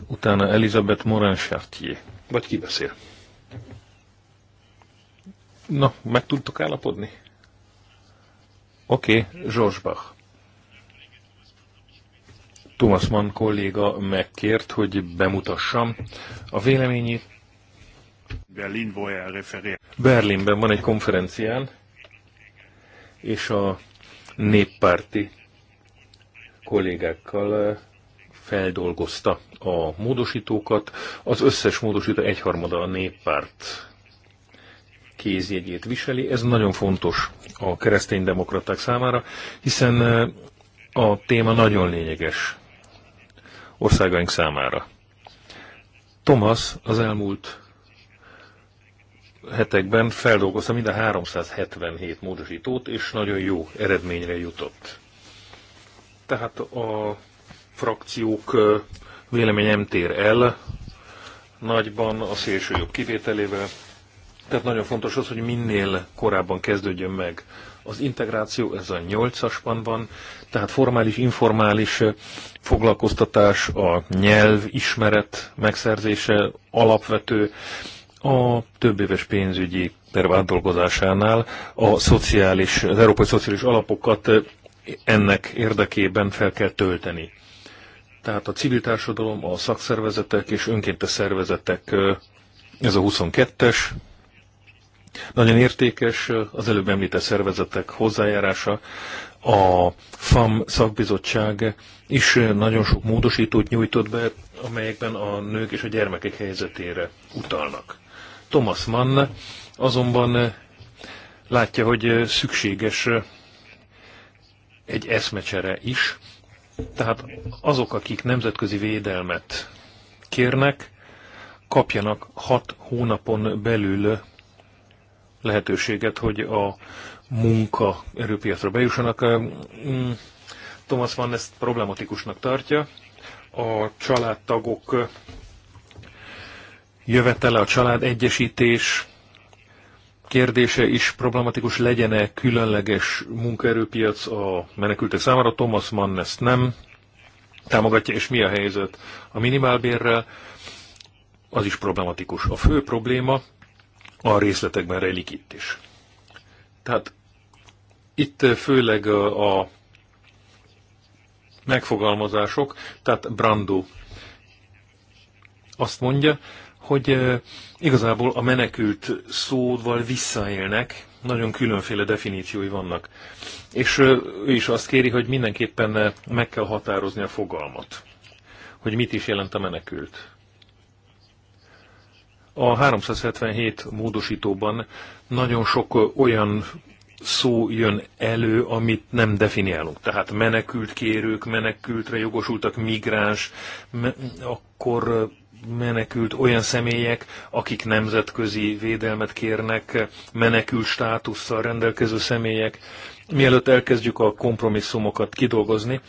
utána Elizabeth Morin Chartier. Vagy ki beszél? Na, meg tudtok állapodni? Oké, okay, Zsorsbach. Thomas Mann kolléga megkért, hogy bemutassam a véleményét. Berlin, er Berlinben van egy konferencián, és a néppárti kollégákkal eh, feldolgozta a módosítókat. Az összes módosító egyharmada a néppárt kézjegyét viseli. Ez nagyon fontos a kereszténydemokraták számára, hiszen eh, a téma nagyon lényeges országaink számára. Thomas az elmúlt hetekben feldolgozta mind a 377 módosítót, és nagyon jó eredményre jutott. Tehát a frakciók véleményem tér el, nagyban a szélső jobb kivételével. Tehát nagyon fontos az, hogy minél korábban kezdődjön meg az integráció, ez a nyolcasban van, tehát formális, informális foglalkoztatás, a nyelv ismeret megszerzése alapvető a éves pénzügyi terv átdolgozásánál a szociális, az európai szociális alapokat ennek érdekében fel kell tölteni. Tehát a civil társadalom, a szakszervezetek és önkéntes szervezetek, ez a 22-es, nagyon értékes az előbb említett szervezetek hozzájárása, a FAM szakbizottság is nagyon sok módosítót nyújtott be, amelyekben a nők és a gyermekek helyzetére utalnak. Thomas Mann azonban látja, hogy szükséges egy eszmecsere is, tehát azok, akik nemzetközi védelmet kérnek, kapjanak hat hónapon belül lehetőséget, hogy a munka erőpiacra bejussanak. Mm, Thomas Mann ezt problematikusnak tartja. A családtagok jövetele, a család egyesítés kérdése is problematikus legyen-e különleges munkaerőpiac a menekültek számára. Thomas Mann ezt nem támogatja, és mi a helyzet a minimálbérrel, az is problematikus. A fő probléma a részletekben rejlik itt is. Tehát itt főleg a megfogalmazások, tehát Brando azt mondja, hogy eh, igazából a menekült szóval visszaélnek, nagyon különféle definíciói vannak. És eh, ő is azt kéri, hogy mindenképpen eh, meg kell határozni a fogalmat, hogy mit is jelent a menekült. A 377 módosítóban nagyon sok olyan szó jön elő, amit nem definiálunk. Tehát menekült kérők, menekültre jogosultak, migráns, me- akkor menekült olyan személyek, akik nemzetközi védelmet kérnek, menekült státusszal rendelkező személyek. Mielőtt elkezdjük a kompromisszumokat kidolgozni,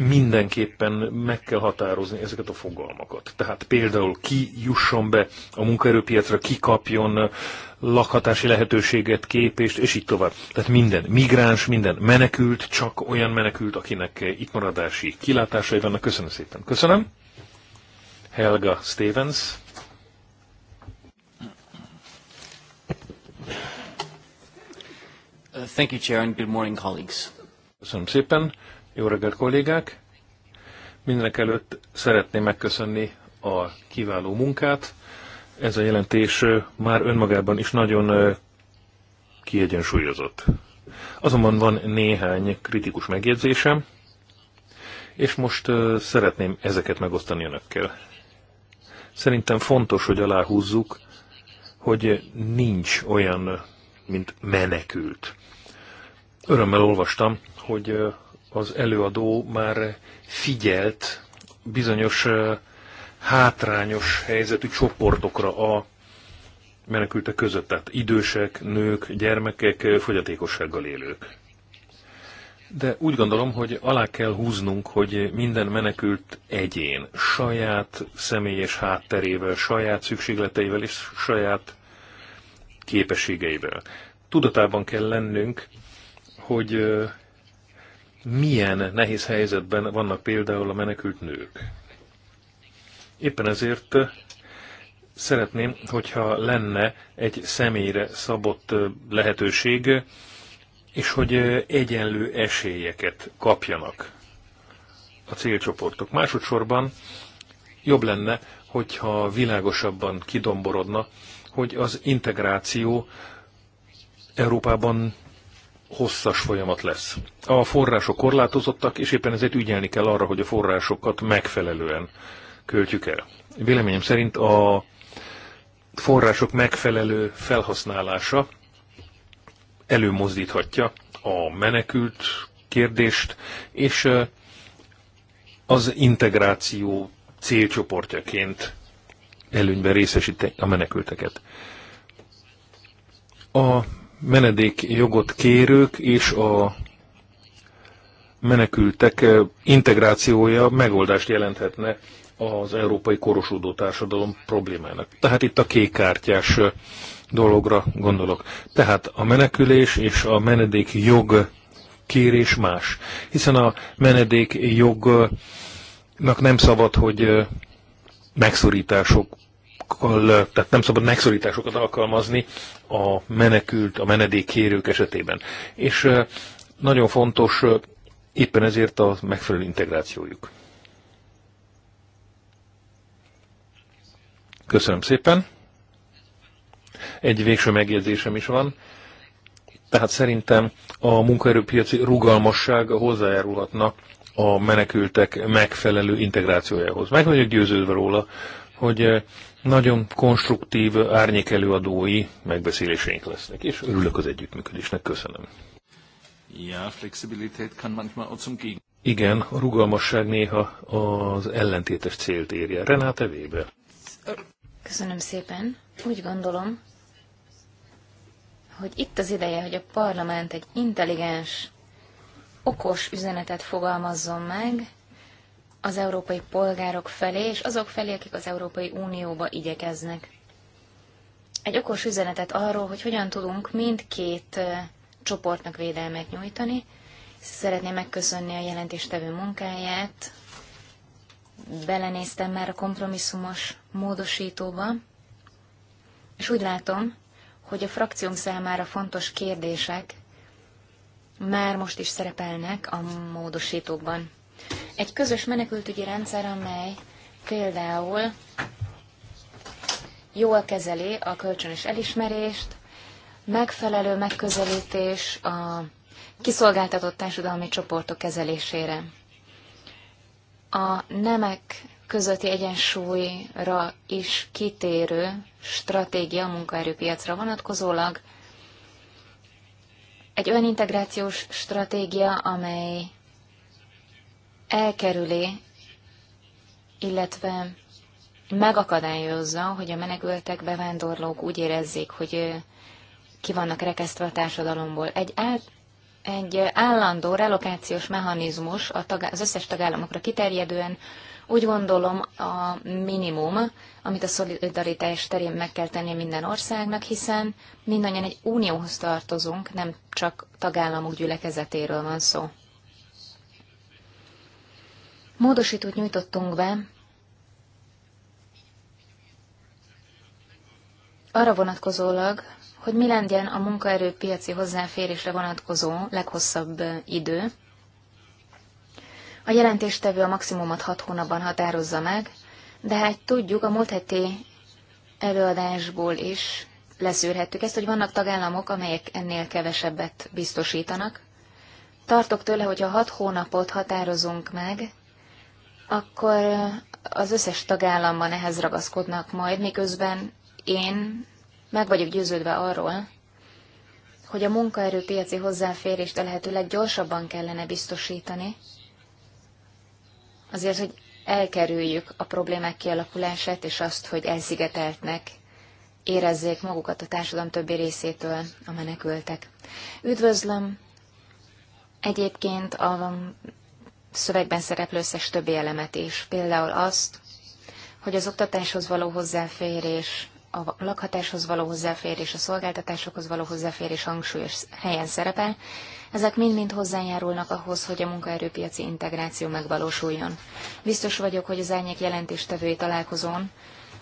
mindenképpen meg kell határozni ezeket a fogalmakat. Tehát például ki jusson be a munkaerőpiacra, ki kapjon lakhatási lehetőséget, képést, és így tovább. Tehát minden migráns, minden menekült, csak olyan menekült, akinek itt maradási kilátásai vannak. Köszönöm szépen. Köszönöm. Helga Stevens. Uh, thank you, Chair, and good morning, colleagues. Köszönöm szépen. Jó reggelt, kollégák! Mindenek előtt szeretném megköszönni a kiváló munkát. Ez a jelentés már önmagában is nagyon kiegyensúlyozott. Azonban van néhány kritikus megjegyzésem, és most szeretném ezeket megosztani önökkel. Szerintem fontos, hogy aláhúzzuk, hogy nincs olyan, mint menekült. Örömmel olvastam, hogy az előadó már figyelt bizonyos hátrányos helyzetű csoportokra a menekültek között, tehát idősek, nők, gyermekek, fogyatékossággal élők. De úgy gondolom, hogy alá kell húznunk, hogy minden menekült egyén, saját személyes hátterével, saját szükségleteivel és saját képességeivel. Tudatában kell lennünk, hogy milyen nehéz helyzetben vannak például a menekült nők. Éppen ezért szeretném, hogyha lenne egy személyre szabott lehetőség, és hogy egyenlő esélyeket kapjanak a célcsoportok. Másodszorban jobb lenne, hogyha világosabban kidomborodna, hogy az integráció Európában hosszas folyamat lesz. A források korlátozottak, és éppen ezért ügyelni kell arra, hogy a forrásokat megfelelően költjük el. Véleményem szerint a források megfelelő felhasználása előmozdíthatja a menekült kérdést, és az integráció célcsoportjaként előnyben részesíti a menekülteket. A menedékjogot kérők és a menekültek eh, integrációja megoldást jelenthetne az európai korosodó társadalom problémának. Tehát itt a kékkártyás eh, dologra gondolok. Tehát a menekülés és a menedék jog kérés más. Hiszen a menedék jognak nem szabad, hogy eh, megszorítások alkal, tehát nem szabad megszorításokat alkalmazni a menekült, a menedékkérők esetében. És nagyon fontos éppen ezért a megfelelő integrációjuk. Köszönöm szépen. Egy végső megjegyzésem is van. Tehát szerintem a munkaerőpiaci rugalmasság hozzájárulhatna a menekültek megfelelő integrációjához. Meg vagyok győződve róla, hogy nagyon konstruktív árnyékelőadói megbeszéléseink lesznek, és örülök az együttműködésnek, köszönöm. Ja, kann manchmal auch zum Gegen. Igen, a rugalmasság néha az ellentétes célt érje. Renáte Weber. Köszönöm szépen. Úgy gondolom, hogy itt az ideje, hogy a parlament egy intelligens, okos üzenetet fogalmazzon meg, az európai polgárok felé, és azok felé, akik az Európai Unióba igyekeznek. Egy okos üzenetet arról, hogy hogyan tudunk mindkét csoportnak védelmet nyújtani. Szeretném megköszönni a jelentéstevő munkáját. Belenéztem már a kompromisszumos módosítóba, és úgy látom, hogy a frakciónk számára fontos kérdések már most is szerepelnek a módosítókban. Egy közös menekültügyi rendszer, amely például jól kezeli a kölcsönös elismerést, megfelelő megközelítés a kiszolgáltatott társadalmi csoportok kezelésére. A nemek közötti egyensúlyra is kitérő stratégia munkaerőpiacra vonatkozólag, egy olyan integrációs stratégia, amely elkerüli, illetve megakadályozza, hogy a menekültek, bevándorlók úgy érezzék, hogy ki vannak rekesztve a társadalomból. Egy, áll, egy állandó relokációs mechanizmus a tag, az összes tagállamokra kiterjedően úgy gondolom a minimum, amit a szolidaritás terén meg kell tenni minden országnak, hiszen mindannyian egy unióhoz tartozunk, nem csak tagállamok gyülekezetéről van szó. Módosítót nyújtottunk be arra vonatkozólag, hogy mi legyen a munkaerőpiaci hozzáférésre vonatkozó leghosszabb idő. A jelentéstevő a maximumot hat hónapban határozza meg, de hát tudjuk, a múlt heti előadásból is leszűrhettük ezt, hogy vannak tagállamok, amelyek ennél kevesebbet biztosítanak. Tartok tőle, hogy ha hat hónapot határozunk meg, akkor az összes tagállamban ehhez ragaszkodnak majd, miközben én meg vagyok győződve arról, hogy a munkaerőpiaci hozzáférést a lehető leggyorsabban kellene biztosítani, azért, hogy elkerüljük a problémák kialakulását, és azt, hogy elszigeteltnek érezzék magukat a társadalom többi részétől a menekültek. Üdvözlöm egyébként a szövegben szereplő összes többi elemet is. Például azt, hogy az oktatáshoz való hozzáférés, a lakhatáshoz való hozzáférés, a szolgáltatásokhoz való hozzáférés hangsúlyos helyen szerepel, ezek mind-mind hozzájárulnak ahhoz, hogy a munkaerőpiaci integráció megvalósuljon. Biztos vagyok, hogy az árnyék jelentéstevői találkozón,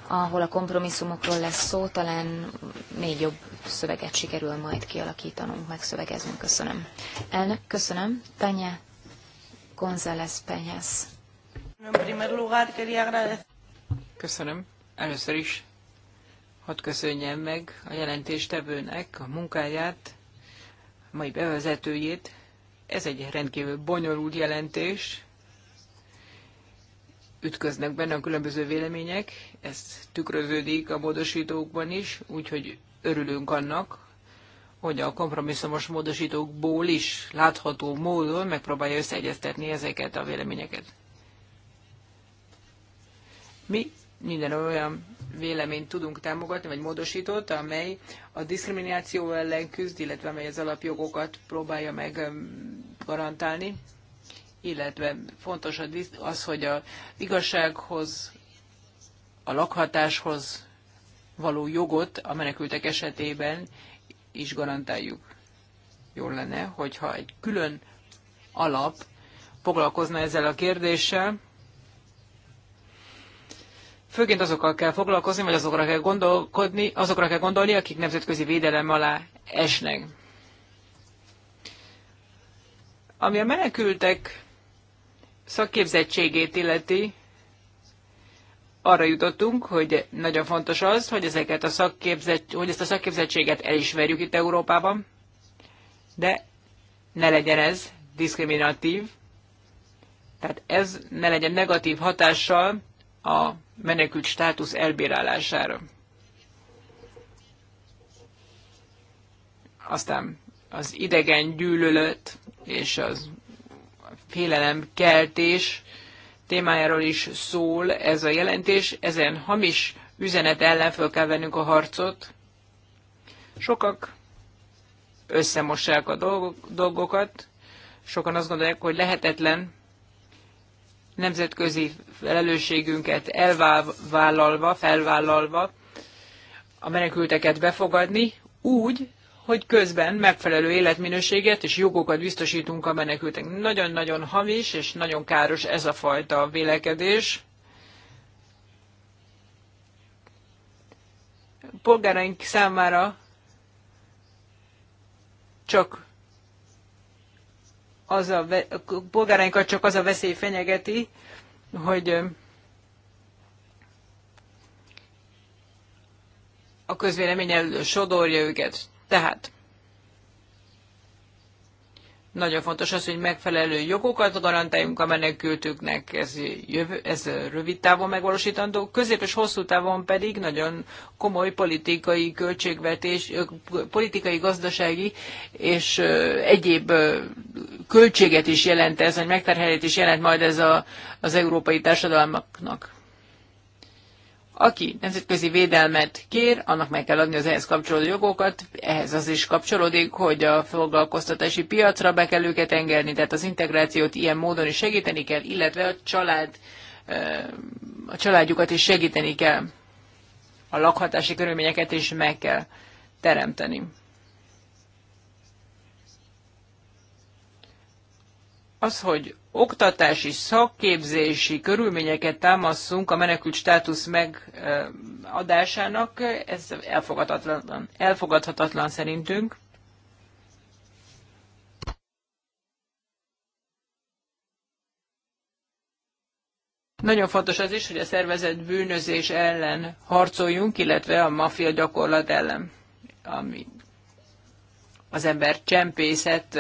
ahol a kompromisszumokról lesz szó, talán még jobb szöveget sikerül majd kialakítanunk, megszövegeznünk. Köszönöm. Elnök, köszönöm. Tanya González Penyász. Köszönöm. Először is hadd köszönjem meg a jelentéstevőnek a munkáját, a mai bevezetőjét. Ez egy rendkívül bonyolult jelentés, ütköznek benne a különböző vélemények, ez tükröződik a módosítókban is, úgyhogy örülünk annak, hogy a kompromisszumos módosítókból is látható módon megpróbálja összeegyeztetni ezeket a véleményeket. Mi minden olyan véleményt tudunk támogatni, vagy módosított, amely a diszkrimináció ellen küzd, illetve amely az alapjogokat próbálja meg garantálni, illetve fontos az, hogy a igazsághoz, a lakhatáshoz való jogot a menekültek esetében is garantáljuk. Jól lenne, hogyha egy külön alap foglalkozna ezzel a kérdéssel, főként azokkal kell foglalkozni, vagy azokra kell gondolkodni, azokra kell gondolni, akik nemzetközi védelem alá esnek. Ami a menekültek szakképzettségét illeti, arra jutottunk, hogy nagyon fontos az, hogy, ezeket a szakképzett, hogy ezt a szakképzettséget elismerjük itt Európában, de ne legyen ez diszkriminatív, tehát ez ne legyen negatív hatással a menekült státusz elbírálására. Aztán az idegen gyűlölet és az félelem keltés témájáról is szól ez a jelentés. Ezen hamis üzenet ellen föl kell vennünk a harcot. Sokak összemossák a dolgokat, sokan azt gondolják, hogy lehetetlen nemzetközi felelősségünket elvállalva, felvállalva a menekülteket befogadni, úgy, hogy közben megfelelő életminőséget és jogokat biztosítunk a menekültek. Nagyon-nagyon hamis és nagyon káros ez a fajta vélekedés. Polgáraink számára csak az a, a polgárainkat csak az a veszély fenyegeti, hogy a közvélemény elől sodorja őket. Tehát nagyon fontos az, hogy megfelelő jogokat garantáljunk a menekültüknek, ez, jövő, ez rövid távon megvalósítandó, közép és hosszú távon pedig nagyon komoly politikai költségvetés, politikai, gazdasági és egyéb költséget is jelent ez, vagy megterhelést is jelent majd ez a, az európai társadalmaknak. Aki nemzetközi védelmet kér, annak meg kell adni az ehhez kapcsolódó jogokat, ehhez az is kapcsolódik, hogy a foglalkoztatási piacra be kell őket engedni, tehát az integrációt ilyen módon is segíteni kell, illetve a család a családjukat is segíteni kell. A lakhatási körülményeket is meg kell teremteni. Az, hogy oktatási, szakképzési körülményeket támaszunk a menekült státusz megadásának, ez elfogadhatatlan, elfogadhatatlan szerintünk. Nagyon fontos az is, hogy a szervezet bűnözés ellen harcoljunk, illetve a maffia gyakorlat ellen, ami az ember csempészet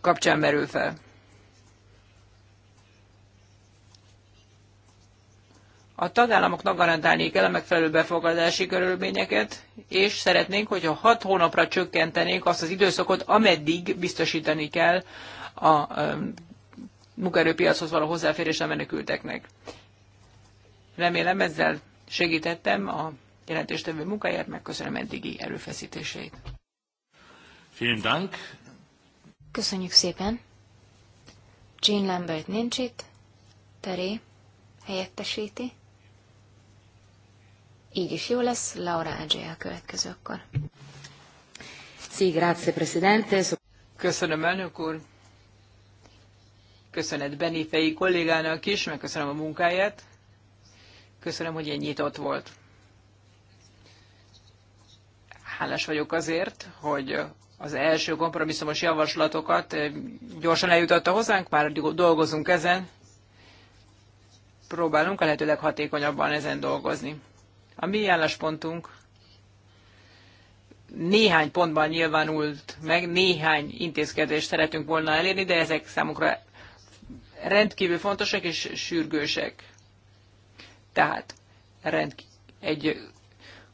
kapcsán merül fel. a tagállamoknak garantálni kell a megfelelő befogadási körülményeket, és szeretnénk, hogyha hat hónapra csökkentenénk azt az időszakot, ameddig biztosítani kell a munkaerőpiachoz való hozzáférés a menekülteknek. Remélem ezzel segítettem a jelentéstevő munkáját, megköszönöm eddigi erőfeszítéseit. Vielen Dank. Köszönjük szépen. Jean Lambert nincs itt, Teré helyettesíti. Így is jó lesz. Laura Ágyé a következő akkor. Sí, grazie, presidente. Köszönöm, elnök úr. Köszönet Benifei kollégának is, megköszönöm a munkáját. Köszönöm, hogy ilyen nyitott volt. Hálás vagyok azért, hogy az első kompromisszumos javaslatokat eh, gyorsan eljutatta hozzánk, már dolgozunk ezen, próbálunk a lehető leghatékonyabban ezen dolgozni. A mi álláspontunk néhány pontban nyilvánult meg, néhány intézkedést szeretünk volna elérni, de ezek számukra rendkívül fontosak és sürgősek. Tehát rendkívül, egy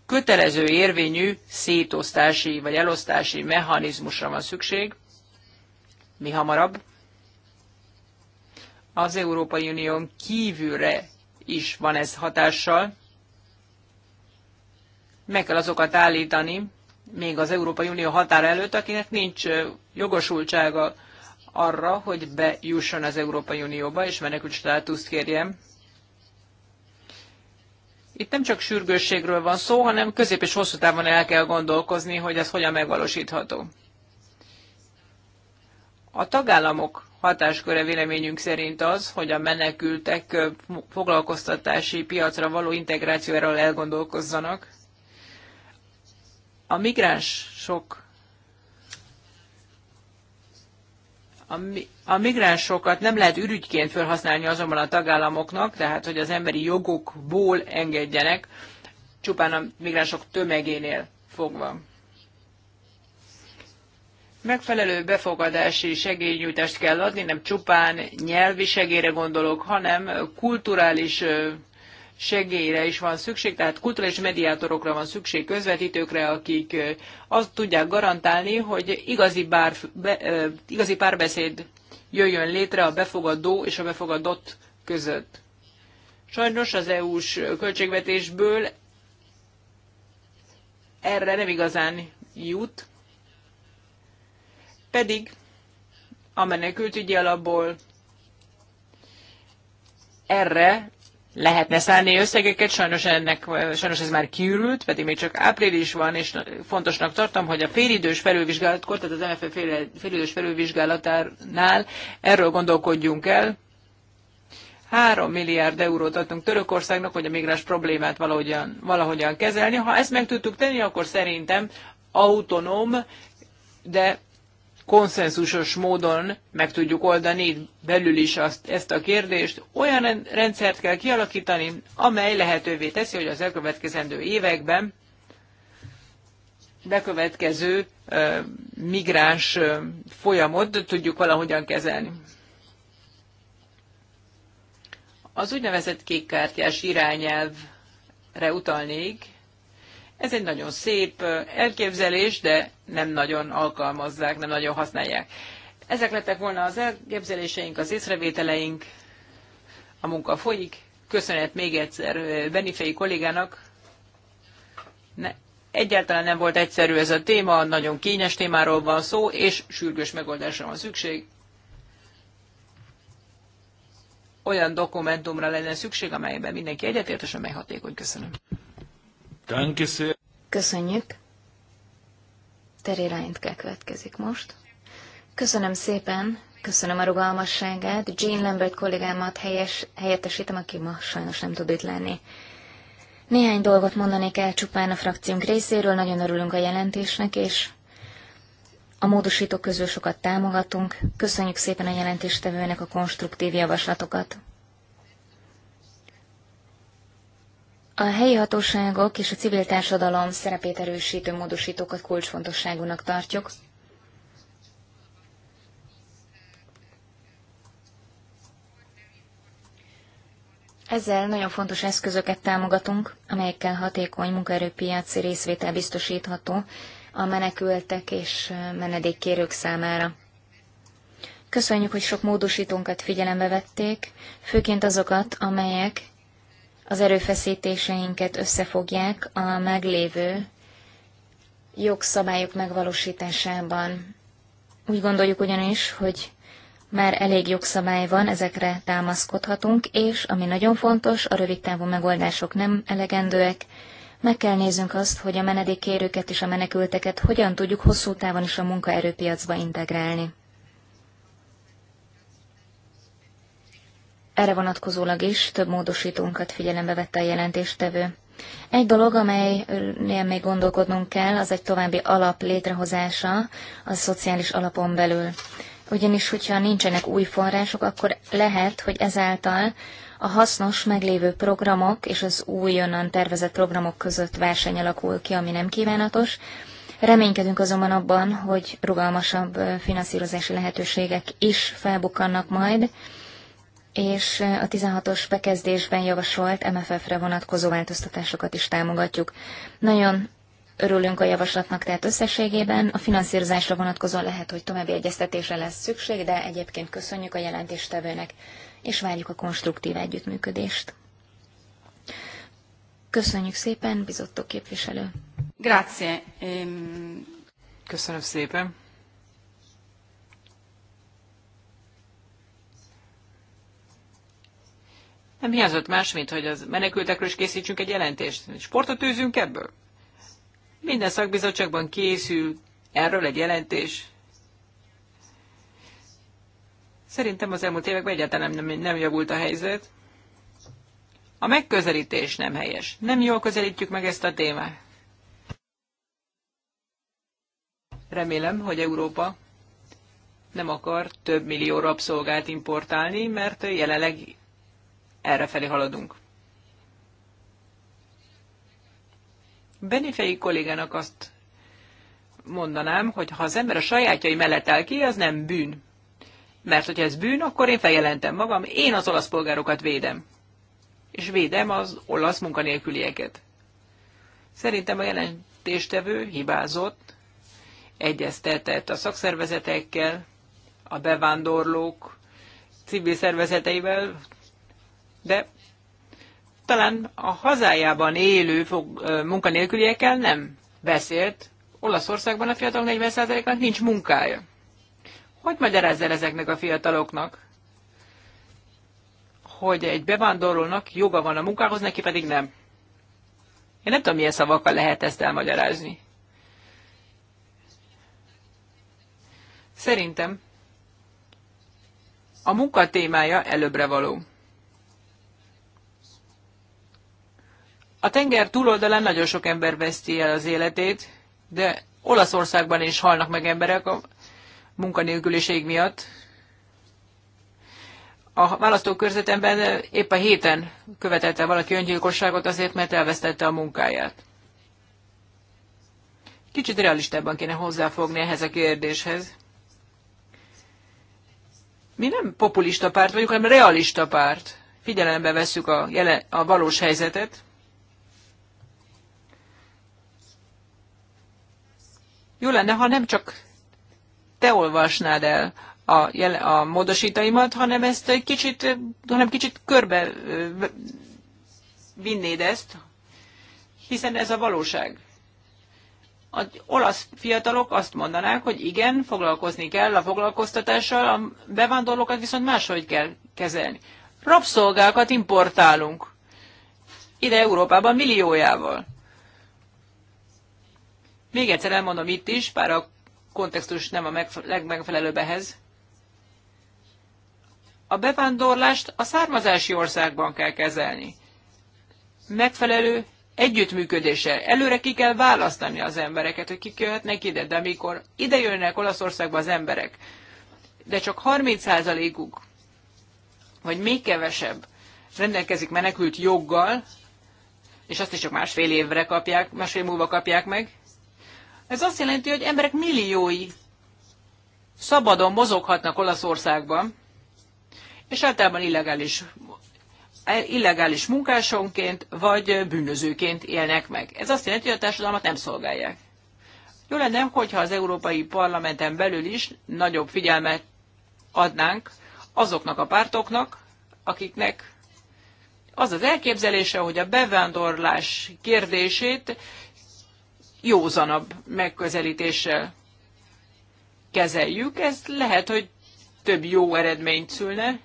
kötelező érvényű szétosztási vagy elosztási mechanizmusra van szükség, mi hamarabb. Az Európai Unión kívülre is van ez hatással, meg kell azokat állítani, még az Európai Unió határa előtt, akinek nincs jogosultsága arra, hogy bejusson az Európai Unióba, és menekült státuszt kérjem. Itt nem csak sürgősségről van szó, hanem közép és hosszú távon el kell gondolkozni, hogy ez hogyan megvalósítható. A tagállamok hatásköre véleményünk szerint az, hogy a menekültek foglalkoztatási piacra való integrációról elgondolkozzanak a migránsok a migránsokat nem lehet ürügyként felhasználni azonban a tagállamoknak, tehát hogy az emberi jogokból engedjenek, csupán a migránsok tömegénél fogva. Megfelelő befogadási segélynyújtást kell adni, nem csupán nyelvi segélyre gondolok, hanem kulturális segélyre is van szükség, tehát kulturális mediátorokra van szükség, közvetítőkre, akik azt tudják garantálni, hogy igazi, bár, be, igazi párbeszéd jöjjön létre a befogadó és a befogadott között. Sajnos az EU-s költségvetésből erre nem igazán jut, pedig a menekültügyi alapból erre lehetne szállni összegeket, sajnos, ennek, sajnos ez már kiürült, pedig még csak április van, és fontosnak tartom, hogy a félidős felülvizsgálatkor, tehát az MFF félidős felülvizsgálatánál erről gondolkodjunk el. 3 milliárd eurót adtunk Törökországnak, hogy a migráns problémát valahogyan, valahogyan kezelni. Ha ezt meg tudtuk tenni, akkor szerintem autonóm, de konszenzusos módon meg tudjuk oldani belül is azt, ezt a kérdést. Olyan rendszert kell kialakítani, amely lehetővé teszi, hogy az elkövetkezendő években bekövetkező migráns folyamot tudjuk valahogyan kezelni. Az úgynevezett kékkártyás irányelvre utalnék, ez egy nagyon szép elképzelés, de nem nagyon alkalmazzák, nem nagyon használják. Ezek lettek volna az elképzeléseink, az észrevételeink, a munka folyik. Köszönet még egyszer Benifei kollégának. Ne, egyáltalán nem volt egyszerű ez a téma, nagyon kényes témáról van szó, és sürgős megoldásra van szükség. Olyan dokumentumra lenne szükség, amelyben mindenki egyetért, és amely hatékony. Köszönöm. Köszönjük. Terry Reintke következik most. Köszönöm szépen, köszönöm a rugalmasságát. Jean Lambert kollégámat helyes, helyettesítem, aki ma sajnos nem tud itt lenni. Néhány dolgot mondanék el csupán a frakciónk részéről, nagyon örülünk a jelentésnek, és a módosítók közül sokat támogatunk. Köszönjük szépen a jelentéstevőnek a konstruktív javaslatokat. A helyi hatóságok és a civil társadalom szerepét erősítő módosítókat kulcsfontosságúnak tartjuk. Ezzel nagyon fontos eszközöket támogatunk, amelyekkel hatékony munkaerőpiaci részvétel biztosítható a menekültek és menedékkérők számára. Köszönjük, hogy sok módosítónkat figyelembe vették, főként azokat, amelyek az erőfeszítéseinket összefogják a meglévő jogszabályok megvalósításában. Úgy gondoljuk ugyanis, hogy már elég jogszabály van, ezekre támaszkodhatunk, és ami nagyon fontos, a rövid távú megoldások nem elegendőek. Meg kell néznünk azt, hogy a menedékkérőket és a menekülteket hogyan tudjuk hosszú távon is a munkaerőpiacba integrálni. erre vonatkozólag is több módosítónkat figyelembe vette a jelentéstevő. Egy dolog, amelynél még gondolkodnunk kell, az egy további alap létrehozása a szociális alapon belül. Ugyanis, hogyha nincsenek új források, akkor lehet, hogy ezáltal a hasznos meglévő programok és az újonnan tervezett programok között verseny alakul ki, ami nem kívánatos. Reménykedünk azonban abban, hogy rugalmasabb finanszírozási lehetőségek is felbukkannak majd, és a 16-os bekezdésben javasolt MFF-re vonatkozó változtatásokat is támogatjuk. Nagyon örülünk a javaslatnak, tehát összességében a finanszírozásra vonatkozó lehet, hogy további egyeztetésre lesz szükség, de egyébként köszönjük a jelentéstevőnek, és várjuk a konstruktív együttműködést. Köszönjük szépen, bizottó képviselő. Grazie. Ehm. Köszönöm szépen. Nem hiányzott más, mint hogy az menekültekről is készítsünk egy jelentést. Sportot űzünk ebből? Minden szakbizottságban készül erről egy jelentés. Szerintem az elmúlt években egyáltalán nem, nem javult a helyzet. A megközelítés nem helyes. Nem jól közelítjük meg ezt a témát. Remélem, hogy Európa nem akar több millió rabszolgát importálni, mert jelenleg felé haladunk. Benifei kollégának azt mondanám, hogy ha az ember a sajátjai mellett áll ki, az nem bűn. Mert hogyha ez bűn, akkor én feljelentem magam, én az olasz polgárokat védem. És védem az olasz munkanélkülieket. Szerintem a jelentéstevő hibázott, egyeztetett a szakszervezetekkel, a bevándorlók civil szervezeteivel, de talán a hazájában élő fog, munkanélküliekkel nem beszélt. Olaszországban a fiatalok 40%-nak nincs munkája. Hogy magyarázz el ezeknek a fiataloknak, hogy egy bevándorolnak joga van a munkához, neki pedig nem? Én nem tudom, milyen szavakkal lehet ezt elmagyarázni. Szerintem a munka témája előbbre való. A tenger túloldalán nagyon sok ember veszti el az életét, de Olaszországban is halnak meg emberek a munkanélküliség miatt. A választókörzetemben épp a héten követelte valaki öngyilkosságot azért, mert elvesztette a munkáját. Kicsit realistában kéne hozzáfogni ehhez a kérdéshez. Mi nem populista párt vagyunk, hanem realista párt. Figyelembe vesszük a, jelen, a valós helyzetet, Jó lenne, ha nem csak te olvasnád el a, a módosítaimat, hanem ezt egy kicsit, hanem kicsit körbe vinnéd ezt, hiszen ez a valóság. Az olasz fiatalok azt mondanák, hogy igen, foglalkozni kell a foglalkoztatással, a bevándorlókat viszont máshogy kell kezelni. Rabszolgákat importálunk. Ide Európában milliójával. Még egyszer elmondom itt is, bár a kontextus nem a legmegfelelőbb ehhez. A bevándorlást a származási országban kell kezelni. Megfelelő együttműködéssel. Előre ki kell választani az embereket, hogy kik jöhetnek ide, de amikor ide jönnek Olaszországba az emberek, de csak 30%-uk, vagy még kevesebb rendelkezik menekült joggal, és azt is csak másfél évre kapják, másfél múlva kapják meg, ez azt jelenti, hogy emberek milliói szabadon mozoghatnak Olaszországban, és általában illegális, illegális munkásonként vagy bűnözőként élnek meg. Ez azt jelenti, hogy a társadalmat nem szolgálják. Jó lenne, hogyha az Európai Parlamenten belül is nagyobb figyelmet adnánk azoknak a pártoknak, akiknek az az elképzelése, hogy a bevándorlás kérdését józanabb megközelítéssel kezeljük. Ez lehet, hogy több jó eredményt szülne,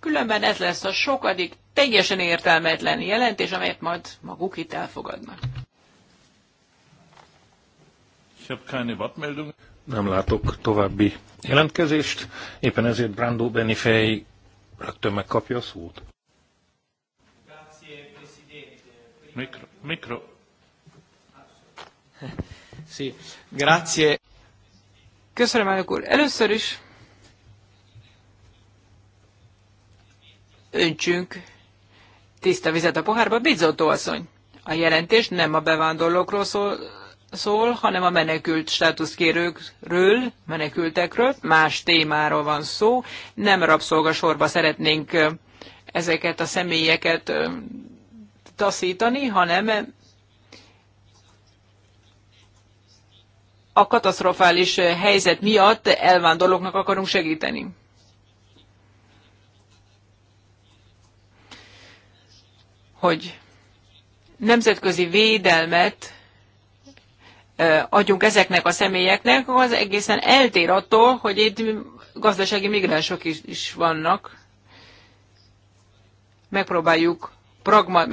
különben ez lesz a sokadik teljesen értelmetlen jelentés, amelyet majd maguk itt elfogadnak. Nem látok további jelentkezést, éppen ezért Brando Benifei rögtön megkapja a szót. Mikro, mikro, Sí. Grazie. Köszönöm, elnök úr. Először is öntsünk tiszta vizet a pohárba, Bizzotto asszony. A jelentés nem a bevándorlókról szól, szól, hanem a menekült státuszkérőkről, menekültekről, más témáról van szó. Nem rabszolgasorba szeretnénk ezeket a személyeket taszítani, hanem a katasztrofális helyzet miatt elvándorlóknak akarunk segíteni. Hogy nemzetközi védelmet adjunk ezeknek a személyeknek, az egészen eltér attól, hogy itt gazdasági migránsok is, is vannak. Megpróbáljuk pragma,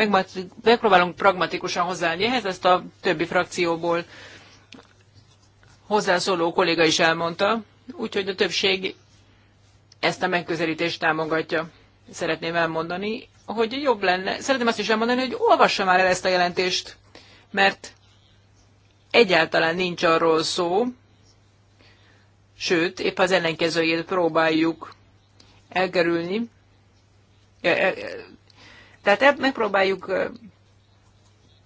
megpróbálunk pragmatikusan hozzáállni ehhez, ezt a többi frakcióból hozzászóló kolléga is elmondta, úgyhogy a többség ezt a megközelítést támogatja. Szeretném elmondani, hogy jobb lenne, szeretném azt is elmondani, hogy olvassa már el ezt a jelentést, mert egyáltalán nincs arról szó, sőt, épp az ellenkezőjét próbáljuk elkerülni. E, e, tehát e, megpróbáljuk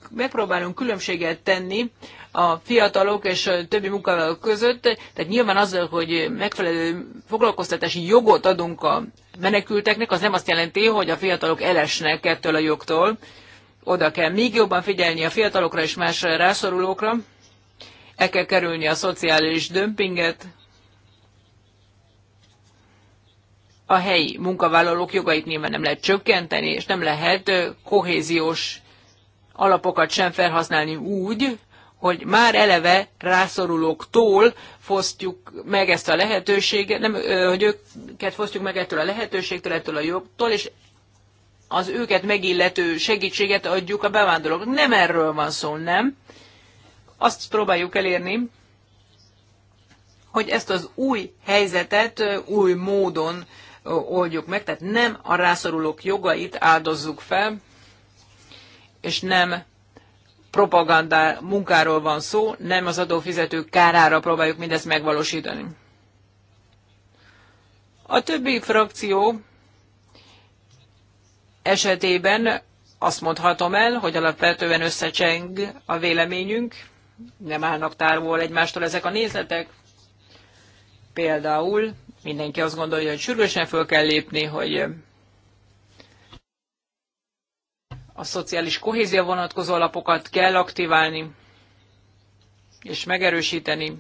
megpróbálunk különbséget tenni a fiatalok és a többi munkavállalók között. Tehát nyilván az, hogy megfelelő foglalkoztatási jogot adunk a menekülteknek, az nem azt jelenti, hogy a fiatalok elesnek ettől a jogtól. Oda kell még jobban figyelni a fiatalokra és más rászorulókra. El kell kerülni a szociális dömpinget, a helyi munkavállalók jogait nyilván nem lehet csökkenteni, és nem lehet kohéziós alapokat sem felhasználni úgy, hogy már eleve rászorulóktól fosztjuk meg ezt a lehetőséget, nem, hogy őket fosztjuk meg ettől a lehetőségtől, ettől a jogtól, és az őket megillető segítséget adjuk a bevándorlóknak. Nem erről van szó, nem. Azt próbáljuk elérni, hogy ezt az új helyzetet új módon oldjuk meg, tehát nem a rászorulók jogait áldozzuk fel, és nem propaganda munkáról van szó, nem az adófizetők kárára próbáljuk mindezt megvalósítani. A többi frakció esetében azt mondhatom el, hogy alapvetően összecseng a véleményünk, nem állnak távol egymástól ezek a nézetek, Például mindenki azt gondolja, hogy sürgősen föl kell lépni, hogy a szociális kohézia vonatkozó alapokat kell aktiválni és megerősíteni.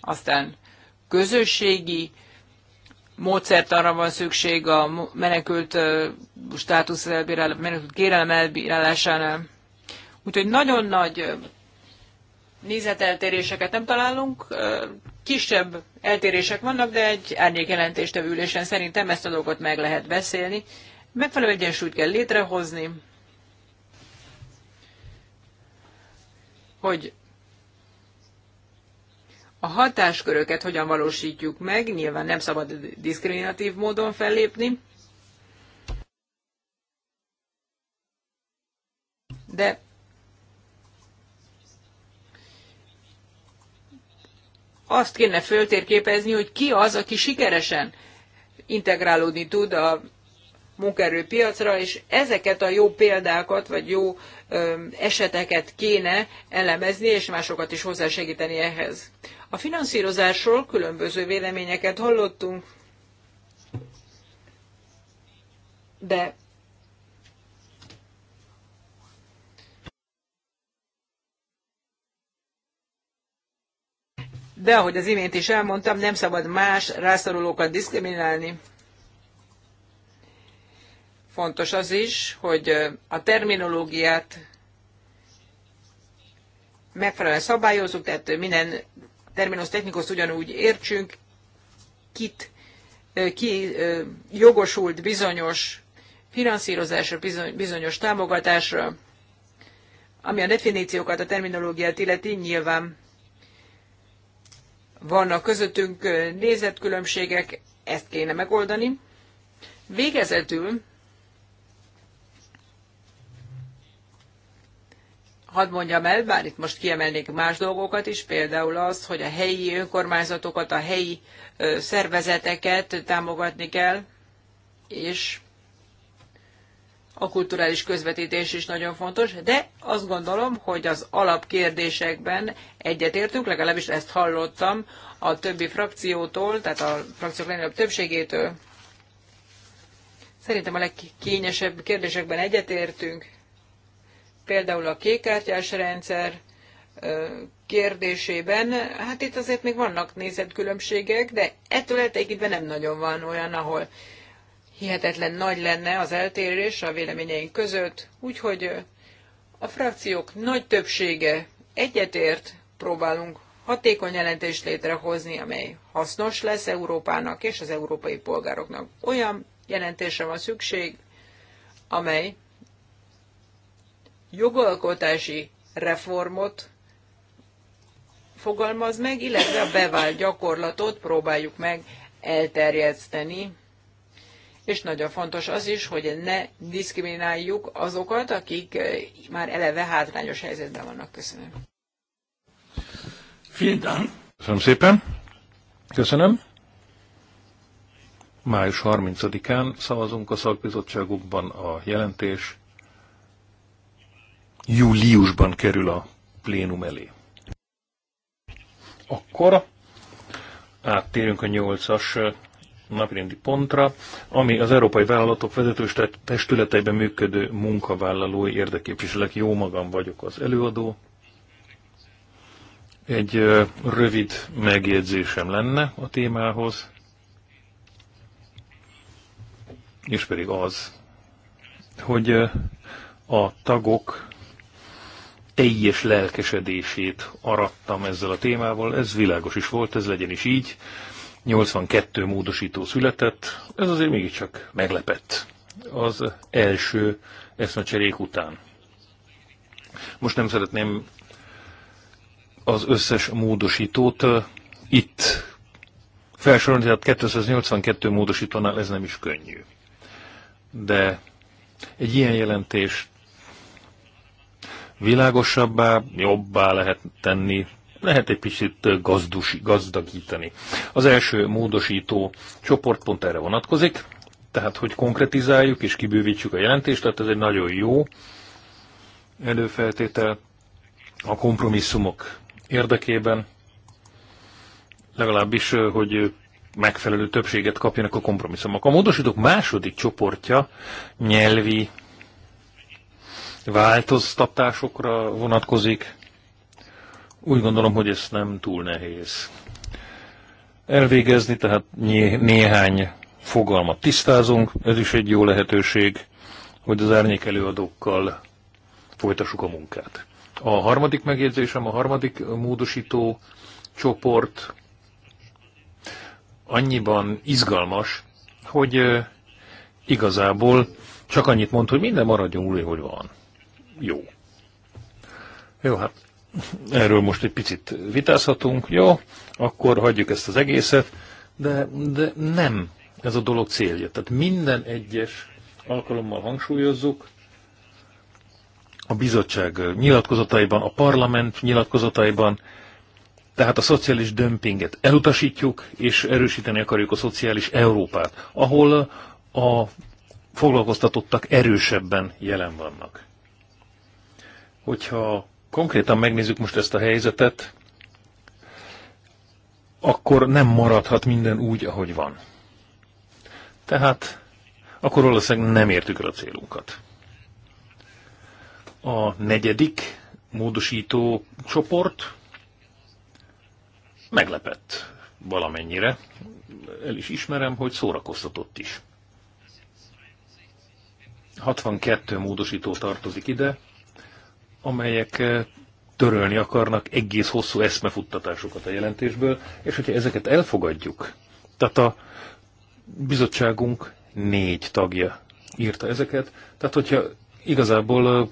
Aztán közösségi módszert arra van szükség a menekült státusz elbírálás, menekült kérelem elbírálásánál. Úgyhogy nagyon nagy nézeteltéréseket nem találunk, kisebb eltérések vannak, de egy árnyék jelentéstevülésen szerintem ezt a dolgot meg lehet beszélni. Megfelelő egyensúlyt kell létrehozni, hogy a hatásköröket hogyan valósítjuk meg, nyilván nem szabad diszkriminatív módon fellépni, de azt kéne föltérképezni, hogy ki az, aki sikeresen integrálódni tud a munkaerőpiacra, és ezeket a jó példákat, vagy jó eseteket kéne elemezni, és másokat is hozzásegíteni ehhez. A finanszírozásról különböző véleményeket hallottunk, de De ahogy az imént is elmondtam, nem szabad más rászorulókat diszkriminálni. Fontos az is, hogy a terminológiát megfelelően szabályozunk, tehát minden terminus technikus ugyanúgy értsünk, kit, ki jogosult bizonyos finanszírozásra, bizonyos támogatásra, ami a definíciókat, a terminológiát illeti, nyilván vannak közöttünk nézetkülönbségek, ezt kéne megoldani. Végezetül hadd mondjam el, bár itt most kiemelnék más dolgokat is, például az, hogy a helyi önkormányzatokat, a helyi szervezeteket támogatni kell, és a kulturális közvetítés is nagyon fontos, de azt gondolom, hogy az alapkérdésekben egyetértünk, legalábbis ezt hallottam a többi frakciótól, tehát a frakciók legnagyobb többségétől. Szerintem a legkényesebb kérdésekben egyetértünk, például a kékkártyás rendszer kérdésében, hát itt azért még vannak nézetkülönbségek, de ettől eltekintve nem nagyon van olyan, ahol hihetetlen nagy lenne az eltérés a véleményeink között, úgyhogy a frakciók nagy többsége egyetért próbálunk hatékony jelentést létrehozni, amely hasznos lesz Európának és az európai polgároknak. Olyan jelentésre van szükség, amely jogalkotási reformot fogalmaz meg, illetve a bevált gyakorlatot próbáljuk meg elterjeszteni. És nagyon fontos az is, hogy ne diszkrimináljuk azokat, akik már eleve hátrányos helyzetben vannak. Köszönöm. Köszönöm szépen. Köszönöm. Május 30-án szavazunk a szakbizottságokban a jelentés júliusban kerül a plénum elé. Akkor áttérünk a 8-as napirendi pontra, ami az európai vállalatok vezetős testületeiben működő munkavállalói érdeképviselek. Jó magam vagyok az előadó. Egy rövid megjegyzésem lenne a témához, és pedig az, hogy a tagok teljes lelkesedését arattam ezzel a témával, ez világos is volt, ez legyen is így. 82 módosító született, ez azért mégiscsak meglepett az első eszmecserék után. Most nem szeretném az összes módosítót uh, itt felsorolni, tehát 282 módosítónál ez nem is könnyű. De egy ilyen jelentést világosabbá, jobbá lehet tenni, lehet egy picit gazdusi, gazdagítani. Az első módosító csoport pont erre vonatkozik, tehát hogy konkretizáljuk és kibővítsük a jelentést, tehát ez egy nagyon jó előfeltétel a kompromisszumok érdekében, legalábbis, hogy megfelelő többséget kapjanak a kompromisszumok. A módosítók második csoportja nyelvi változtatásokra vonatkozik. Úgy gondolom, hogy ez nem túl nehéz elvégezni, tehát néhány fogalmat tisztázunk, ez is egy jó lehetőség, hogy az árnyék előadókkal folytassuk a munkát. A harmadik megjegyzésem, a harmadik módosító csoport annyiban izgalmas, hogy igazából csak annyit mond, hogy minden maradjon úgy, hogy van jó. Jó, hát erről most egy picit vitázhatunk, jó, akkor hagyjuk ezt az egészet, de, de nem ez a dolog célja. Tehát minden egyes alkalommal hangsúlyozzuk, a bizottság nyilatkozataiban, a parlament nyilatkozataiban, tehát a szociális dömpinget elutasítjuk, és erősíteni akarjuk a szociális Európát, ahol a foglalkoztatottak erősebben jelen vannak. Hogyha konkrétan megnézzük most ezt a helyzetet, akkor nem maradhat minden úgy, ahogy van. Tehát akkor valószínűleg nem értük el a célunkat. A negyedik módosító csoport meglepett valamennyire. El is ismerem, hogy szórakoztatott is. 62 módosító tartozik ide amelyek eh, törölni akarnak egész hosszú eszmefuttatásokat a jelentésből, és hogyha ezeket elfogadjuk, tehát a bizottságunk négy tagja írta ezeket, tehát hogyha igazából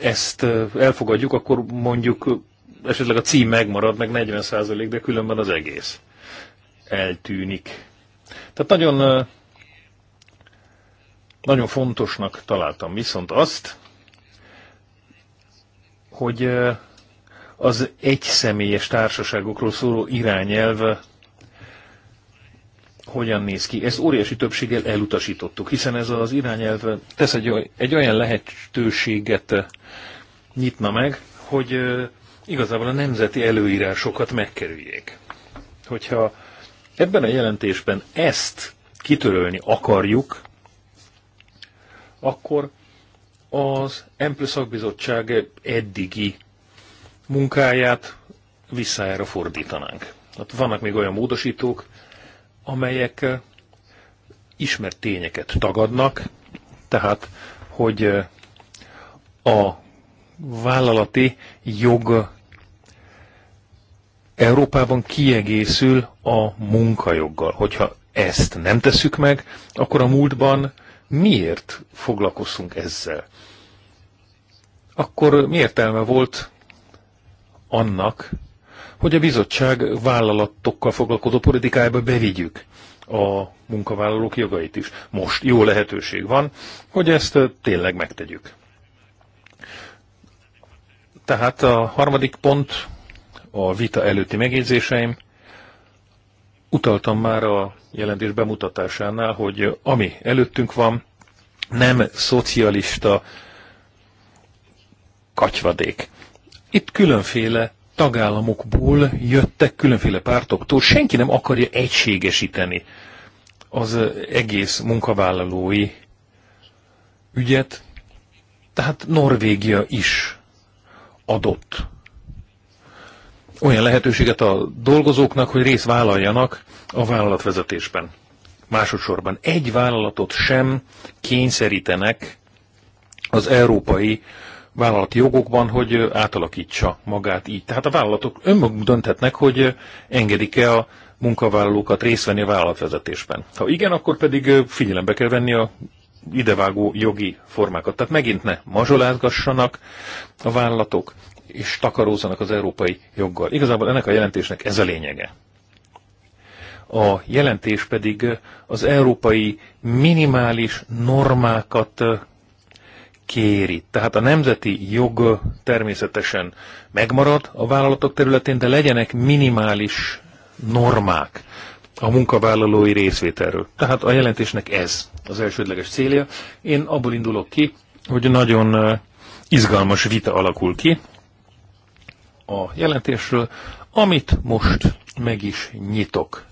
eh, ezt eh, elfogadjuk, akkor mondjuk esetleg a cím megmarad, meg 40 de különben az egész eltűnik. Tehát nagyon, nagyon fontosnak találtam viszont azt, hogy az egyszemélyes társaságokról szóló irányelv hogyan néz ki. Ezt óriási többséggel elutasítottuk, hiszen ez az irányelv tesz egy, egy olyan lehetőséget nyitna meg, hogy igazából a nemzeti előírásokat megkerüljék. Hogyha ebben a jelentésben ezt kitörölni akarjuk, akkor az Emplő szakbizottság eddigi munkáját visszájára fordítanánk. Hát vannak még olyan módosítók, amelyek eh, ismert tényeket tagadnak, tehát, hogy eh, a vállalati jog Európában kiegészül a munkajoggal. Hogyha ezt nem tesszük meg, akkor a múltban miért foglalkozunk ezzel? Akkor mi értelme volt annak, hogy a bizottság vállalatokkal foglalkozó politikájába bevigyük a munkavállalók jogait is. Most jó lehetőség van, hogy ezt tényleg megtegyük. Tehát a harmadik pont a vita előtti megjegyzéseim. Utaltam már a jelentés bemutatásánál, hogy ami előttünk van, nem szocialista katyvadék. Itt különféle tagállamokból jöttek, különféle pártoktól, senki nem akarja egységesíteni az egész munkavállalói ügyet, tehát Norvégia is adott olyan lehetőséget a dolgozóknak, hogy részt vállaljanak a vállalatvezetésben. Másodszorban egy vállalatot sem kényszerítenek az európai vállalati jogokban, hogy átalakítsa magát így. Tehát a vállalatok önmaguk dönthetnek, hogy engedik-e a munkavállalókat részt venni a vállalatvezetésben. Ha igen, akkor pedig figyelembe kell venni a idevágó jogi formákat. Tehát megint ne mazsolázgassanak a vállalatok, és takarózzanak az európai joggal. Igazából ennek a jelentésnek ez a lényege. A jelentés pedig az európai minimális normákat kéri. Tehát a nemzeti jog természetesen megmarad a vállalatok területén, de legyenek minimális normák a munkavállalói részvételről. Tehát a jelentésnek ez az elsődleges célja. Én abból indulok ki, hogy nagyon izgalmas vita alakul ki a jelentésről, amit most meg is nyitok.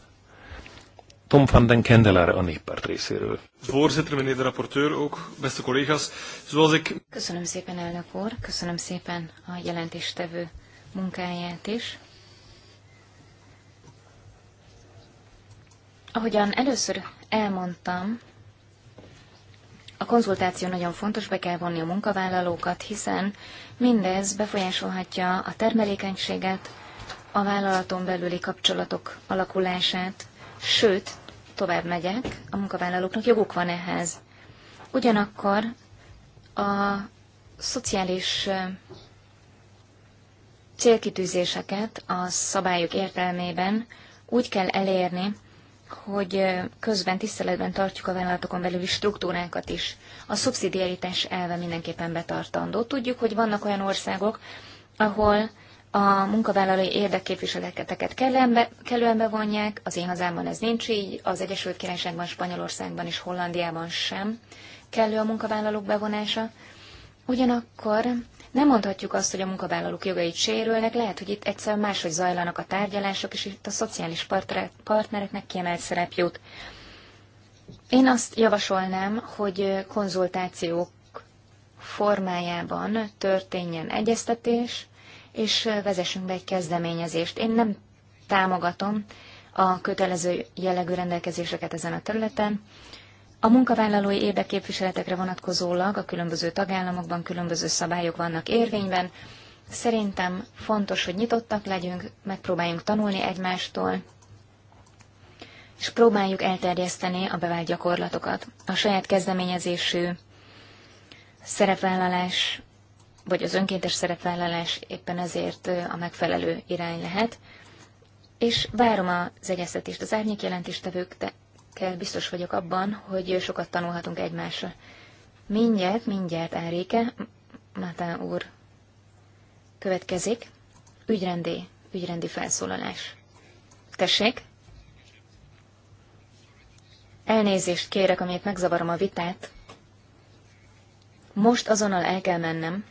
Tom van den Kendelare a néppárt részéről. Voorzitter, meneer de rapporteur, ook beste collega's. Zoals ik... Köszönöm szépen, elnök úr, köszönöm szépen a jelentéstevő munkáját is. Ahogyan először elmondtam, a konzultáció nagyon fontos, be kell vonni a munkavállalókat, hiszen Mindez befolyásolhatja a termelékenységet, a vállalaton belüli kapcsolatok alakulását, sőt, tovább megyek, a munkavállalóknak joguk van ehhez. Ugyanakkor a szociális célkitűzéseket a szabályok értelmében úgy kell elérni, hogy eh, közben tiszteletben tartjuk a vállalatokon belüli struktúránkat is. A szubszidiaritás elve mindenképpen betartandó. Tudjuk, hogy vannak olyan országok, ahol a munkavállalói érdekképviseleteket kellően bevonják, az én hazámban ez nincs így, az Egyesült Királyságban, Spanyolországban és Hollandiában sem kellő a munkavállalók bevonása. Ugyanakkor nem mondhatjuk azt, hogy a munkavállalók jogait sérülnek, lehet, hogy itt egyszerűen máshogy zajlanak a tárgyalások, és itt a szociális partnereknek kiemelt szerep jut. Én azt javasolnám, hogy konzultációk formájában történjen egyeztetés, és vezessünk be egy kezdeményezést. Én nem támogatom a kötelező jellegű rendelkezéseket ezen a területen, a munkavállalói érdekképviseletekre vonatkozólag a különböző tagállamokban különböző szabályok vannak érvényben. Szerintem fontos, hogy nyitottak legyünk, megpróbáljunk tanulni egymástól, és próbáljuk elterjeszteni a bevált gyakorlatokat. A saját kezdeményezésű szerepvállalás, vagy az önkéntes szerepvállalás éppen ezért a megfelelő irány lehet, és várom az egyeztetést az árnyék jelentéstevők, de kell biztos vagyok abban, hogy sokat tanulhatunk egymásra. Mindjárt, mindjárt, Enrique, Mátá úr, következik. Ügyrendi, ügyrendi felszólalás. Tessék? Elnézést kérek, amit megzavarom a vitát. Most azonnal el kell mennem,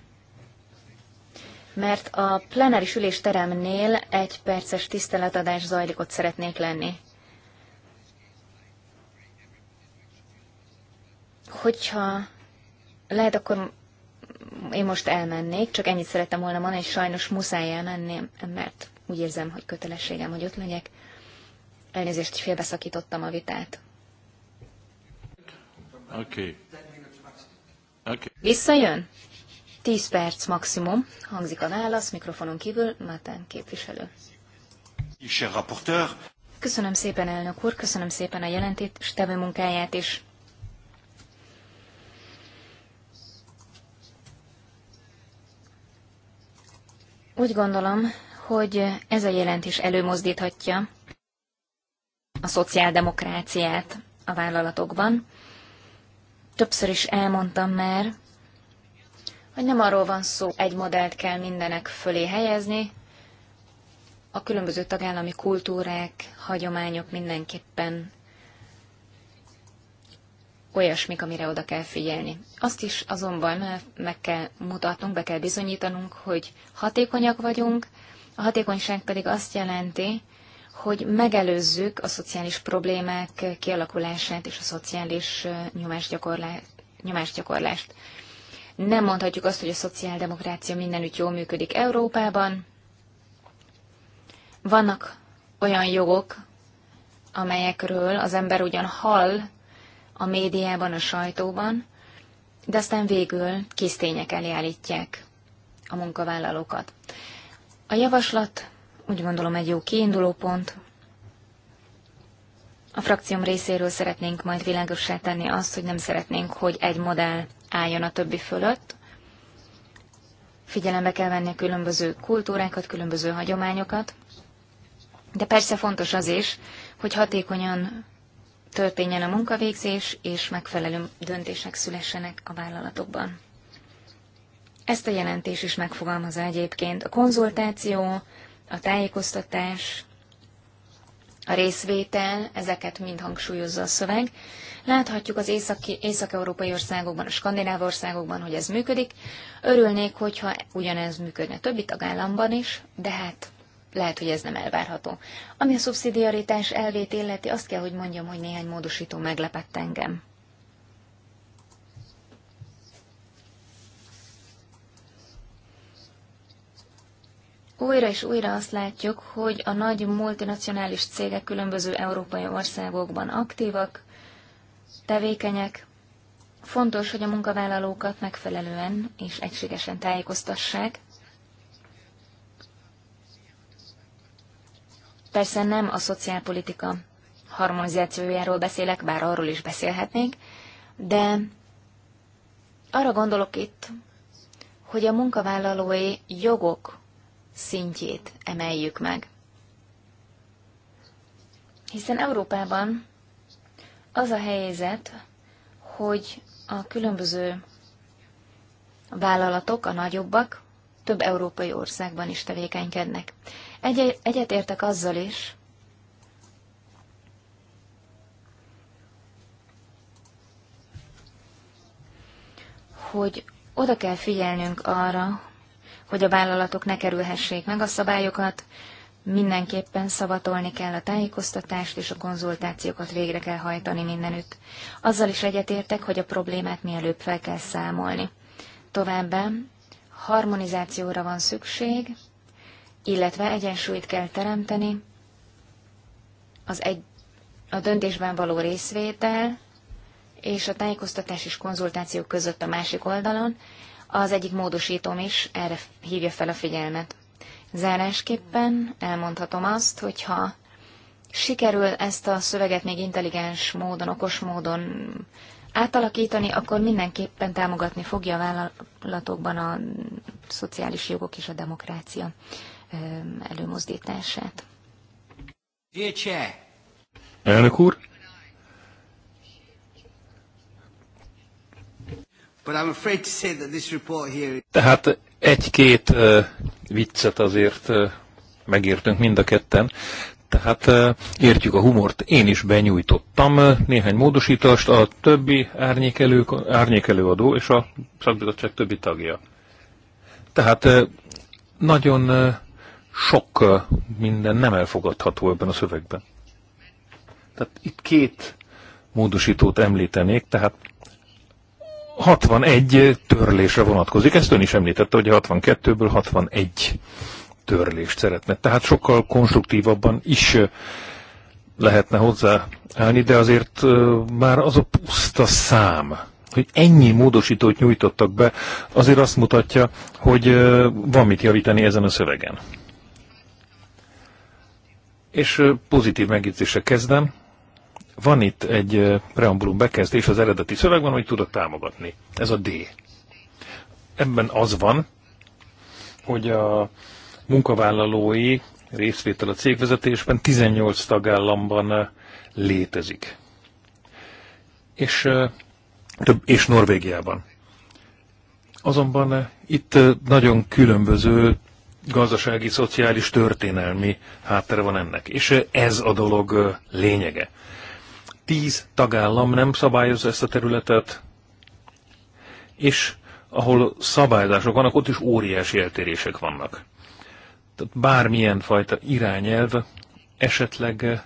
mert a plenáris ülésteremnél egy perces tiszteletadás zajlik, ott szeretnék lenni. Hogyha lehet, akkor én most elmennék, csak ennyit szerettem volna mondani, és sajnos muszáj elmenném, mert úgy érzem, hogy kötelességem, hogy ott legyek. Elnézést, hogy félbeszakítottam a vitát. Okay. Okay. Visszajön? 10 perc maximum. Hangzik a válasz, mikrofonon kívül, Mátán képviselő. Köszönöm szépen, elnök úr, köszönöm szépen a jelentést, tevő munkáját is. Úgy gondolom, hogy ez a jelentés előmozdíthatja a szociáldemokráciát a vállalatokban. Többször is elmondtam már, hogy nem arról van szó, egy modellt kell mindenek fölé helyezni, a különböző tagállami kultúrák, hagyományok mindenképpen olyasmik, amire oda kell figyelni. Azt is azonban meg kell mutatnunk, be kell bizonyítanunk, hogy hatékonyak vagyunk, a hatékonyság pedig azt jelenti, hogy megelőzzük a szociális problémák kialakulását és a szociális nyomásgyakorlást. Nem mondhatjuk azt, hogy a szociáldemokrácia mindenütt jól működik Európában. Vannak olyan jogok, amelyekről az ember ugyan hall, a médiában, a sajtóban, de aztán végül tények elé állítják a munkavállalókat. A javaslat úgy gondolom egy jó kiinduló pont. A frakcióm részéről szeretnénk majd világossá tenni azt, hogy nem szeretnénk, hogy egy modell álljon a többi fölött. Figyelembe kell venni a különböző kultúrákat, különböző hagyományokat. De persze fontos az is, hogy hatékonyan történjen a munkavégzés, és megfelelő döntések szülessenek a vállalatokban. Ezt a jelentés is megfogalmazza egyébként. A konzultáció, a tájékoztatás, a részvétel, ezeket mind hangsúlyozza a szöveg. Láthatjuk az észak-európai országokban, a skandináv országokban, hogy ez működik. Örülnék, hogyha ugyanez működne a többi tagállamban is, de hát lehet, hogy ez nem elvárható. Ami a szubszidiaritás elvét illeti, azt kell, hogy mondjam, hogy néhány módosító meglepett engem. Újra és újra azt látjuk, hogy a nagy multinacionális cégek különböző európai országokban aktívak, tevékenyek. Fontos, hogy a munkavállalókat megfelelően és egységesen tájékoztassák, Persze nem a szociálpolitika harmonizációjáról beszélek, bár arról is beszélhetnék, de arra gondolok itt, hogy a munkavállalói jogok szintjét emeljük meg. Hiszen Európában az a helyzet, hogy a különböző vállalatok, a nagyobbak, több európai országban is tevékenykednek. Egy- egyetértek azzal is, hogy oda kell figyelnünk arra, hogy a vállalatok ne kerülhessék meg a szabályokat, mindenképpen szavatolni kell a tájékoztatást, és a konzultációkat végre kell hajtani mindenütt. Azzal is egyetértek, hogy a problémát mielőbb fel kell számolni. Továbbá harmonizációra van szükség, illetve egyensúlyt kell teremteni az egy, a döntésben való részvétel és a tájékoztatás és konzultáció között a másik oldalon. Az egyik módosítom is erre hívja fel a figyelmet. Zárásképpen elmondhatom azt, hogyha sikerül ezt a szöveget még intelligens módon, okos módon átalakítani, akkor mindenképpen támogatni fogja a vállalatokban a szociális jogok és a demokrácia előmozdítását. Elnök úr! Tehát egy-két uh, viccet azért uh, megértünk mind a ketten. Tehát uh, értjük a humort, én is benyújtottam uh, néhány módosítást, a többi árnyékelő, árnyékelőadó és a szakbizottság többi tagja. Tehát uh, nagyon sok minden nem elfogadható ebben a szövegben. Tehát itt két módosítót említenék, tehát 61 törlésre vonatkozik. Ezt ön is említette, hogy 62-ből 61 törlést szeretne. Tehát sokkal konstruktívabban is lehetne hozzáállni, de azért már az a puszta szám, hogy ennyi módosítót nyújtottak be, azért azt mutatja, hogy van mit javítani ezen a szövegen. És pozitív megjegyzése kezdem. Van itt egy preambulum bekezdés az eredeti szövegben, hogy tudod támogatni. Ez a D. Ebben az van, hogy a munkavállalói részvétel a cégvezetésben 18 tagállamban létezik. És, több, és Norvégiában. Azonban itt nagyon különböző gazdasági, szociális, történelmi háttere van ennek. És ez a dolog lényege. Tíz tagállam nem szabályozza ezt a területet, és ahol szabályozások vannak, ott is óriási eltérések vannak. Tehát bármilyen fajta irányelv esetleg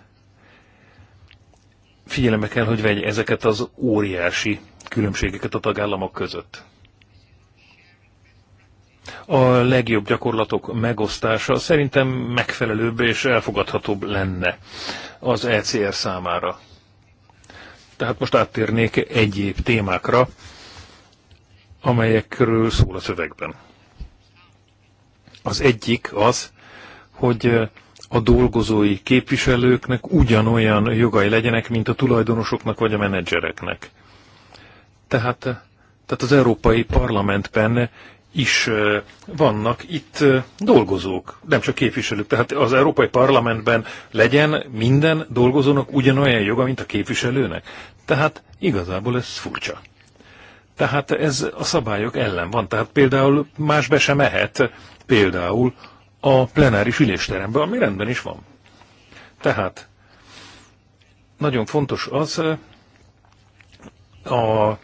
figyelembe kell, hogy vegye ezeket az óriási különbségeket a tagállamok között a legjobb gyakorlatok megosztása szerintem megfelelőbb és elfogadhatóbb lenne az ECR számára. Tehát most áttérnék egyéb témákra, amelyekről szól a szövegben. Az egyik az, hogy a dolgozói képviselőknek ugyanolyan jogai legyenek, mint a tulajdonosoknak vagy a menedzsereknek. Tehát, tehát az Európai Parlamentben is vannak itt dolgozók, nem csak képviselők. Tehát az Európai Parlamentben legyen minden dolgozónak ugyanolyan joga, mint a képviselőnek. Tehát igazából ez furcsa. Tehát ez a szabályok ellen van. Tehát például más be sem mehet, például a plenáris ülésterembe, ami rendben is van. Tehát nagyon fontos az a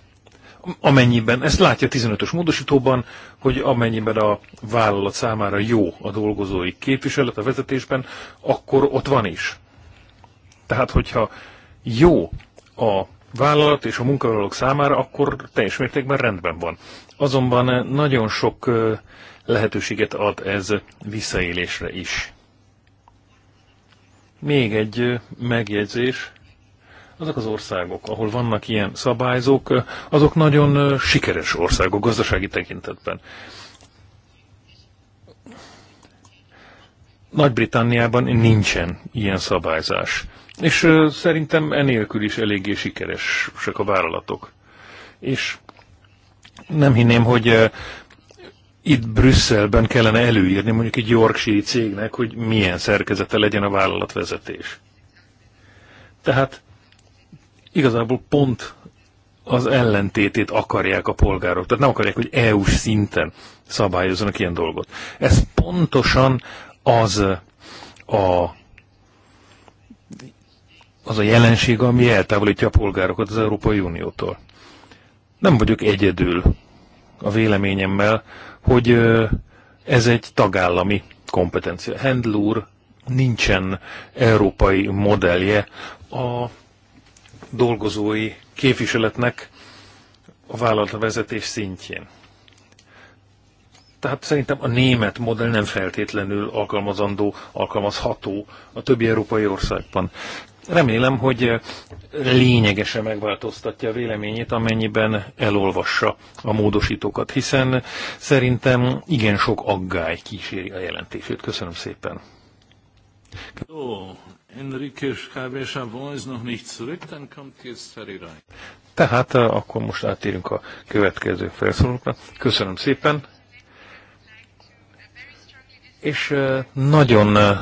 amennyiben, ezt látja 15-ös módosítóban, hogy amennyiben a vállalat számára jó a dolgozói képviselet a vezetésben, akkor ott van is. Tehát, hogyha jó a vállalat és a munkavállalók számára, akkor teljes mértékben rendben van. Azonban nagyon sok lehetőséget ad ez visszaélésre is. Még egy megjegyzés azok az országok, ahol vannak ilyen szabályzók, azok nagyon sikeres országok gazdasági tekintetben. Nagy-Britanniában nincsen ilyen szabályzás. És szerintem enélkül is eléggé sikeresek a vállalatok. És nem hinném, hogy itt Brüsszelben kellene előírni mondjuk egy Yorkshire cégnek, hogy milyen szerkezete legyen a vállalatvezetés. Tehát igazából pont az ellentétét akarják a polgárok. Tehát nem akarják, hogy EU-s szinten szabályozzanak ilyen dolgot. Ez pontosan az a, az a jelenség, ami eltávolítja a polgárokat az Európai Uniótól. Nem vagyok egyedül a véleményemmel, hogy ez egy tagállami kompetencia. Handlur nincsen európai modellje a dolgozói képviseletnek a vállalatvezetés szintjén. Tehát szerintem a német modell nem feltétlenül alkalmazandó, alkalmazható a többi európai országban. Remélem, hogy eh, lényegesen megváltoztatja a véleményét, amennyiben elolvassa a módosítókat, hiszen szerintem igen sok aggály kíséri a jelentését. Köszönöm szépen. Jó, Enrique Tehát eh, akkor most átérünk a következő felszólókra. Köszönöm szépen. És eh, nagyon eh,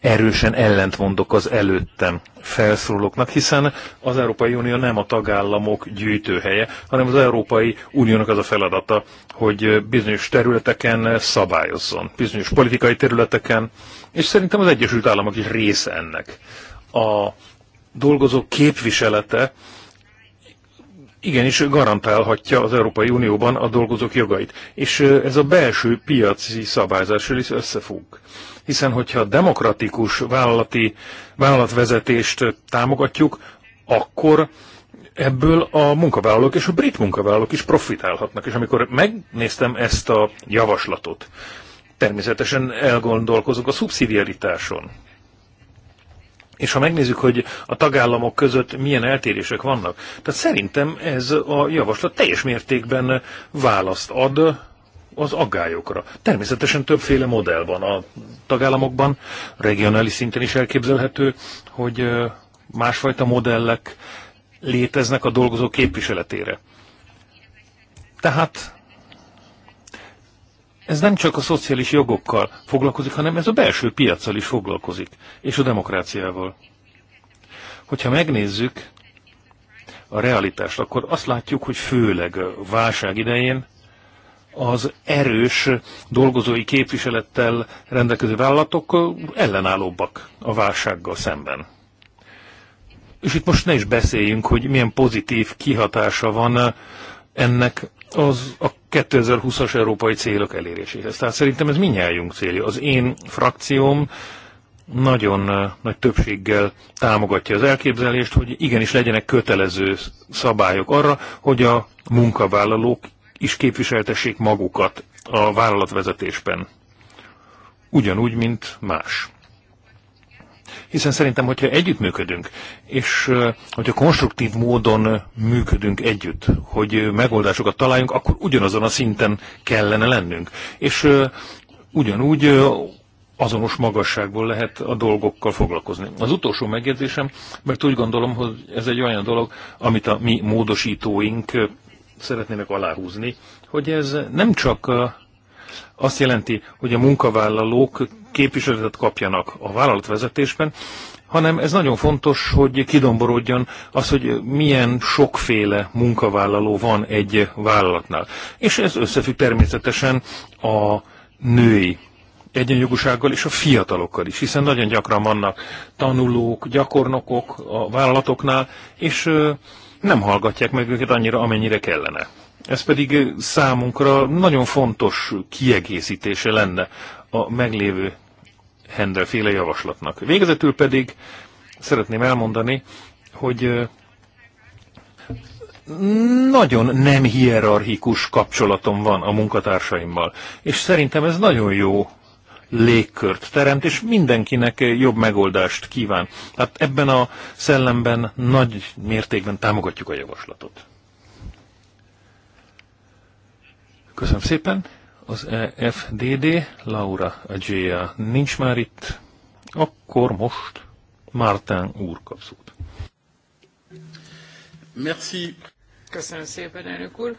erősen ellentmondok az előttem felszólóknak, hiszen az Európai Unió nem a tagállamok gyűjtőhelye, hanem az Európai Uniónak az a feladata, hogy bizonyos területeken szabályozzon, bizonyos politikai területeken, és szerintem az Egyesült Államok is része ennek. A dolgozók képviselete igenis garantálhatja az Európai Unióban a dolgozók jogait. És ez a belső piaci szabályzással is összefog hiszen hogyha demokratikus vállalati, vállalatvezetést támogatjuk, akkor ebből a munkavállalók és a brit munkavállalók is profitálhatnak. És amikor megnéztem ezt a javaslatot, természetesen elgondolkozok a szubszidiaritáson. És ha megnézzük, hogy a tagállamok között milyen eltérések vannak, tehát szerintem ez a javaslat teljes mértékben választ ad az aggályokra. Természetesen többféle modell van a tagállamokban, regionális szinten is elképzelhető, hogy másfajta modellek léteznek a dolgozó képviseletére. Tehát ez nem csak a szociális jogokkal foglalkozik, hanem ez a belső piaccal is foglalkozik, és a demokráciával. Hogyha megnézzük a realitást, akkor azt látjuk, hogy főleg válság idején az erős dolgozói képviselettel rendelkező vállalatok ellenállóbbak a válsággal szemben. És itt most ne is beszéljünk, hogy milyen pozitív kihatása van ennek az a 2020-as európai célok eléréséhez. Tehát szerintem ez minnyájunk célja. Az én frakcióm nagyon nagy többséggel támogatja az elképzelést, hogy igenis legyenek kötelező szabályok arra, hogy a munkavállalók is képviseltessék magukat a vállalatvezetésben. Ugyanúgy, mint más. Hiszen szerintem, hogyha együttműködünk, és hogyha konstruktív módon működünk együtt, hogy megoldásokat találjunk, akkor ugyanazon a szinten kellene lennünk. És ugyanúgy azonos magasságból lehet a dolgokkal foglalkozni. Az utolsó megjegyzésem, mert úgy gondolom, hogy ez egy olyan dolog, amit a mi módosítóink szeretnének aláhúzni, hogy ez nem csak azt jelenti, hogy a munkavállalók képviseletet kapjanak a vállalatvezetésben, hanem ez nagyon fontos, hogy kidomborodjon az, hogy milyen sokféle munkavállaló van egy vállalatnál. És ez összefügg természetesen a női egyenjogúsággal és a fiatalokkal is, hiszen nagyon gyakran vannak tanulók, gyakornokok a vállalatoknál, és nem hallgatják meg őket annyira, amennyire kellene. Ez pedig számunkra nagyon fontos kiegészítése lenne a meglévő Hendel féle javaslatnak. Végezetül pedig szeretném elmondani, hogy nagyon nem hierarchikus kapcsolatom van a munkatársaimmal, és szerintem ez nagyon jó légkört teremt, és mindenkinek jobb megoldást kíván. Hát ebben a szellemben nagy mértékben támogatjuk a javaslatot. Köszönöm szépen. Az EFDD, Laura Adjéa nincs már itt. Akkor most Márten úr kap szót. Merci. Köszönöm szépen, elnök úr.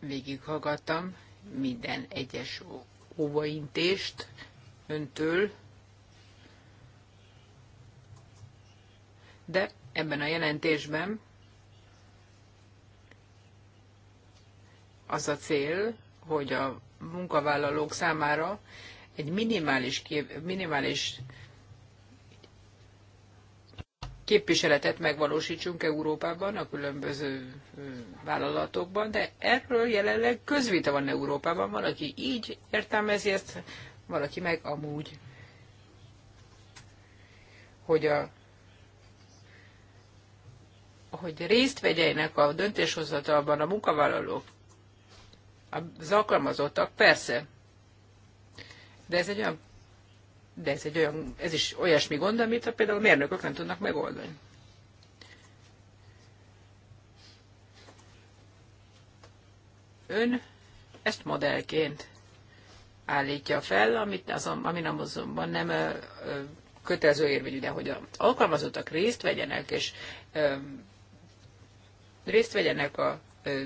végighallgattam minden egyes óvaintést öntől, de ebben a jelentésben az a cél, hogy a munkavállalók számára egy minimális, kép, minimális képviseletet megvalósítsunk Európában, a különböző vállalatokban, de erről jelenleg közvita van Európában, valaki így értelmezi ezt, valaki meg amúgy, hogy a hogy részt vegyenek a döntéshozatalban a munkavállalók, az alkalmazottak, persze. De ez egy olyan de ez, egy olyan, ez is olyasmi gond, amit a például a mérnökök nem tudnak megoldani. Ön ezt modellként állítja fel, amit azon, amin azonban nem ö, ö, kötelező érvényű, de hogy a alkalmazottak részt vegyenek, és ö, részt vegyenek a ö,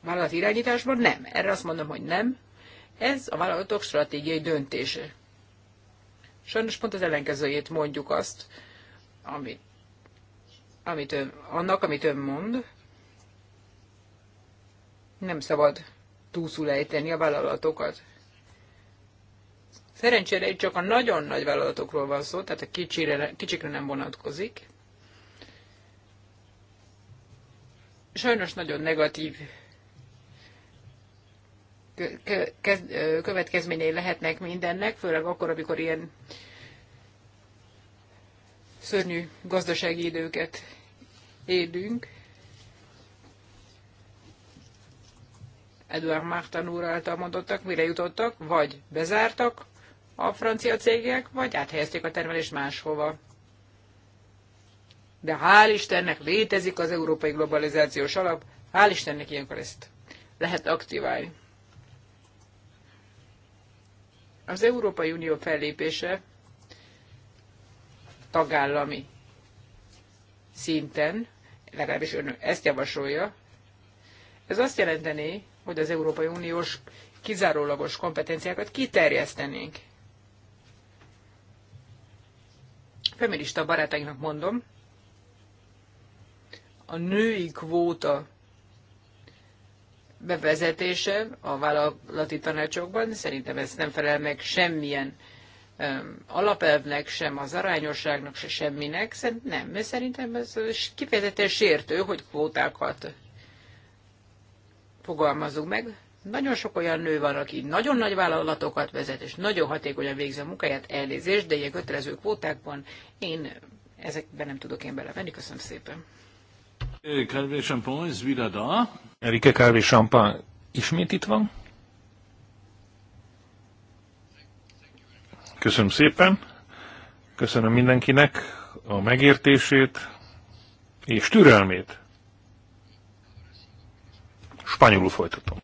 vállalati irányításban, nem. Erre azt mondom, hogy nem. Ez a vállalatok stratégiai döntése. Sajnos pont az ellenkezőjét mondjuk azt, amit, amit ön, annak, amit ön mond, nem szabad túlszul ejteni a vállalatokat. Szerencsére itt csak a nagyon nagy vállalatokról van szó, tehát a kicsire, kicsikre nem vonatkozik. Sajnos nagyon negatív következményei lehetnek mindennek, főleg akkor, amikor ilyen szörnyű gazdasági időket élünk. Edward Martin úr által mondottak, mire jutottak, vagy bezártak a francia cégek, vagy áthelyezték a termelést máshova. De hál' Istennek létezik az Európai Globalizációs Alap, hál' Istennek ilyenkor ezt lehet aktiválni. Az Európai Unió fellépése tagállami szinten, legalábbis ön ezt javasolja, ez azt jelenteni, hogy az Európai Uniós kizárólagos kompetenciákat kiterjesztenénk. Feminista barátainknak mondom, a női kvóta bevezetése a vállalati tanácsokban. Szerintem ez nem felel meg semmilyen alapelvnek, sem az arányosságnak, se semminek. Szerintem nem, szerintem ez kifejezetten sértő, hogy kvótákat fogalmazunk meg. Nagyon sok olyan nő van, aki nagyon nagy vállalatokat vezet, és nagyon hatékonyan végzi a munkáját, elnézést, de ilyen kötelező kvótákban én ezekben nem tudok én belevenni. Köszönöm szépen. Eh, Calvé Champon Erike Calvé Champon ismét itt van. Köszönöm szépen. Köszönöm mindenkinek a megértését és türelmét. Spanyolul folytatom.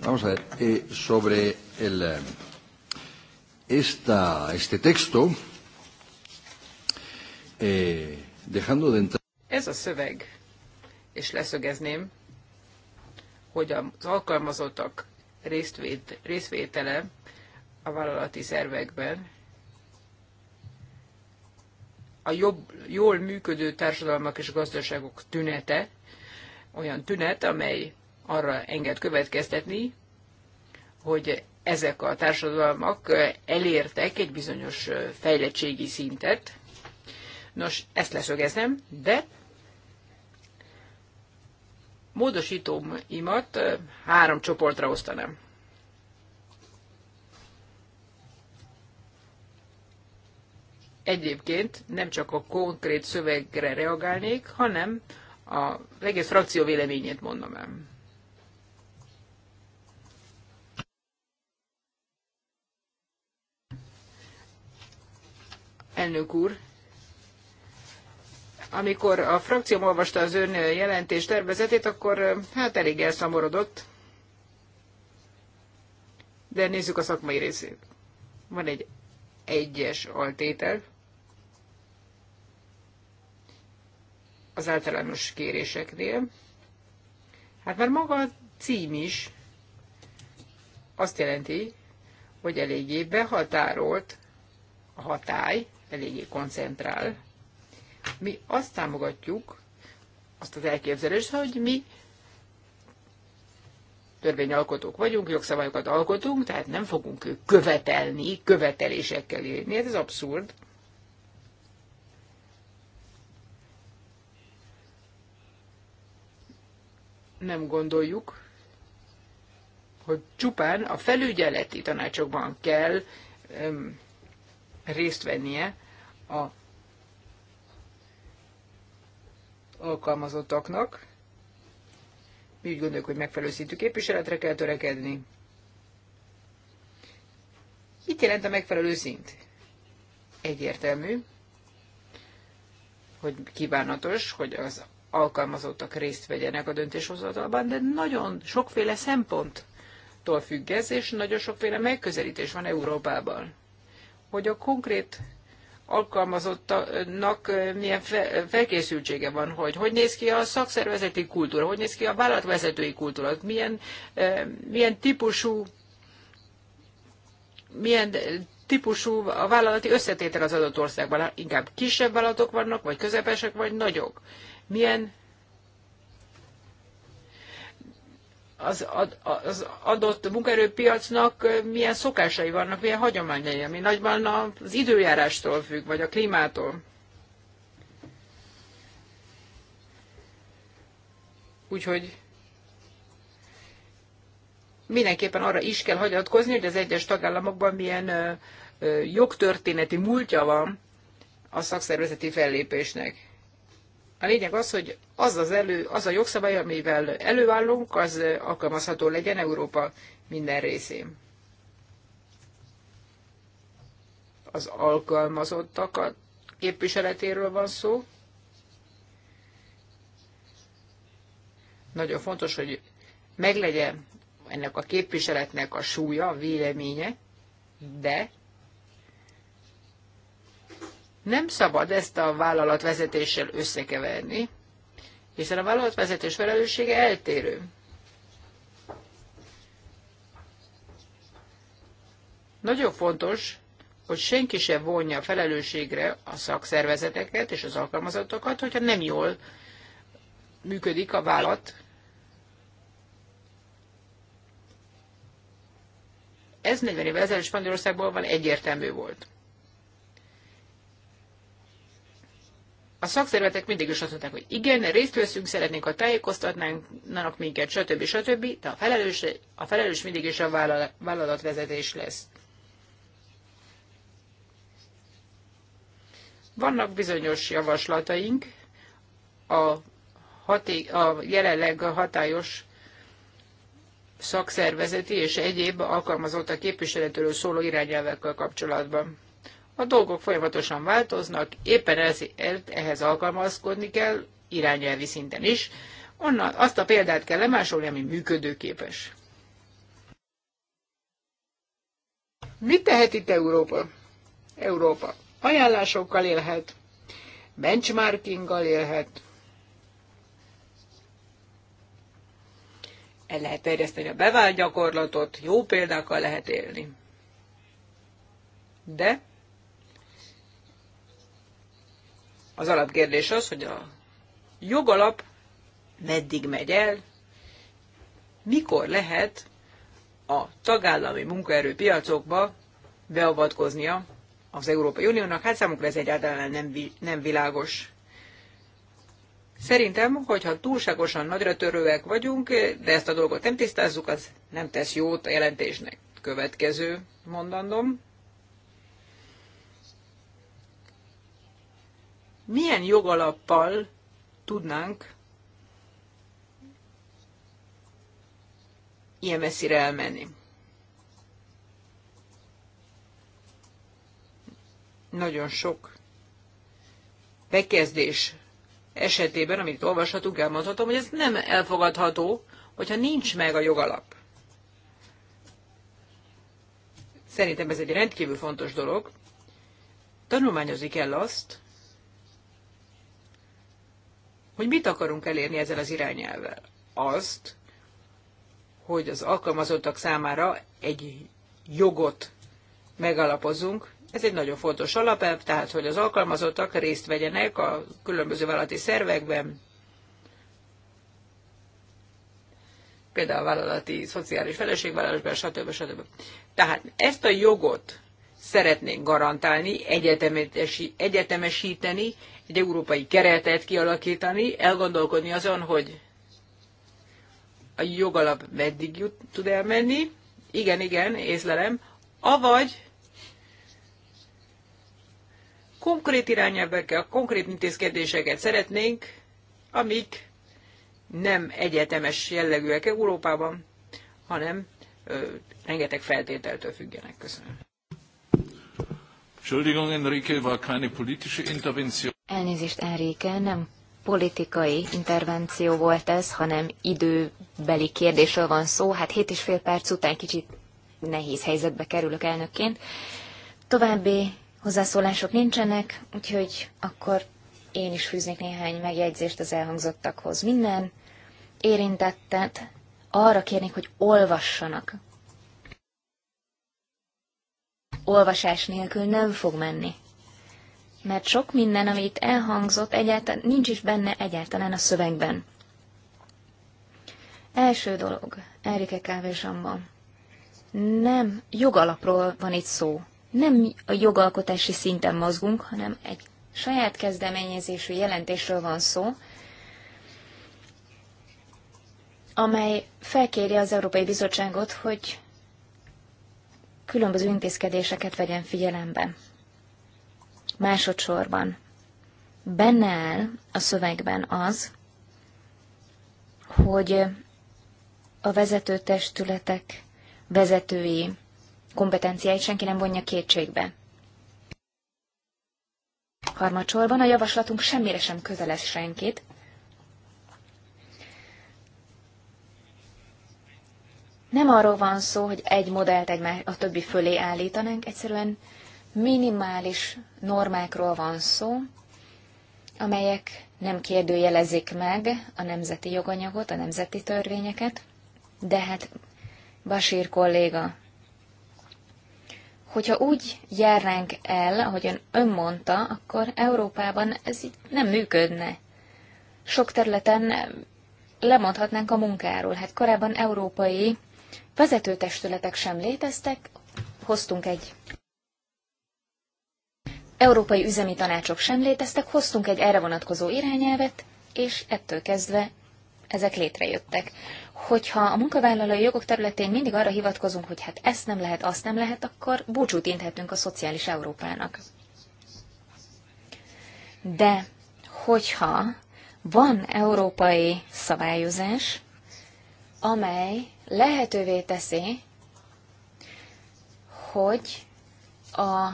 Vamos a ver, eh, sobre el, eh, esta, este texto, eh, dejando de entrar. Ez a szöveg, és leszögezném, hogy az alkalmazottak résztvét, részvétele a vállalati szervekben a jobb, jól működő társadalmak és gazdaságok tünete, olyan tünet, amely arra enged következtetni, hogy ezek a társadalmak elértek egy bizonyos fejlettségi szintet. Nos, ezt leszögezem, de módosítóimat három csoportra osztanám. Egyébként nem csak a konkrét szövegre reagálnék, hanem a egész frakció véleményét mondom el. Elnök úr, amikor a frakcióm olvasta az ön jelentés tervezetét, akkor hát elég elszomorodott. De nézzük a szakmai részét. Van egy egyes altétel. Az általános kéréseknél. Hát már maga a cím is azt jelenti, hogy eléggé behatárolt a hatály, eléggé koncentrál. Mi azt támogatjuk, azt az elképzelést, hogy mi törvényalkotók vagyunk, jogszabályokat alkotunk, tehát nem fogunk követelni, követelésekkel élni. Ez abszurd. Nem gondoljuk, hogy csupán a felügyeleti tanácsokban kell öm, részt vennie a alkalmazottaknak. Mi úgy gondoljuk, hogy megfelelő szintű képviseletre kell törekedni. Itt jelent a megfelelő szint? Egyértelmű, hogy kívánatos, hogy az alkalmazottak részt vegyenek a döntéshozatalban, de nagyon sokféle szemponttól függ ez, és nagyon sokféle megközelítés van Európában. Hogy a konkrét alkalmazottnak milyen felkészültsége van, hogy hogy néz ki a szakszervezeti kultúra, hogy néz ki a vállalatvezetői kultúra, milyen, milyen típusú milyen típusú a vállalati összetétel az adott országban? Inkább kisebb vállalatok vannak, vagy közepesek, vagy nagyok? Milyen az, ad, az adott munkaerőpiacnak milyen szokásai vannak, milyen hagyományai, ami nagyban az időjárástól függ, vagy a klímától. Úgyhogy mindenképpen arra is kell hagyatkozni, hogy az egyes tagállamokban milyen jogtörténeti múltja van a szakszervezeti fellépésnek. A lényeg az, hogy az, az, elő, az a jogszabály, amivel előállunk, az alkalmazható legyen Európa minden részén. Az alkalmazottak a képviseletéről van szó. Nagyon fontos, hogy meglegyen ennek a képviseletnek a súlya, a véleménye, de nem szabad ezt a vállalatvezetéssel összekeverni, hiszen a vállalatvezetés felelőssége eltérő. Nagyon fontos, hogy senki se vonja a felelősségre a szakszervezeteket és az alkalmazottakat, hogyha nem jól működik a vállalat. Ez 40 évvel ezelőtt Spanyolországban van egyértelmű volt. a szakszervezetek mindig is azt mondták, hogy igen, részt veszünk, szeretnénk, ha tájékoztatnának minket, stb. stb. De a felelős, a felelős mindig is a vállalatvezetés lesz. Vannak bizonyos javaslataink a, haté, a jelenleg hatályos szakszervezeti és egyéb alkalmazottak képviseletről szóló irányelvekkel kapcsolatban. A dolgok folyamatosan változnak, éppen ezért ehhez alkalmazkodni kell, irányelvi szinten is. Onnan azt a példát kell lemásolni, ami működőképes. Mit tehet itt Európa? Európa ajánlásokkal élhet, benchmarkinggal élhet, el lehet terjeszteni a bevált gyakorlatot, jó példákkal lehet élni. De Az alapkérdés az, hogy a jogalap meddig megy el, mikor lehet a tagállami munkaerőpiacokba beavatkoznia az Európai Uniónak. Hát számukra ez egyáltalán nem, nem világos. Szerintem, hogyha túlságosan nagyra törőek vagyunk, de ezt a dolgot nem tisztázzuk, az nem tesz jót a jelentésnek. Következő mondandom. milyen jogalappal tudnánk ilyen messzire elmenni. Nagyon sok bekezdés esetében, amit olvashatunk, elmondhatom, hogy ez nem elfogadható, hogyha nincs meg a jogalap. Szerintem ez egy rendkívül fontos dolog. Tanulmányozni kell azt, hogy mit akarunk elérni ezzel az irányelvel. Azt, hogy az alkalmazottak számára egy jogot megalapozunk, ez egy nagyon fontos alapelv, tehát hogy az alkalmazottak részt vegyenek a különböző vállalati szervekben, például a vállalati szociális feleségvállalásban, stb. stb. Tehát ezt a jogot szeretnénk garantálni, egyetemesíteni, egy európai keretet kialakítani, elgondolkodni azon, hogy a jogalap meddig jut, tud elmenni, igen, igen, észlelem, avagy konkrét irányelvekkel, konkrét intézkedéseket szeretnénk, amik nem egyetemes jellegűek Európában, hanem ö, rengeteg feltételtől függenek. Köszönöm. Entschuldigung, Enrique, war keine politische Intervention. Elnézést, Enrique, nem politikai intervenció volt ez, hanem időbeli kérdésről van szó. Hát hét és fél perc után kicsit nehéz helyzetbe kerülök elnökként. További hozzászólások nincsenek, úgyhogy akkor én is fűznék néhány megjegyzést az elhangzottakhoz. Minden érintettet arra kérnék, hogy olvassanak olvasás nélkül nem fog menni. Mert sok minden, amit elhangzott, egyáltalán nincs is benne egyáltalán a szövegben. Első dolog, Erike Kávésomban. Nem jogalapról van itt szó. Nem a jogalkotási szinten mozgunk, hanem egy saját kezdeményezésű jelentésről van szó, amely felkéri az Európai Bizottságot, hogy különböző intézkedéseket vegyen figyelembe. Másodszorban benne áll a szövegben az, hogy a vezető testületek vezetői kompetenciáit senki nem vonja kétségbe. Harmadsorban a javaslatunk semmire sem közeles senkit, Nem arról van szó, hogy egy modellt egy a többi fölé állítanánk, egyszerűen minimális normákról van szó, amelyek nem kérdőjelezik meg a nemzeti joganyagot, a nemzeti törvényeket, de hát Basír kolléga, hogyha úgy járnánk el, ahogyan ön mondta, akkor Európában ez így nem működne. Sok területen lemondhatnánk a munkáról. Hát korábban európai vezetőtestületek sem léteztek, hoztunk egy Európai üzemi tanácsok sem léteztek, hoztunk egy erre vonatkozó irányelvet, és ettől kezdve ezek létrejöttek. Hogyha a munkavállalói jogok területén mindig arra hivatkozunk, hogy hát ezt nem lehet, azt nem lehet, akkor búcsút inthetünk a szociális Európának. De hogyha van európai szabályozás, amely lehetővé teszi, hogy a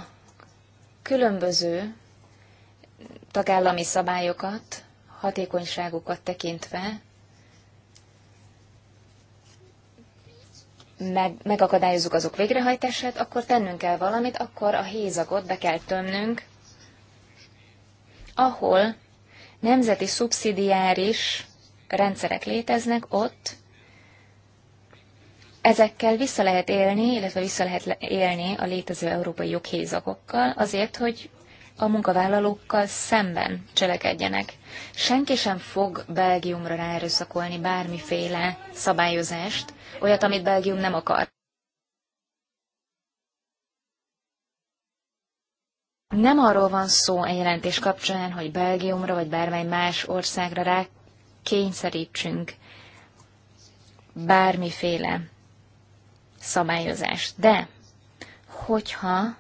különböző tagállami szabályokat, hatékonyságukat tekintve meg, megakadályozzuk azok végrehajtását, akkor tennünk kell valamit, akkor a hézagot be kell tömnünk, ahol nemzeti szubszidiáris rendszerek léteznek, ott Ezekkel vissza lehet élni, illetve vissza lehet élni a létező európai joghézagokkal azért, hogy a munkavállalókkal szemben cselekedjenek. Senki sem fog Belgiumra ráerőszakolni bármiféle szabályozást, olyat, amit Belgium nem akar. Nem arról van szó egy jelentés kapcsán, hogy Belgiumra vagy bármely más országra rá kényszerítsünk bármiféle szabályozás. De, hogyha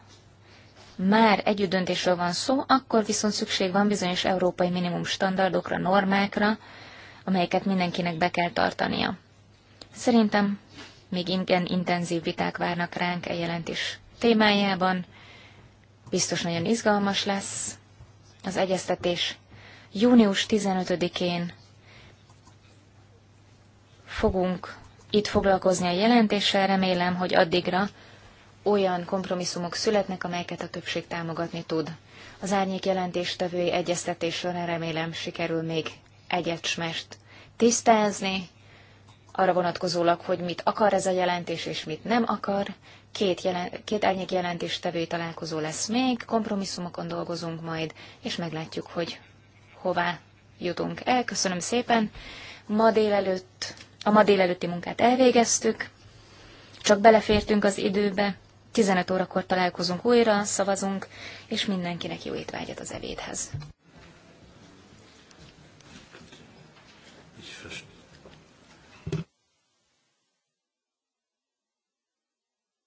már döntésről van szó, akkor viszont szükség van bizonyos európai minimum standardokra, normákra, amelyeket mindenkinek be kell tartania. Szerintem még igen intenzív viták várnak ránk e jelentés témájában. Biztos nagyon izgalmas lesz az egyeztetés. Június 15-én fogunk itt foglalkozni a jelentéssel, remélem, hogy addigra olyan kompromisszumok születnek, amelyeket a többség támogatni tud. Az árnyék jelentéstevői egyeztetés során remélem sikerül még egyecsmest tisztázni, arra vonatkozólag, hogy mit akar ez a jelentés, és mit nem akar. Két, jelen, két árnyék jelentéstevői találkozó lesz még, kompromisszumokon dolgozunk majd, és meglátjuk, hogy hová jutunk el. Köszönöm szépen! Ma délelőtt a ma délelőtti munkát elvégeztük, csak belefértünk az időbe, 15 órakor találkozunk újra, szavazunk, és mindenkinek jó étvágyat az evédhez.